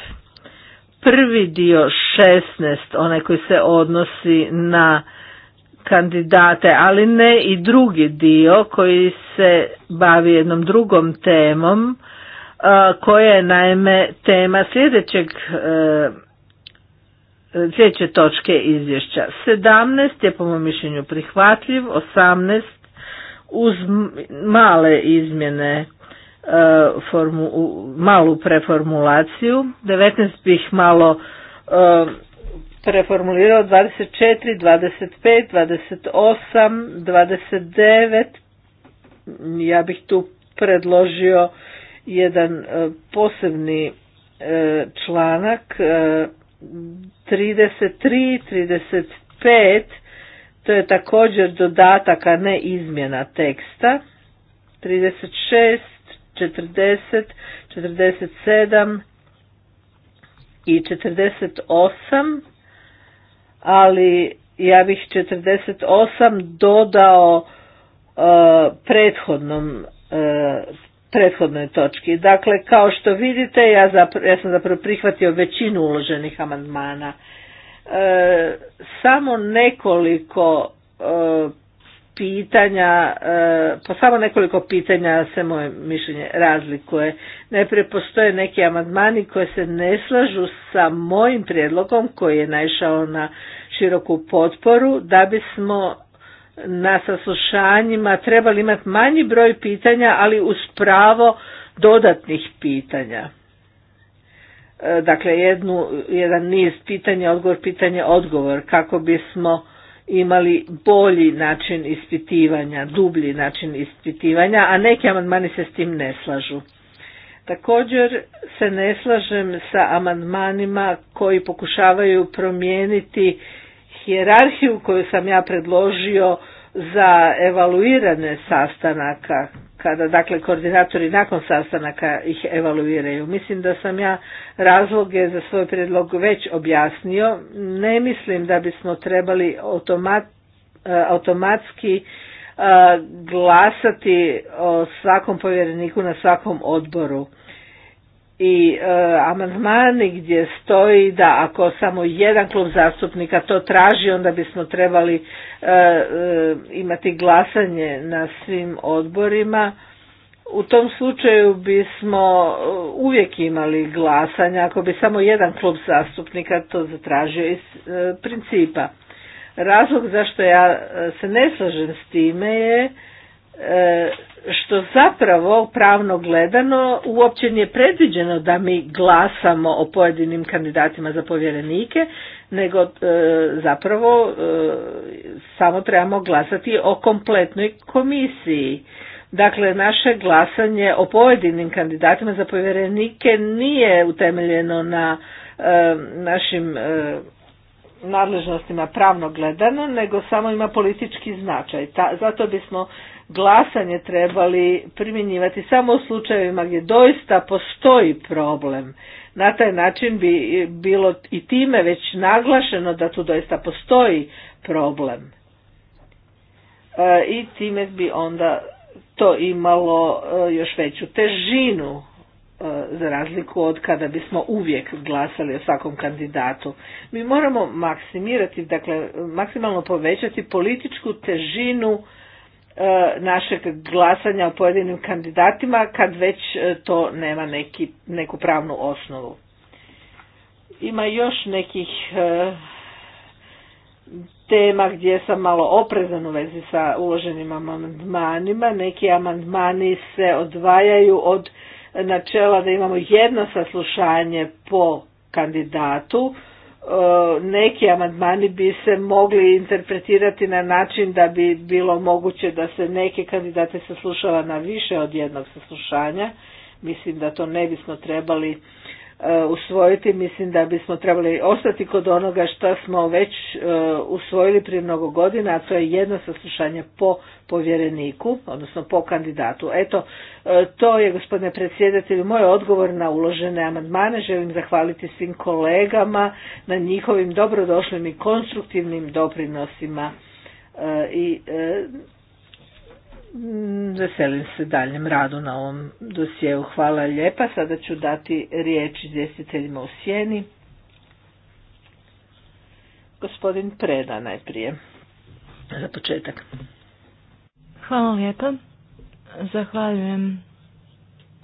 Prvi dio 16, onaj koji se odnosi na kandidate, ali ne i drugi dio koji se bavi jednom drugom temom, koja je naime tema sljedećeg e, sljedeće točke izvješća. 17 je po mom mišljenju prihvatljiv, 18 uz male izmjene e, formu, malu preformulaciju, 19 bih malo e, preformulirao 24, 25, 28, 29, ja bih tu predložio jedan e, posebni e, članak 33 e, 35 to je također dodatak a ne izmjena teksta 36 40 47 i 48 ali ja bih 48 dodao uh, prethodnom uh, prethodnoj točki. Dakle, kao što vidite, ja, ja sam zapravo prihvatio većinu uloženih amandmana. E, samo nekoliko e, pitanja, e, po samo nekoliko pitanja se moje mišljenje razlikuje. Najprije postoje neki amandmani koji se ne slažu sa mojim prijedlogom koji je naišao na široku potporu da bismo na saslušanjima trebali imati manji broj pitanja, ali uz pravo dodatnih pitanja. E, dakle, jednu, jedan niz pitanja, odgovor, pitanje, odgovor, kako bismo imali bolji način ispitivanja, dublji način ispitivanja, a neki amandmani se s tim ne slažu. Također se ne slažem sa amandmanima koji pokušavaju promijeniti hijerarhiju koju sam ja predložio za evaluirane sastanaka, kada dakle koordinatori nakon sastanaka ih evaluiraju. Mislim da sam ja razloge za svoj predlog već objasnio. Ne mislim da bismo trebali e, automatski e, glasati o svakom povjereniku na svakom odboru i e, amandmani gdje stoji da ako samo jedan klub zastupnika to traži onda bismo trebali e, e, imati glasanje na svim odborima u tom slučaju bismo e, uvijek imali glasanje ako bi samo jedan klub zastupnika to zatražio iz principa razlog zašto ja se ne slažem s time je što zapravo pravno gledano uopće nije predviđeno da mi glasamo o pojedinim kandidatima za povjerenike, nego e, zapravo e, samo trebamo glasati o kompletnoj komisiji. Dakle, naše glasanje o pojedinim kandidatima za povjerenike nije utemeljeno na e, našim nadležnostima pravno gledano, nego samo ima politički značaj. zato bismo glasanje trebali primjenjivati samo u slučajevima gdje doista postoji problem. Na taj način bi bilo i time već naglašeno da tu doista postoji problem. E, I time bi onda to imalo e, još veću težinu e, za razliku od kada bismo uvijek glasali o svakom kandidatu. Mi moramo maksimirati, dakle maksimalno povećati političku težinu E, našeg glasanja o pojedinim kandidatima kad već e, to nema neki, neku pravnu osnovu. Ima još nekih e, tema gdje sam malo oprezan u vezi sa uloženim amandmanima. Neki amandmani se odvajaju od načela da imamo jedno saslušanje po kandidatu neki amandmani bi se mogli interpretirati na način da bi bilo moguće da se neke kandidate saslušava na više od jednog saslušanja. Mislim da to ne bismo trebali E, usvojiti, mislim da bismo trebali ostati kod onoga što smo već e, usvojili prije mnogo godina, a to je jedno saslušanje po povjereniku, odnosno po kandidatu. Eto, e, to je, gospodine predsjedatelju, moj odgovor na uložene amandmane. Želim zahvaliti svim kolegama na njihovim dobrodošlim i konstruktivnim doprinosima i Mm, veselim se daljem radu na ovom dosjeu. Hvala lijepa. Sada ću dati riječ izvjestiteljima u sjeni. Gospodin Preda najprije za početak. Hvala lijepa. Zahvaljujem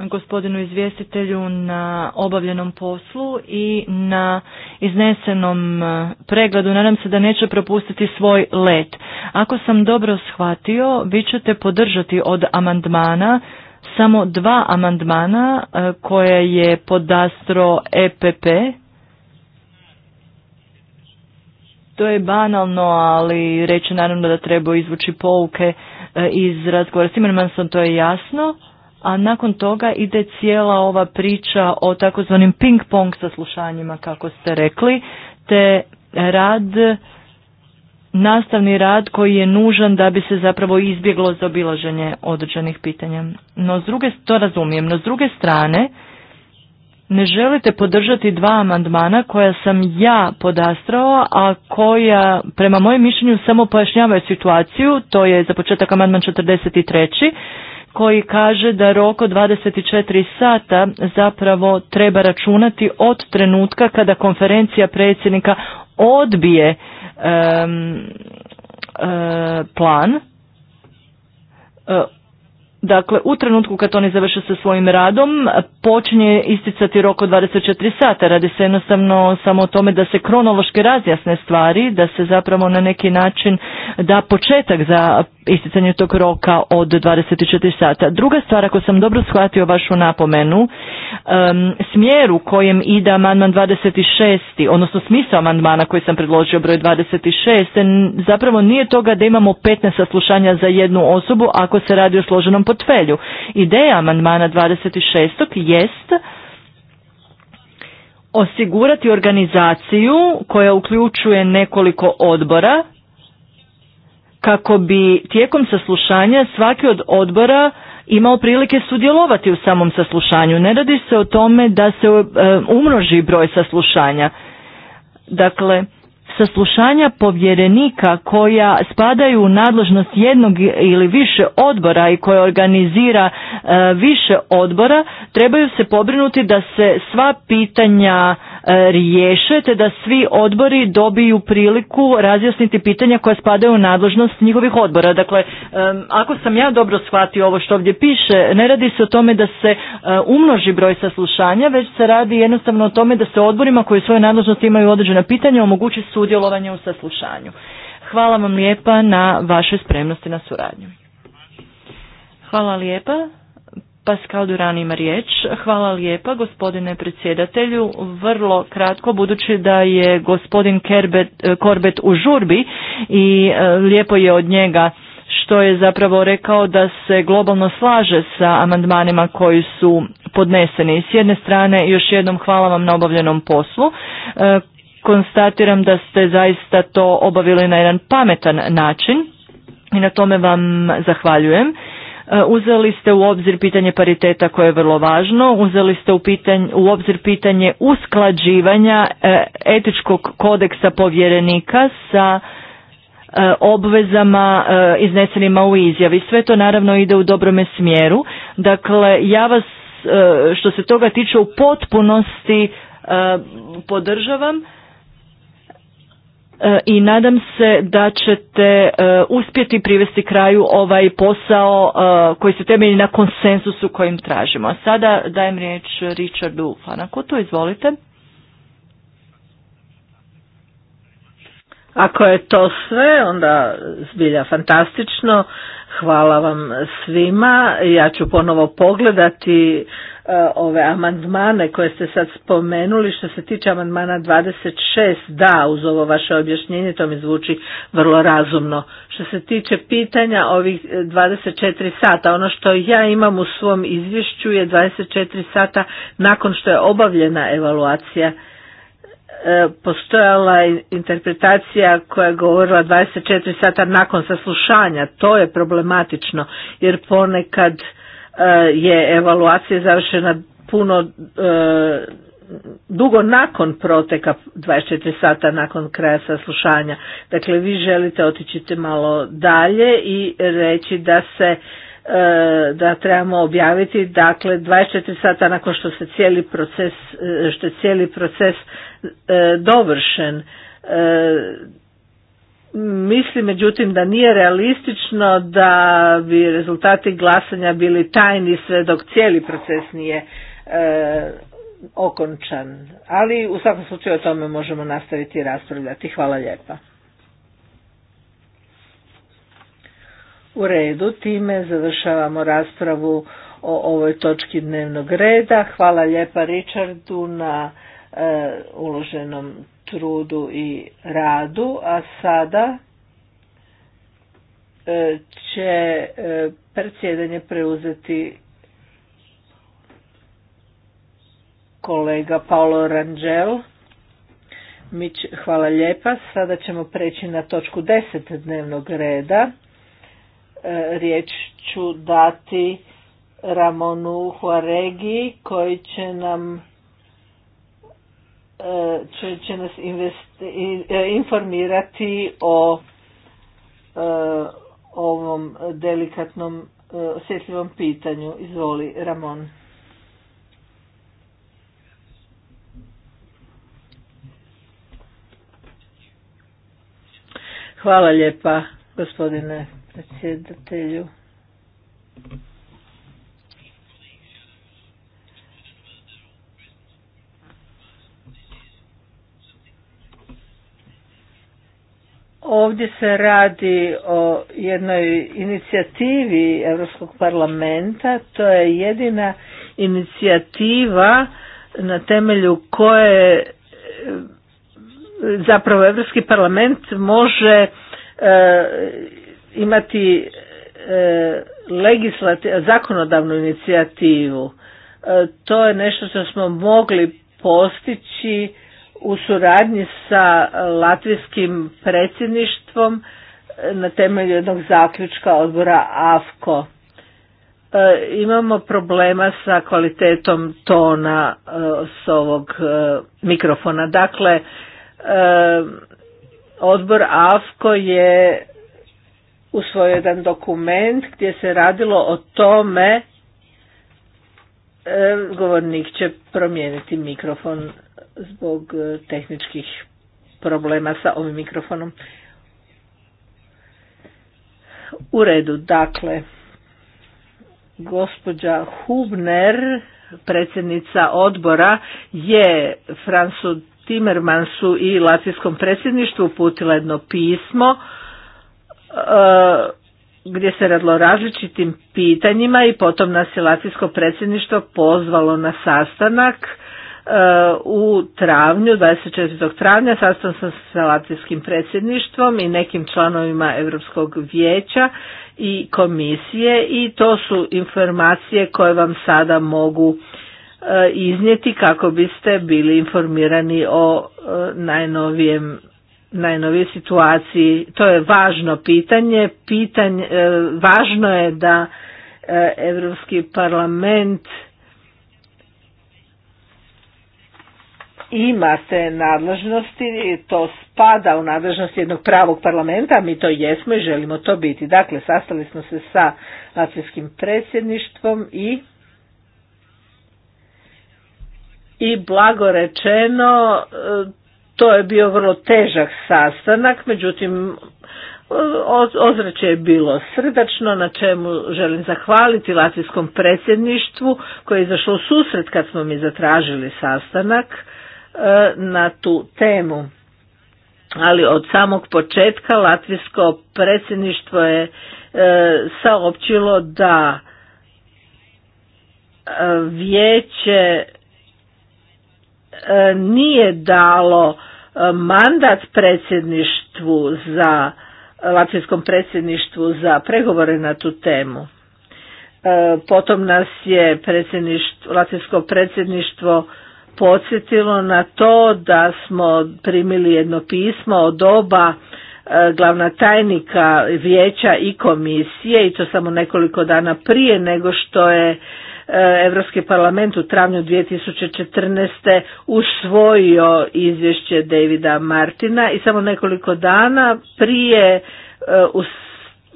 gospodinu izvjestitelju na obavljenom poslu i na iznesenom e, pregledu. Nadam se da neće propustiti svoj let. Ako sam dobro shvatio, vi ćete podržati od amandmana samo dva amandmana e, koje je podastro EPP. To je banalno, ali reći naravno da treba izvući pouke e, iz razgovora s sam to je jasno a nakon toga ide cijela ova priča o takozvanim ping-pong saslušanjima, kako ste rekli, te rad, nastavni rad koji je nužan da bi se zapravo izbjeglo zaobilaženje određenih pitanja. No, s druge, to razumijem, no s druge strane, ne želite podržati dva amandmana koja sam ja podastrao, a koja prema mojem mišljenju samo pojašnjavaju situaciju, to je za početak amandman 43 koji kaže da rok od 24 sata zapravo treba računati od trenutka kada konferencija predsjednika odbije e, plan e, Dakle, u trenutku kad oni završe sa svojim radom, počinje isticati rok od 24 sata. Radi se jednostavno samo o tome da se kronološki razjasne stvari, da se zapravo na neki način da početak za isticanje tog roka od 24 sata. Druga stvar, ako sam dobro shvatio vašu napomenu, um, u kojem ide amandman 26, odnosno smisao amandmana koji sam predložio broj 26, zapravo nije toga da imamo 15 saslušanja za jednu osobu ako se radi o složenom portfelju. Ideja amandmana 26. jest osigurati organizaciju koja uključuje nekoliko odbora kako bi tijekom saslušanja svaki od odbora imao prilike sudjelovati u samom saslušanju. Ne radi se o tome da se e, umnoži broj saslušanja. Dakle, saslušanja povjerenika koja spadaju u nadležnost jednog ili više odbora i koja organizira e, više odbora trebaju se pobrinuti da se sva pitanja E, riješete da svi odbori dobiju priliku razjasniti pitanja koja spadaju u nadležnost njihovih odbora. Dakle, ako sam ja dobro shvatio ovo što ovdje piše, ne radi se o tome da se e, umnoži broj saslušanja, već se radi jednostavno o tome da se odborima koji svoje svojoj nadležnosti imaju određena pitanja omogući sudjelovanje u saslušanju. Hvala vam lijepa na vašoj spremnosti na suradnju. Hvala lijepa. Pascal Duran ima riječ. Hvala lijepa gospodine predsjedatelju. Vrlo kratko, budući da je gospodin Korbet u žurbi i e, lijepo je od njega što je zapravo rekao da se globalno slaže sa amandmanima koji su podneseni. S jedne strane još jednom hvala vam na obavljenom poslu. E, konstatiram da ste zaista to obavili na jedan pametan način i na tome vam zahvaljujem. E, uzeli ste u obzir pitanje pariteta koje je vrlo važno, uzeli ste u, pitanje, u obzir pitanje usklađivanja e, etičkog kodeksa povjerenika sa e, obvezama iznesenima u izjavi. Sve to naravno ide u dobrome smjeru. Dakle, ja vas što se toga tiče u potpunosti podržavam E, i nadam se da ćete e, uspjeti privesti kraju ovaj posao e, koji se temelji na konsensusu kojim tražimo. Sada dajem riječ Richardu Fanakutu, izvolite. Ako je to sve, onda zbilja fantastično. Hvala vam svima. Ja ću ponovo pogledati E, ove amandmane koje ste sad spomenuli. Što se tiče amandmana 26, da, uz ovo vaše objašnjenje, to mi zvuči vrlo razumno. Što se tiče pitanja ovih 24 e, sata, ono što ja imam u svom izvješću je 24 sata nakon što je obavljena evaluacija e, postojala interpretacija koja je govorila 24 sata nakon saslušanja. To je problematično jer ponekad Eh, je evaluacija završena puno eh, dugo nakon proteka 24 sata nakon kraja saslušanja. Dakle, vi želite otići malo dalje i reći da se eh, da trebamo objaviti dakle 24 sata nakon što se cijeli proces što je cijeli proces dovršen Mislim, međutim da nije realistično da bi rezultati glasanja bili tajni sve dok cijeli proces nije e, okončan. Ali u svakom slučaju o tome možemo nastaviti raspravljati. Hvala lijepa. U redu, time završavamo raspravu o ovoj točki dnevnog reda. Hvala lijepa Richardu na e, uloženom trudu i radu, a sada e, će e, predsjedanje preuzeti kolega Paolo Rangel. Hvala lijepa. Sada ćemo preći na točku 10 dnevnog reda. E, riječ ću dati Ramonu Huaregi koji će nam će, će nas e, informirati o e, ovom delikatnom e, osjetljivom pitanju. Izvoli, Ramon. Hvala lijepa, gospodine predsjedatelju. Ovdje se radi o jednoj inicijativi Europskog parlamenta, to je jedina inicijativa na temelju koje e, zapravo Europski parlament može e, imati e, zakonodavnu inicijativu. To je nešto što smo mogli postići u suradnji sa latvijskim predsjedništvom e, na temelju jednog zaključka odbora AFKO. E, imamo problema sa kvalitetom tona e, s ovog mikrofona. Dakle, odbor AFKO je usvojio jedan dokument gdje se radilo o tome govornik će promijeniti mikrofon zbog e, tehničkih problema sa ovim mikrofonom. U redu, dakle, gospođa Hubner, predsjednica odbora, je Fransu Timmermansu i Latvijskom predsjedništvu uputila jedno pismo e, gdje se radilo različitim pitanjima i potom nas je Latvijsko predsjedništvo pozvalo na sastanak u travnju, 24. travnja, sastao sam sa latvijskim predsjedništvom i nekim članovima Europskog vijeća i komisije i to su informacije koje vam sada mogu e, iznijeti kako biste bili informirani o e, najnovijem situaciji. To je važno pitanje. pitanje e, važno je da Europski parlament ima te nadležnosti, to spada u nadležnost jednog pravog parlamenta, mi to jesmo i želimo to biti. Dakle, sastali smo se sa latvijskim predsjedništvom i i blago rečeno e, to je bio vrlo težak sastanak, međutim ozračje je bilo srdačno, na čemu želim zahvaliti Latvijskom predsjedništvu koje je izašlo u susret kad smo mi zatražili sastanak. E, na tu temu. Ali od samog početka Latvijsko predsjedništvo je e, saopćilo da e, vijeće nije dalo mandat predsjedništvu za latvijskom predsjedništvu za pregovore na tu temu. Potom nas je predsjedništvo, latvijsko predsjedništvo podsjetilo na to da smo primili jedno pismo od oba e, glavna tajnika vijeća i komisije i to samo nekoliko dana prije nego što je Europski parlament u travnju 2014. usvojio izvješće Davida Martina i samo nekoliko dana prije e,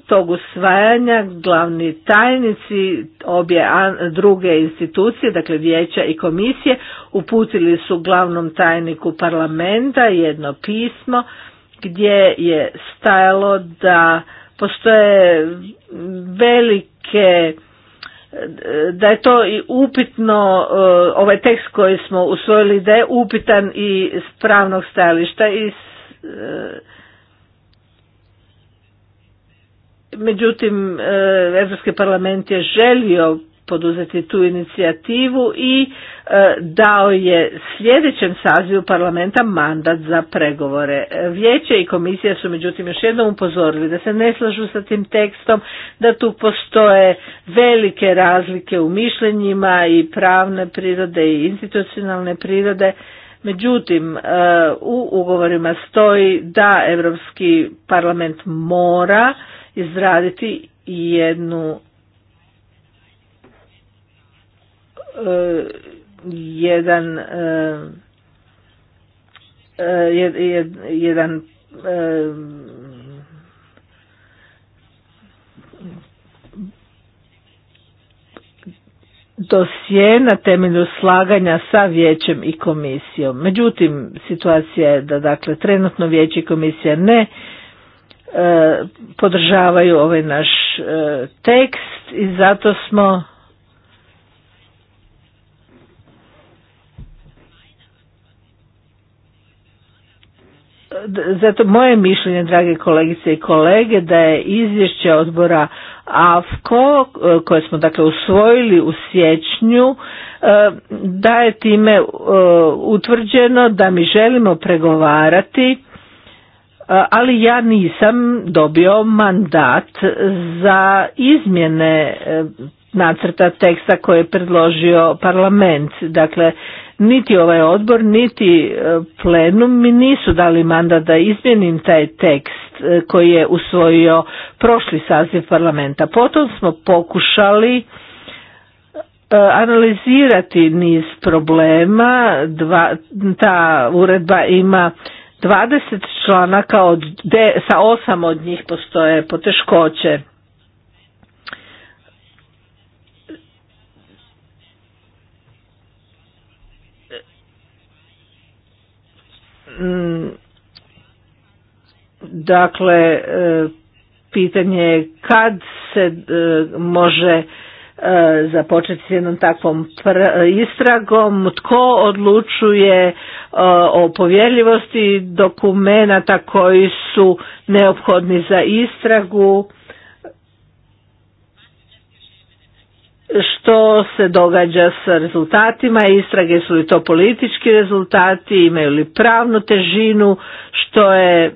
tog usvajanja glavni tajnici obje druge institucije, dakle vijeća i komisije, uputili su glavnom tajniku parlamenta jedno pismo gdje je stajalo da postoje velike da je to i upitno, e, ovaj tekst koji smo usvojili da je upitan i s pravnog stajališta i s, e, Međutim, Europski parlament je želio poduzeti tu inicijativu i e, dao je sljedećem sazivu parlamenta mandat za pregovore. Vijeće i komisija su međutim još jednom upozorili da se ne slažu sa tim tekstom, da tu postoje velike razlike u mišljenjima i pravne prirode i institucionalne prirode. Međutim, e, u ugovorima stoji da Europski parlament mora izraditi jednu e, jedan e, e, jedan dosje na temelju slaganja sa vijećem i komisijom. Međutim, situacija je da dakle trenutno vijeće i komisija ne E, podržavaju ovaj naš e, tekst i zato smo zato moje mišljenje, drage kolegice i kolege, da je izvješće odbora AFKO, e, koje smo dakle usvojili u siječnju, da je time utvrđeno da mi želimo pregovarati ali ja nisam dobio mandat za izmjene e, nacrta teksta koje je predložio parlament. Dakle, niti ovaj odbor, niti e, plenum mi nisu dali mandat da izmjenim taj tekst e, koji je usvojio prošli saziv parlamenta. Potom smo pokušali analizirati niz problema. ta uredba ima 20 članaka od, de, sa osam od njih postoje poteškoće. Mm. Dakle, e, pitanje je kad se e, može E, započeti s jednom takvom istragom, tko odlučuje e, o povjerljivosti dokumenata koji su neophodni za istragu, što se događa sa rezultatima istrage, su li to politički rezultati, imaju li pravnu težinu, što je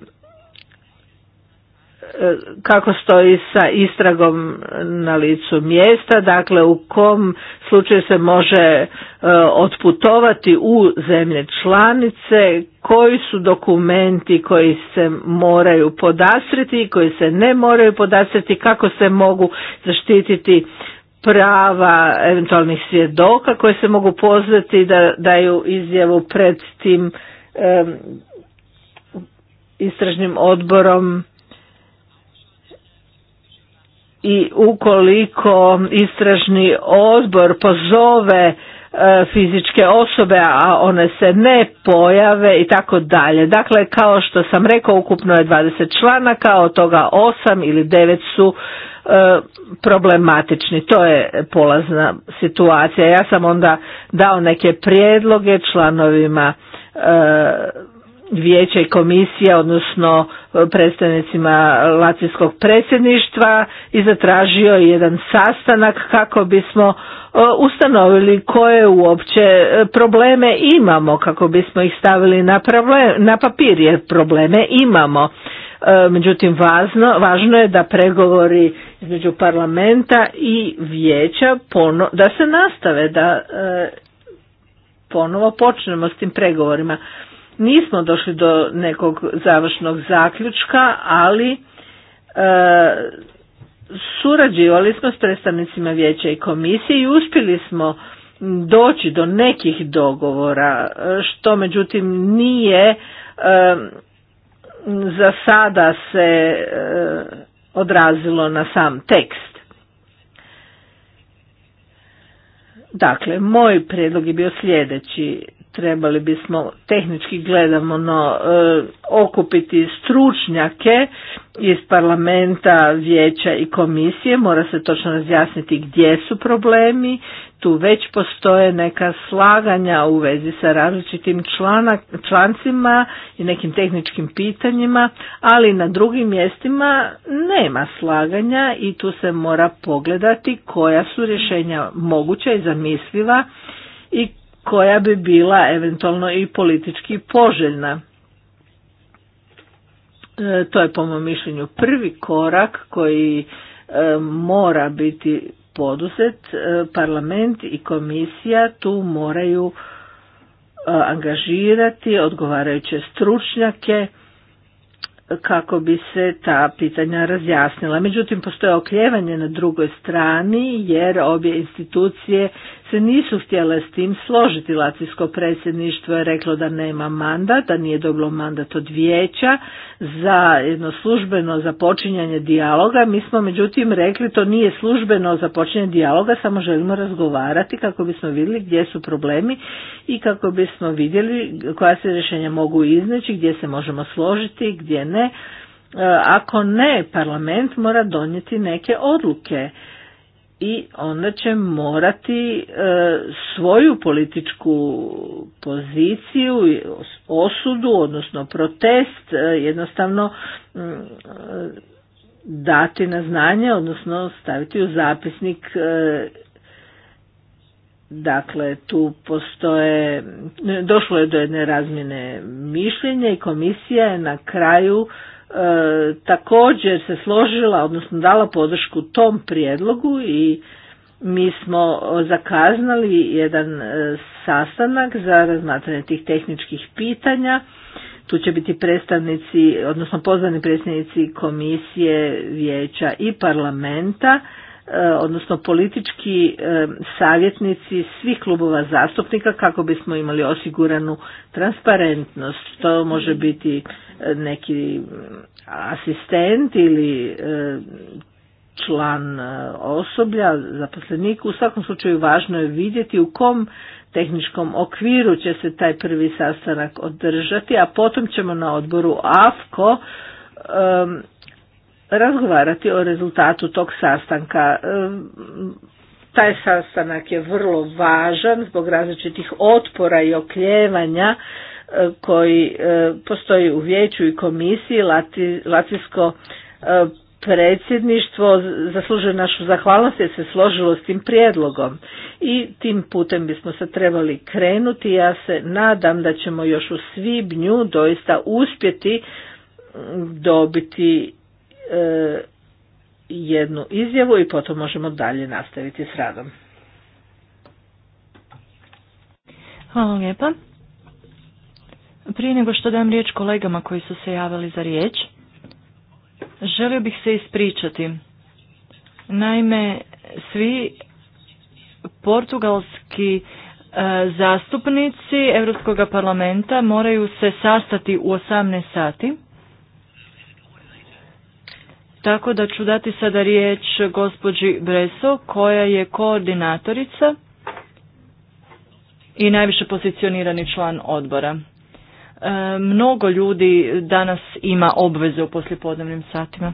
kako stoji sa istragom na licu mjesta, dakle u kom slučaju se može e, otputovati u zemlje članice, koji su dokumenti koji se moraju podastriti i koji se ne moraju podastriti, kako se mogu zaštititi prava eventualnih svjedoka koje se mogu pozvati da daju izjavu pred tim istražnim odborom i ukoliko istražni odbor pozove e, fizičke osobe, a one se ne pojave i tako dalje. Dakle, kao što sam rekao, ukupno je 20 članaka, od toga 8 ili 9 su e, problematični. To je polazna situacija. Ja sam onda dao neke prijedloge članovima e, vijeća i komisija, odnosno e, predstavnicima Latvijskog predsjedništva i zatražio jedan sastanak kako bismo e, ustanovili koje uopće e, probleme imamo, kako bismo ih stavili na, na papir jer probleme imamo. Međutim, važno, važno je da pregovori između parlamenta i vijeća da se nastave, da ponovo počnemo s tim pregovorima. Nismo došli do nekog završnog zaključka, ali e, surađivali smo s predstavnicima vijeća i komisije i uspjeli smo doći do nekih dogovora, e, što međutim nije e, za sada se e, odrazilo na sam tekst. Dakle, moj prijedlog je bio sljedeći trebali bismo tehnički gledamo e, okupiti stručnjake iz parlamenta, vijeća i komisije, mora se točno razjasniti gdje su problemi, tu već postoje neka slaganja u vezi sa različitim člancima i nekim tehničkim pitanjima, ali na drugim mjestima nema slaganja i tu se mora pogledati koja su rješenja moguća i zamisliva i koja bi bila eventualno i politički poželjna. E, to je po mom mišljenju prvi korak koji e, mora biti poduzet. E, parlament i komisija tu moraju angažirati odgovarajuće stručnjake kako bi se ta pitanja razjasnila. Međutim, postoje okljevanje na drugoj strani jer obje institucije se nisu htjele s tim složiti. Lacijsko predsjedništvo je reklo da nema mandat, da nije dobilo mandat od vijeća za jedno službeno započinjanje dijaloga. Mi smo međutim rekli to nije službeno započinjanje dijaloga, samo želimo razgovarati kako bismo vidjeli gdje su problemi i kako bismo vidjeli koja se rješenja mogu izneći, gdje se možemo složiti, gdje ne. E, ako ne, parlament mora donijeti neke odluke i onda će morati e, svoju političku poziciju, osudu, odnosno protest e, jednostavno mm, dati na znanje, odnosno staviti u zapisnik. E, dakle, tu postoje, došlo je do jedne razmjene mišljenja i komisija je na kraju E, također se složila, odnosno dala podršku tom prijedlogu i mi smo zakaznali jedan e, sastanak za razmatranje tih tehničkih pitanja. Tu će biti predstavnici, odnosno pozvani predstavnici komisije, vijeća i parlamenta E, odnosno politički e, savjetnici svih klubova zastupnika kako bismo imali osiguranu transparentnost. To može mhm. biti e, neki asistent ili član osoblja, zaposlenik. U svakom slučaju važno je vidjeti u kom tehničkom okviru će se taj prvi sastanak održati, a potom ćemo na odboru AFKO razgovarati o rezultatu tog sastanka. E, taj sastanak je vrlo važan zbog različitih otpora i okljevanja e, koji e, postoji u vijeću i komisiji Latvijsko predsjedništvo zaslužuje našu zahvalnost jer se složilo s tim prijedlogom i tim putem bismo se trebali krenuti. Ja se nadam da ćemo još u svibnju doista uspjeti dobiti E, jednu izjavu i potom možemo dalje nastaviti s radom. Hvala lijepa. Prije nego što dam riječ kolegama koji su se javili za riječ, želio bih se ispričati. Naime, svi portugalski e, zastupnici Europskog parlamenta moraju se sastati u 18 sati. Tako da ću dati sada riječ gospođi Breso koja je koordinatorica i najviše pozicionirani član odbora. E, mnogo ljudi danas ima obveze u poslijepodnevnim satima.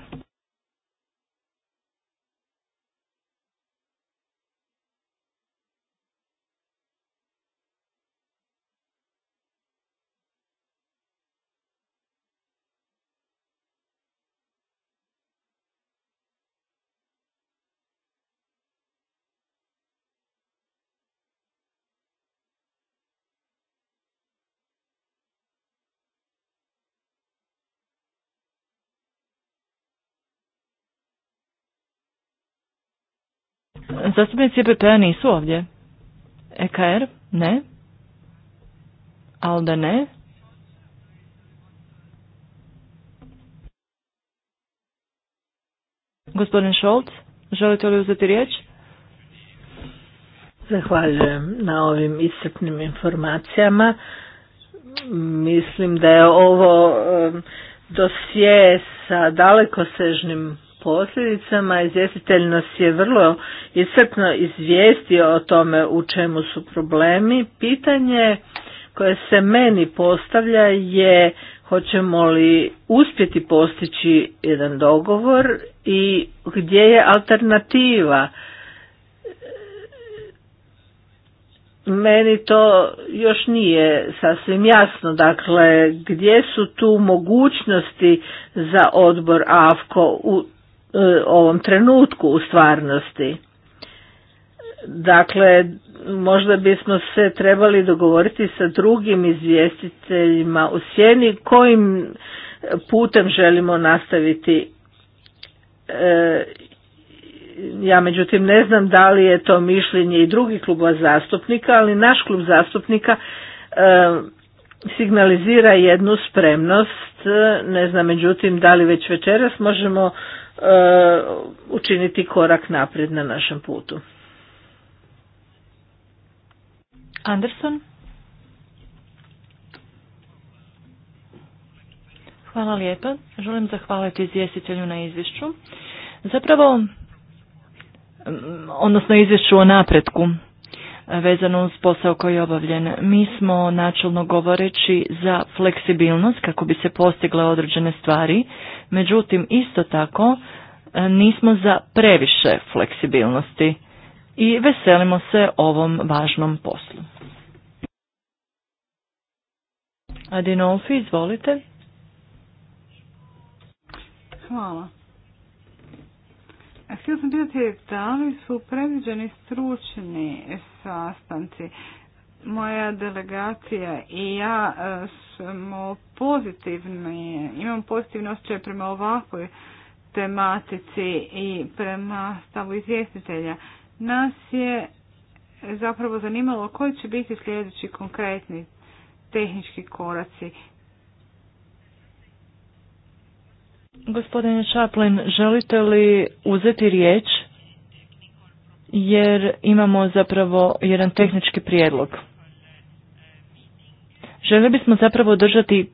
Zastupnici EPP-a nisu ovdje. EKR? Er? Ne. Alda ne. Gospodin Šolc, želite li uzeti riječ? Zahvaljujem na ovim iscrpnim informacijama. Mislim da je ovo dosje sa dalekosežnim posljedicama. Izvjestitelj nas je vrlo iscrpno izvijestio o tome u čemu su problemi. Pitanje koje se meni postavlja je hoćemo li uspjeti postići jedan dogovor i gdje je alternativa. Meni to još nije sasvim jasno, dakle gdje su tu mogućnosti za odbor AFKO u E, ovom trenutku u stvarnosti. Dakle, možda bismo se trebali dogovoriti sa drugim izvjestiteljima u sjeni kojim putem želimo nastaviti. E, ja međutim ne znam da li je to mišljenje i drugih klubova zastupnika, ali naš klub zastupnika e, signalizira jednu spremnost, ne znam međutim da li već večeras možemo E, učiniti korak naprijed na našem putu. Anderson? Hvala lijepa. Želim zahvaliti izvjestitelju na izvješću. Zapravo, mm, odnosno izvješću o napretku vezano uz posao koji je obavljen. Mi smo načelno govoreći za fleksibilnost kako bi se postigle određene stvari, međutim isto tako e, nismo za previše fleksibilnosti i veselimo se ovom važnom poslu. Adinolfi, izvolite. Hvala. Htio sam pitati da li su predviđeni stručni sastanci. Moja delegacija i ja e, smo pozitivni, imam pozitivno osjećaj prema ovakvoj tematici i prema stavu izvjestitelja. Nas je zapravo zanimalo koji će biti sljedeći konkretni tehnički koraci. Gospodine Chaplin, želite li uzeti riječ? jer imamo zapravo jedan tehnički prijedlog. Želi bismo zapravo držati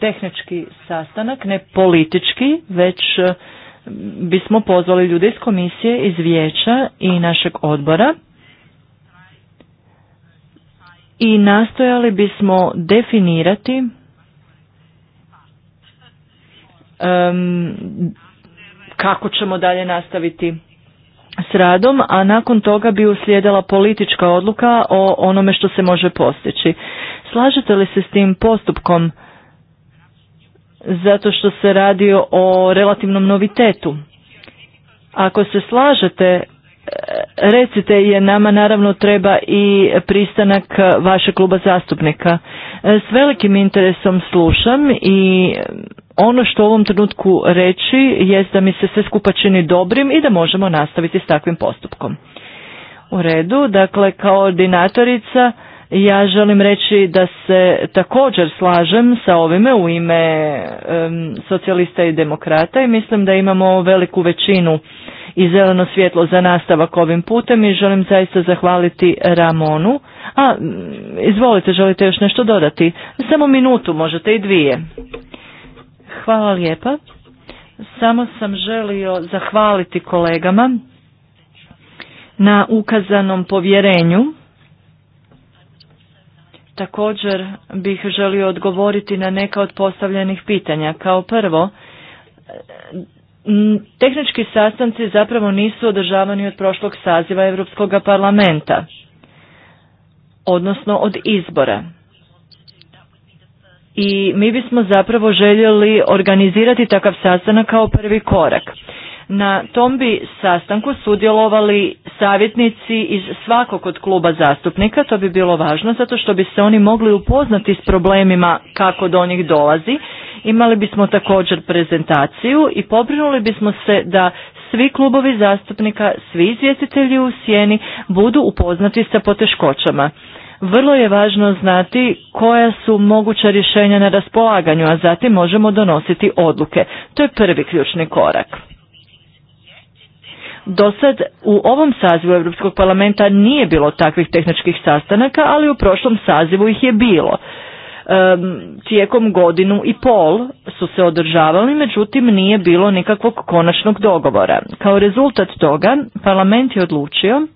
tehnički sastanak, ne politički, već e, bismo pozvali ljude iz komisije, iz vijeća i našeg odbora i nastojali bismo definirati kako ćemo dalje nastaviti s radom, a nakon toga bi uslijedila politička odluka o onome što se može postići. Slažete li se s tim postupkom zato što se radi o relativnom novitetu? Ako se slažete, e, recite je nama naravno treba i pristanak vašeg kluba zastupnika. E, s velikim interesom slušam i ono što u ovom trenutku reći je da mi se sve skupa čini dobrim i da možemo nastaviti s takvim postupkom. U redu, dakle kao koordinatorica ja želim reći da se također slažem sa ovime u ime socijalista i demokrata i mislim da imamo veliku većinu i zeleno svjetlo za nastavak ovim putem i želim zaista zahvaliti Ramonu. A, izvolite, želite još nešto dodati? Samo minutu, možete i dvije. Hvala lijepa. Samo sam želio zahvaliti kolegama na ukazanom povjerenju. Također bih želio odgovoriti na neka od postavljenih pitanja. Kao prvo, tehnički sastanci zapravo nisu održavani od prošlog saziva Europskog parlamenta, odnosno od izbora i mi bismo zapravo željeli organizirati takav sastanak kao prvi korak. Na tom bi sastanku sudjelovali savjetnici iz svakog od kluba zastupnika, to bi bilo važno zato što bi se oni mogli upoznati s problemima kako do njih dolazi. Imali bismo također prezentaciju i pobrinuli bismo se da svi klubovi zastupnika, svi izvjestitelji u sjeni budu upoznati sa poteškoćama. Vrlo je važno znati koja su moguća rješenja na raspolaganju, a zatim možemo donositi odluke. To je prvi ključni korak. Do sad u ovom sazivu Europskog parlamenta nije bilo takvih tehničkih sastanaka, ali u prošlom sazivu ih je bilo. Tijekom godinu i pol su se održavali, međutim nije bilo nikakvog konačnog dogovora. Kao rezultat toga parlament je odlučio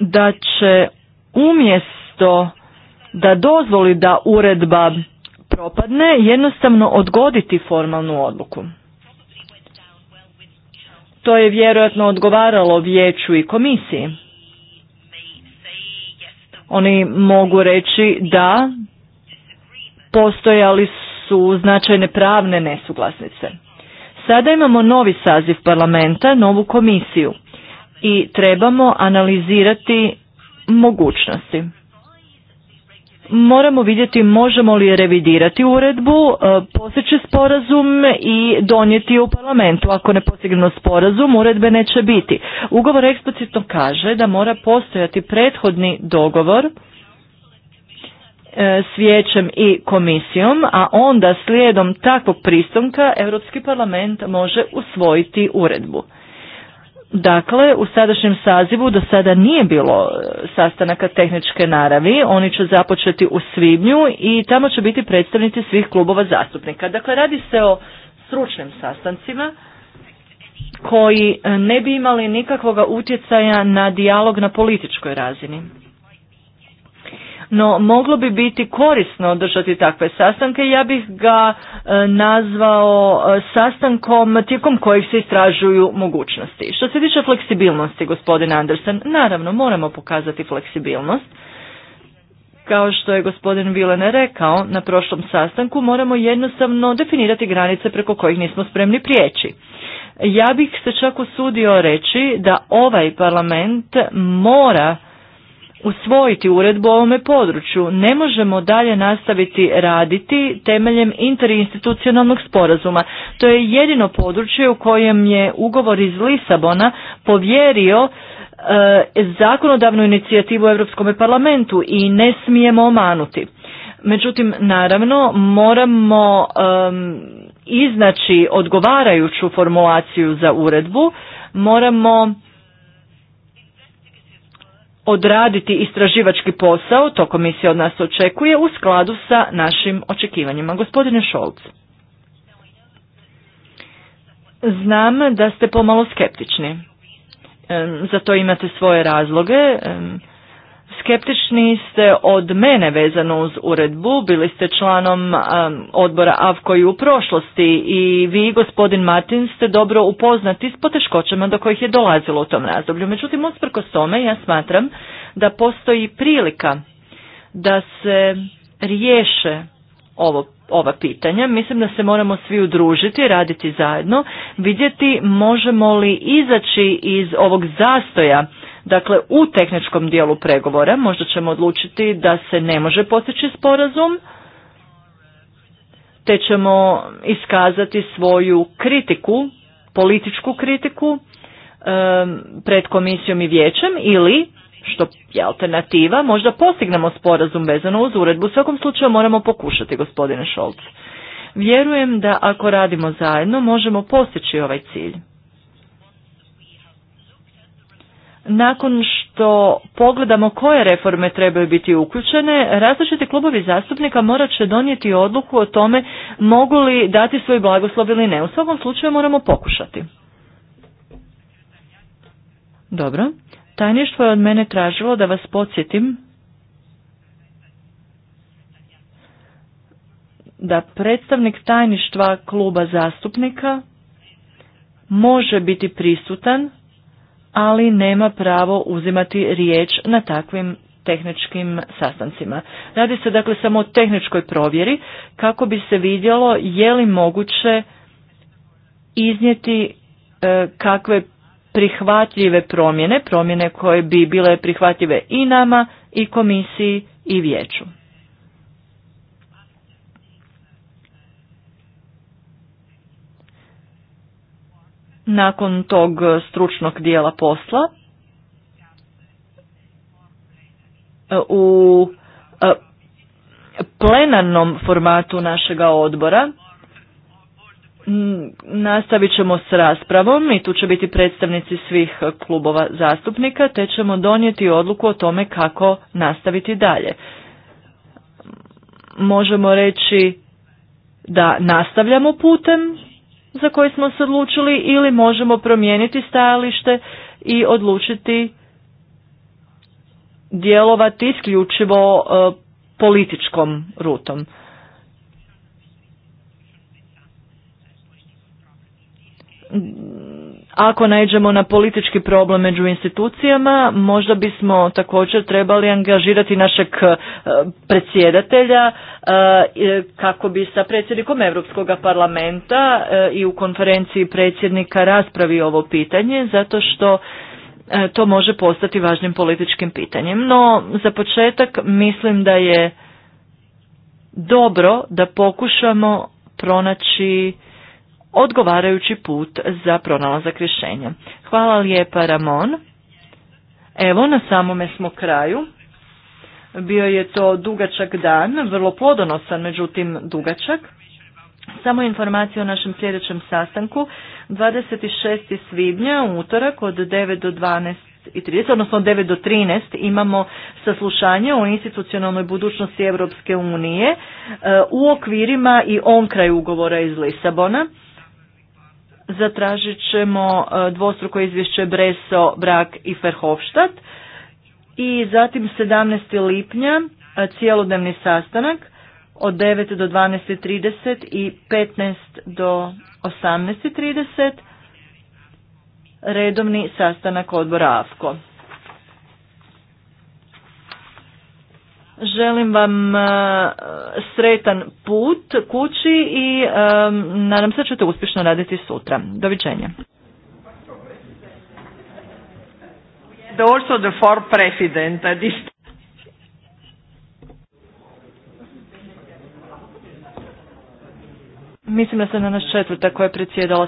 da će umjesto da dozvoli da uredba propadne, jednostavno odgoditi formalnu odluku. To je vjerojatno odgovaralo vijeću i komisiji. Oni mogu reći da postojali su značajne pravne nesuglasnice. Sada imamo novi saziv parlamenta, novu komisiju i trebamo analizirati mogućnosti. Moramo vidjeti možemo li revidirati uredbu, e, posjeći sporazum i donijeti u parlamentu. Ako ne postignemo sporazum, uredbe neće biti. Ugovor eksplicitno kaže da mora postojati prethodni dogovor e, s vijećem i komisijom, a onda slijedom takvog pristanka Europski parlament može usvojiti uredbu. Dakle, u sadašnjem sazivu do sada nije bilo e, sastanaka tehničke naravi, oni će započeti u svibnju i tamo će biti predstavnici svih klubova zastupnika. Dakle, radi se o stručnim sastancima koji e, ne bi imali nikakvoga utjecaja na dijalog na političkoj razini no moglo bi biti korisno održati takve sastanke. Ja bih ga e, nazvao e, sastankom tijekom kojih se istražuju mogućnosti. Što se tiče fleksibilnosti, gospodin Andersen, naravno moramo pokazati fleksibilnost. Kao što je gospodin Vilene rekao na prošlom sastanku, moramo jednostavno definirati granice preko kojih nismo spremni prijeći. Ja bih se čak usudio reći da ovaj parlament mora usvojiti uredbu o ovome području. Ne možemo dalje nastaviti raditi temeljem interinstitucionalnog sporazuma. To je jedino područje u kojem je ugovor iz Lisabona povjerio e, zakonodavnu inicijativu u Europskom parlamentu i ne smijemo omanuti. Međutim, naravno, moramo iznaći odgovarajuću formulaciju za uredbu, moramo odraditi istraživački posao, to komisija od nas očekuje, u skladu sa našim očekivanjima. Gospodine Šolc, znam da ste pomalo skeptični. zato za to imate svoje razloge. Skeptični ste od mene vezano uz uredbu, bili ste članom um, odbora AVKO i u prošlosti i vi, gospodin Martin, ste dobro upoznati s poteškoćama do kojih je dolazilo u tom razdoblju. Međutim, usprkos tome ja smatram da postoji prilika da se riješe ovo ova pitanja. Mislim da se moramo svi udružiti, raditi zajedno, vidjeti možemo li izaći iz ovog zastoja Dakle, u tehničkom dijelu pregovora možda ćemo odlučiti da se ne može postići sporazum, te ćemo iskazati svoju kritiku, političku kritiku pred komisijom i vijećem ili što je alternativa, možda postignemo sporazum vezano uz uredbu. U svakom slučaju moramo pokušati, gospodine Šolc. Vjerujem da ako radimo zajedno možemo postići ovaj cilj. nakon što pogledamo koje reforme trebaju biti uključene, različiti klubovi zastupnika morat će donijeti odluku o tome mogu li dati svoj blagoslov ili ne. U svakom slučaju moramo pokušati. Dobro. Tajništvo je od mene tražilo da vas podsjetim da predstavnik tajništva kluba zastupnika može biti prisutan ali nema pravo uzimati riječ na takvim tehničkim sastancima. Radi se dakle samo o tehničkoj provjeri kako bi se vidjelo je li moguće iznijeti e, kakve prihvatljive promjene, promjene koje bi bile prihvatljive i nama i komisiji i vijeću. Nakon tog stručnog dijela posla e, u e, plenarnom formatu našega odbora nastavit ćemo s raspravom i tu će biti predstavnici svih klubova zastupnika te ćemo donijeti odluku o tome kako nastaviti dalje. Možemo reći da nastavljamo putem za koje smo se odlučili ili možemo promijeniti stajalište i odlučiti djelovati isključivo e, političkom rutom. Ako naiđemo na politički problem među institucijama, možda bismo također trebali angažirati našeg eh, predsjedatelja eh, kako bi sa predsjednikom Europskog parlamenta eh, i u konferenciji predsjednika raspravi ovo pitanje, zato što to može postati važnim političkim pitanjem. No, za početak mislim da je dobro da pokušamo pronaći odgovarajući put za pronalazak rješenja. Hvala lijepa Ramon. Evo, na samome smo kraju. Bio je to dugačak dan, vrlo plodonosan, međutim dugačak. Samo informacije o našem sljedećem sastanku. 26. svibnja, utorak od 9 do 12 i 30, odnosno 9 do 13 imamo saslušanje o institucionalnoj budućnosti Europske unije e, u okvirima i onkraj ugovora iz Lisabona zatražit ćemo e, dvostruko izvješće Breso, Brak i Ferhofstadt i zatim 17. lipnja e, cijelodnevni sastanak od 9 do 12.30 i 15 do 18.30 redovni sastanak odbora AFKO. Želim vam e, sretan put kući i e, nadam se da ćete uspješno raditi sutra. Doviđenja. the uh, Mislim da se na nas četvrta koja je predsjedala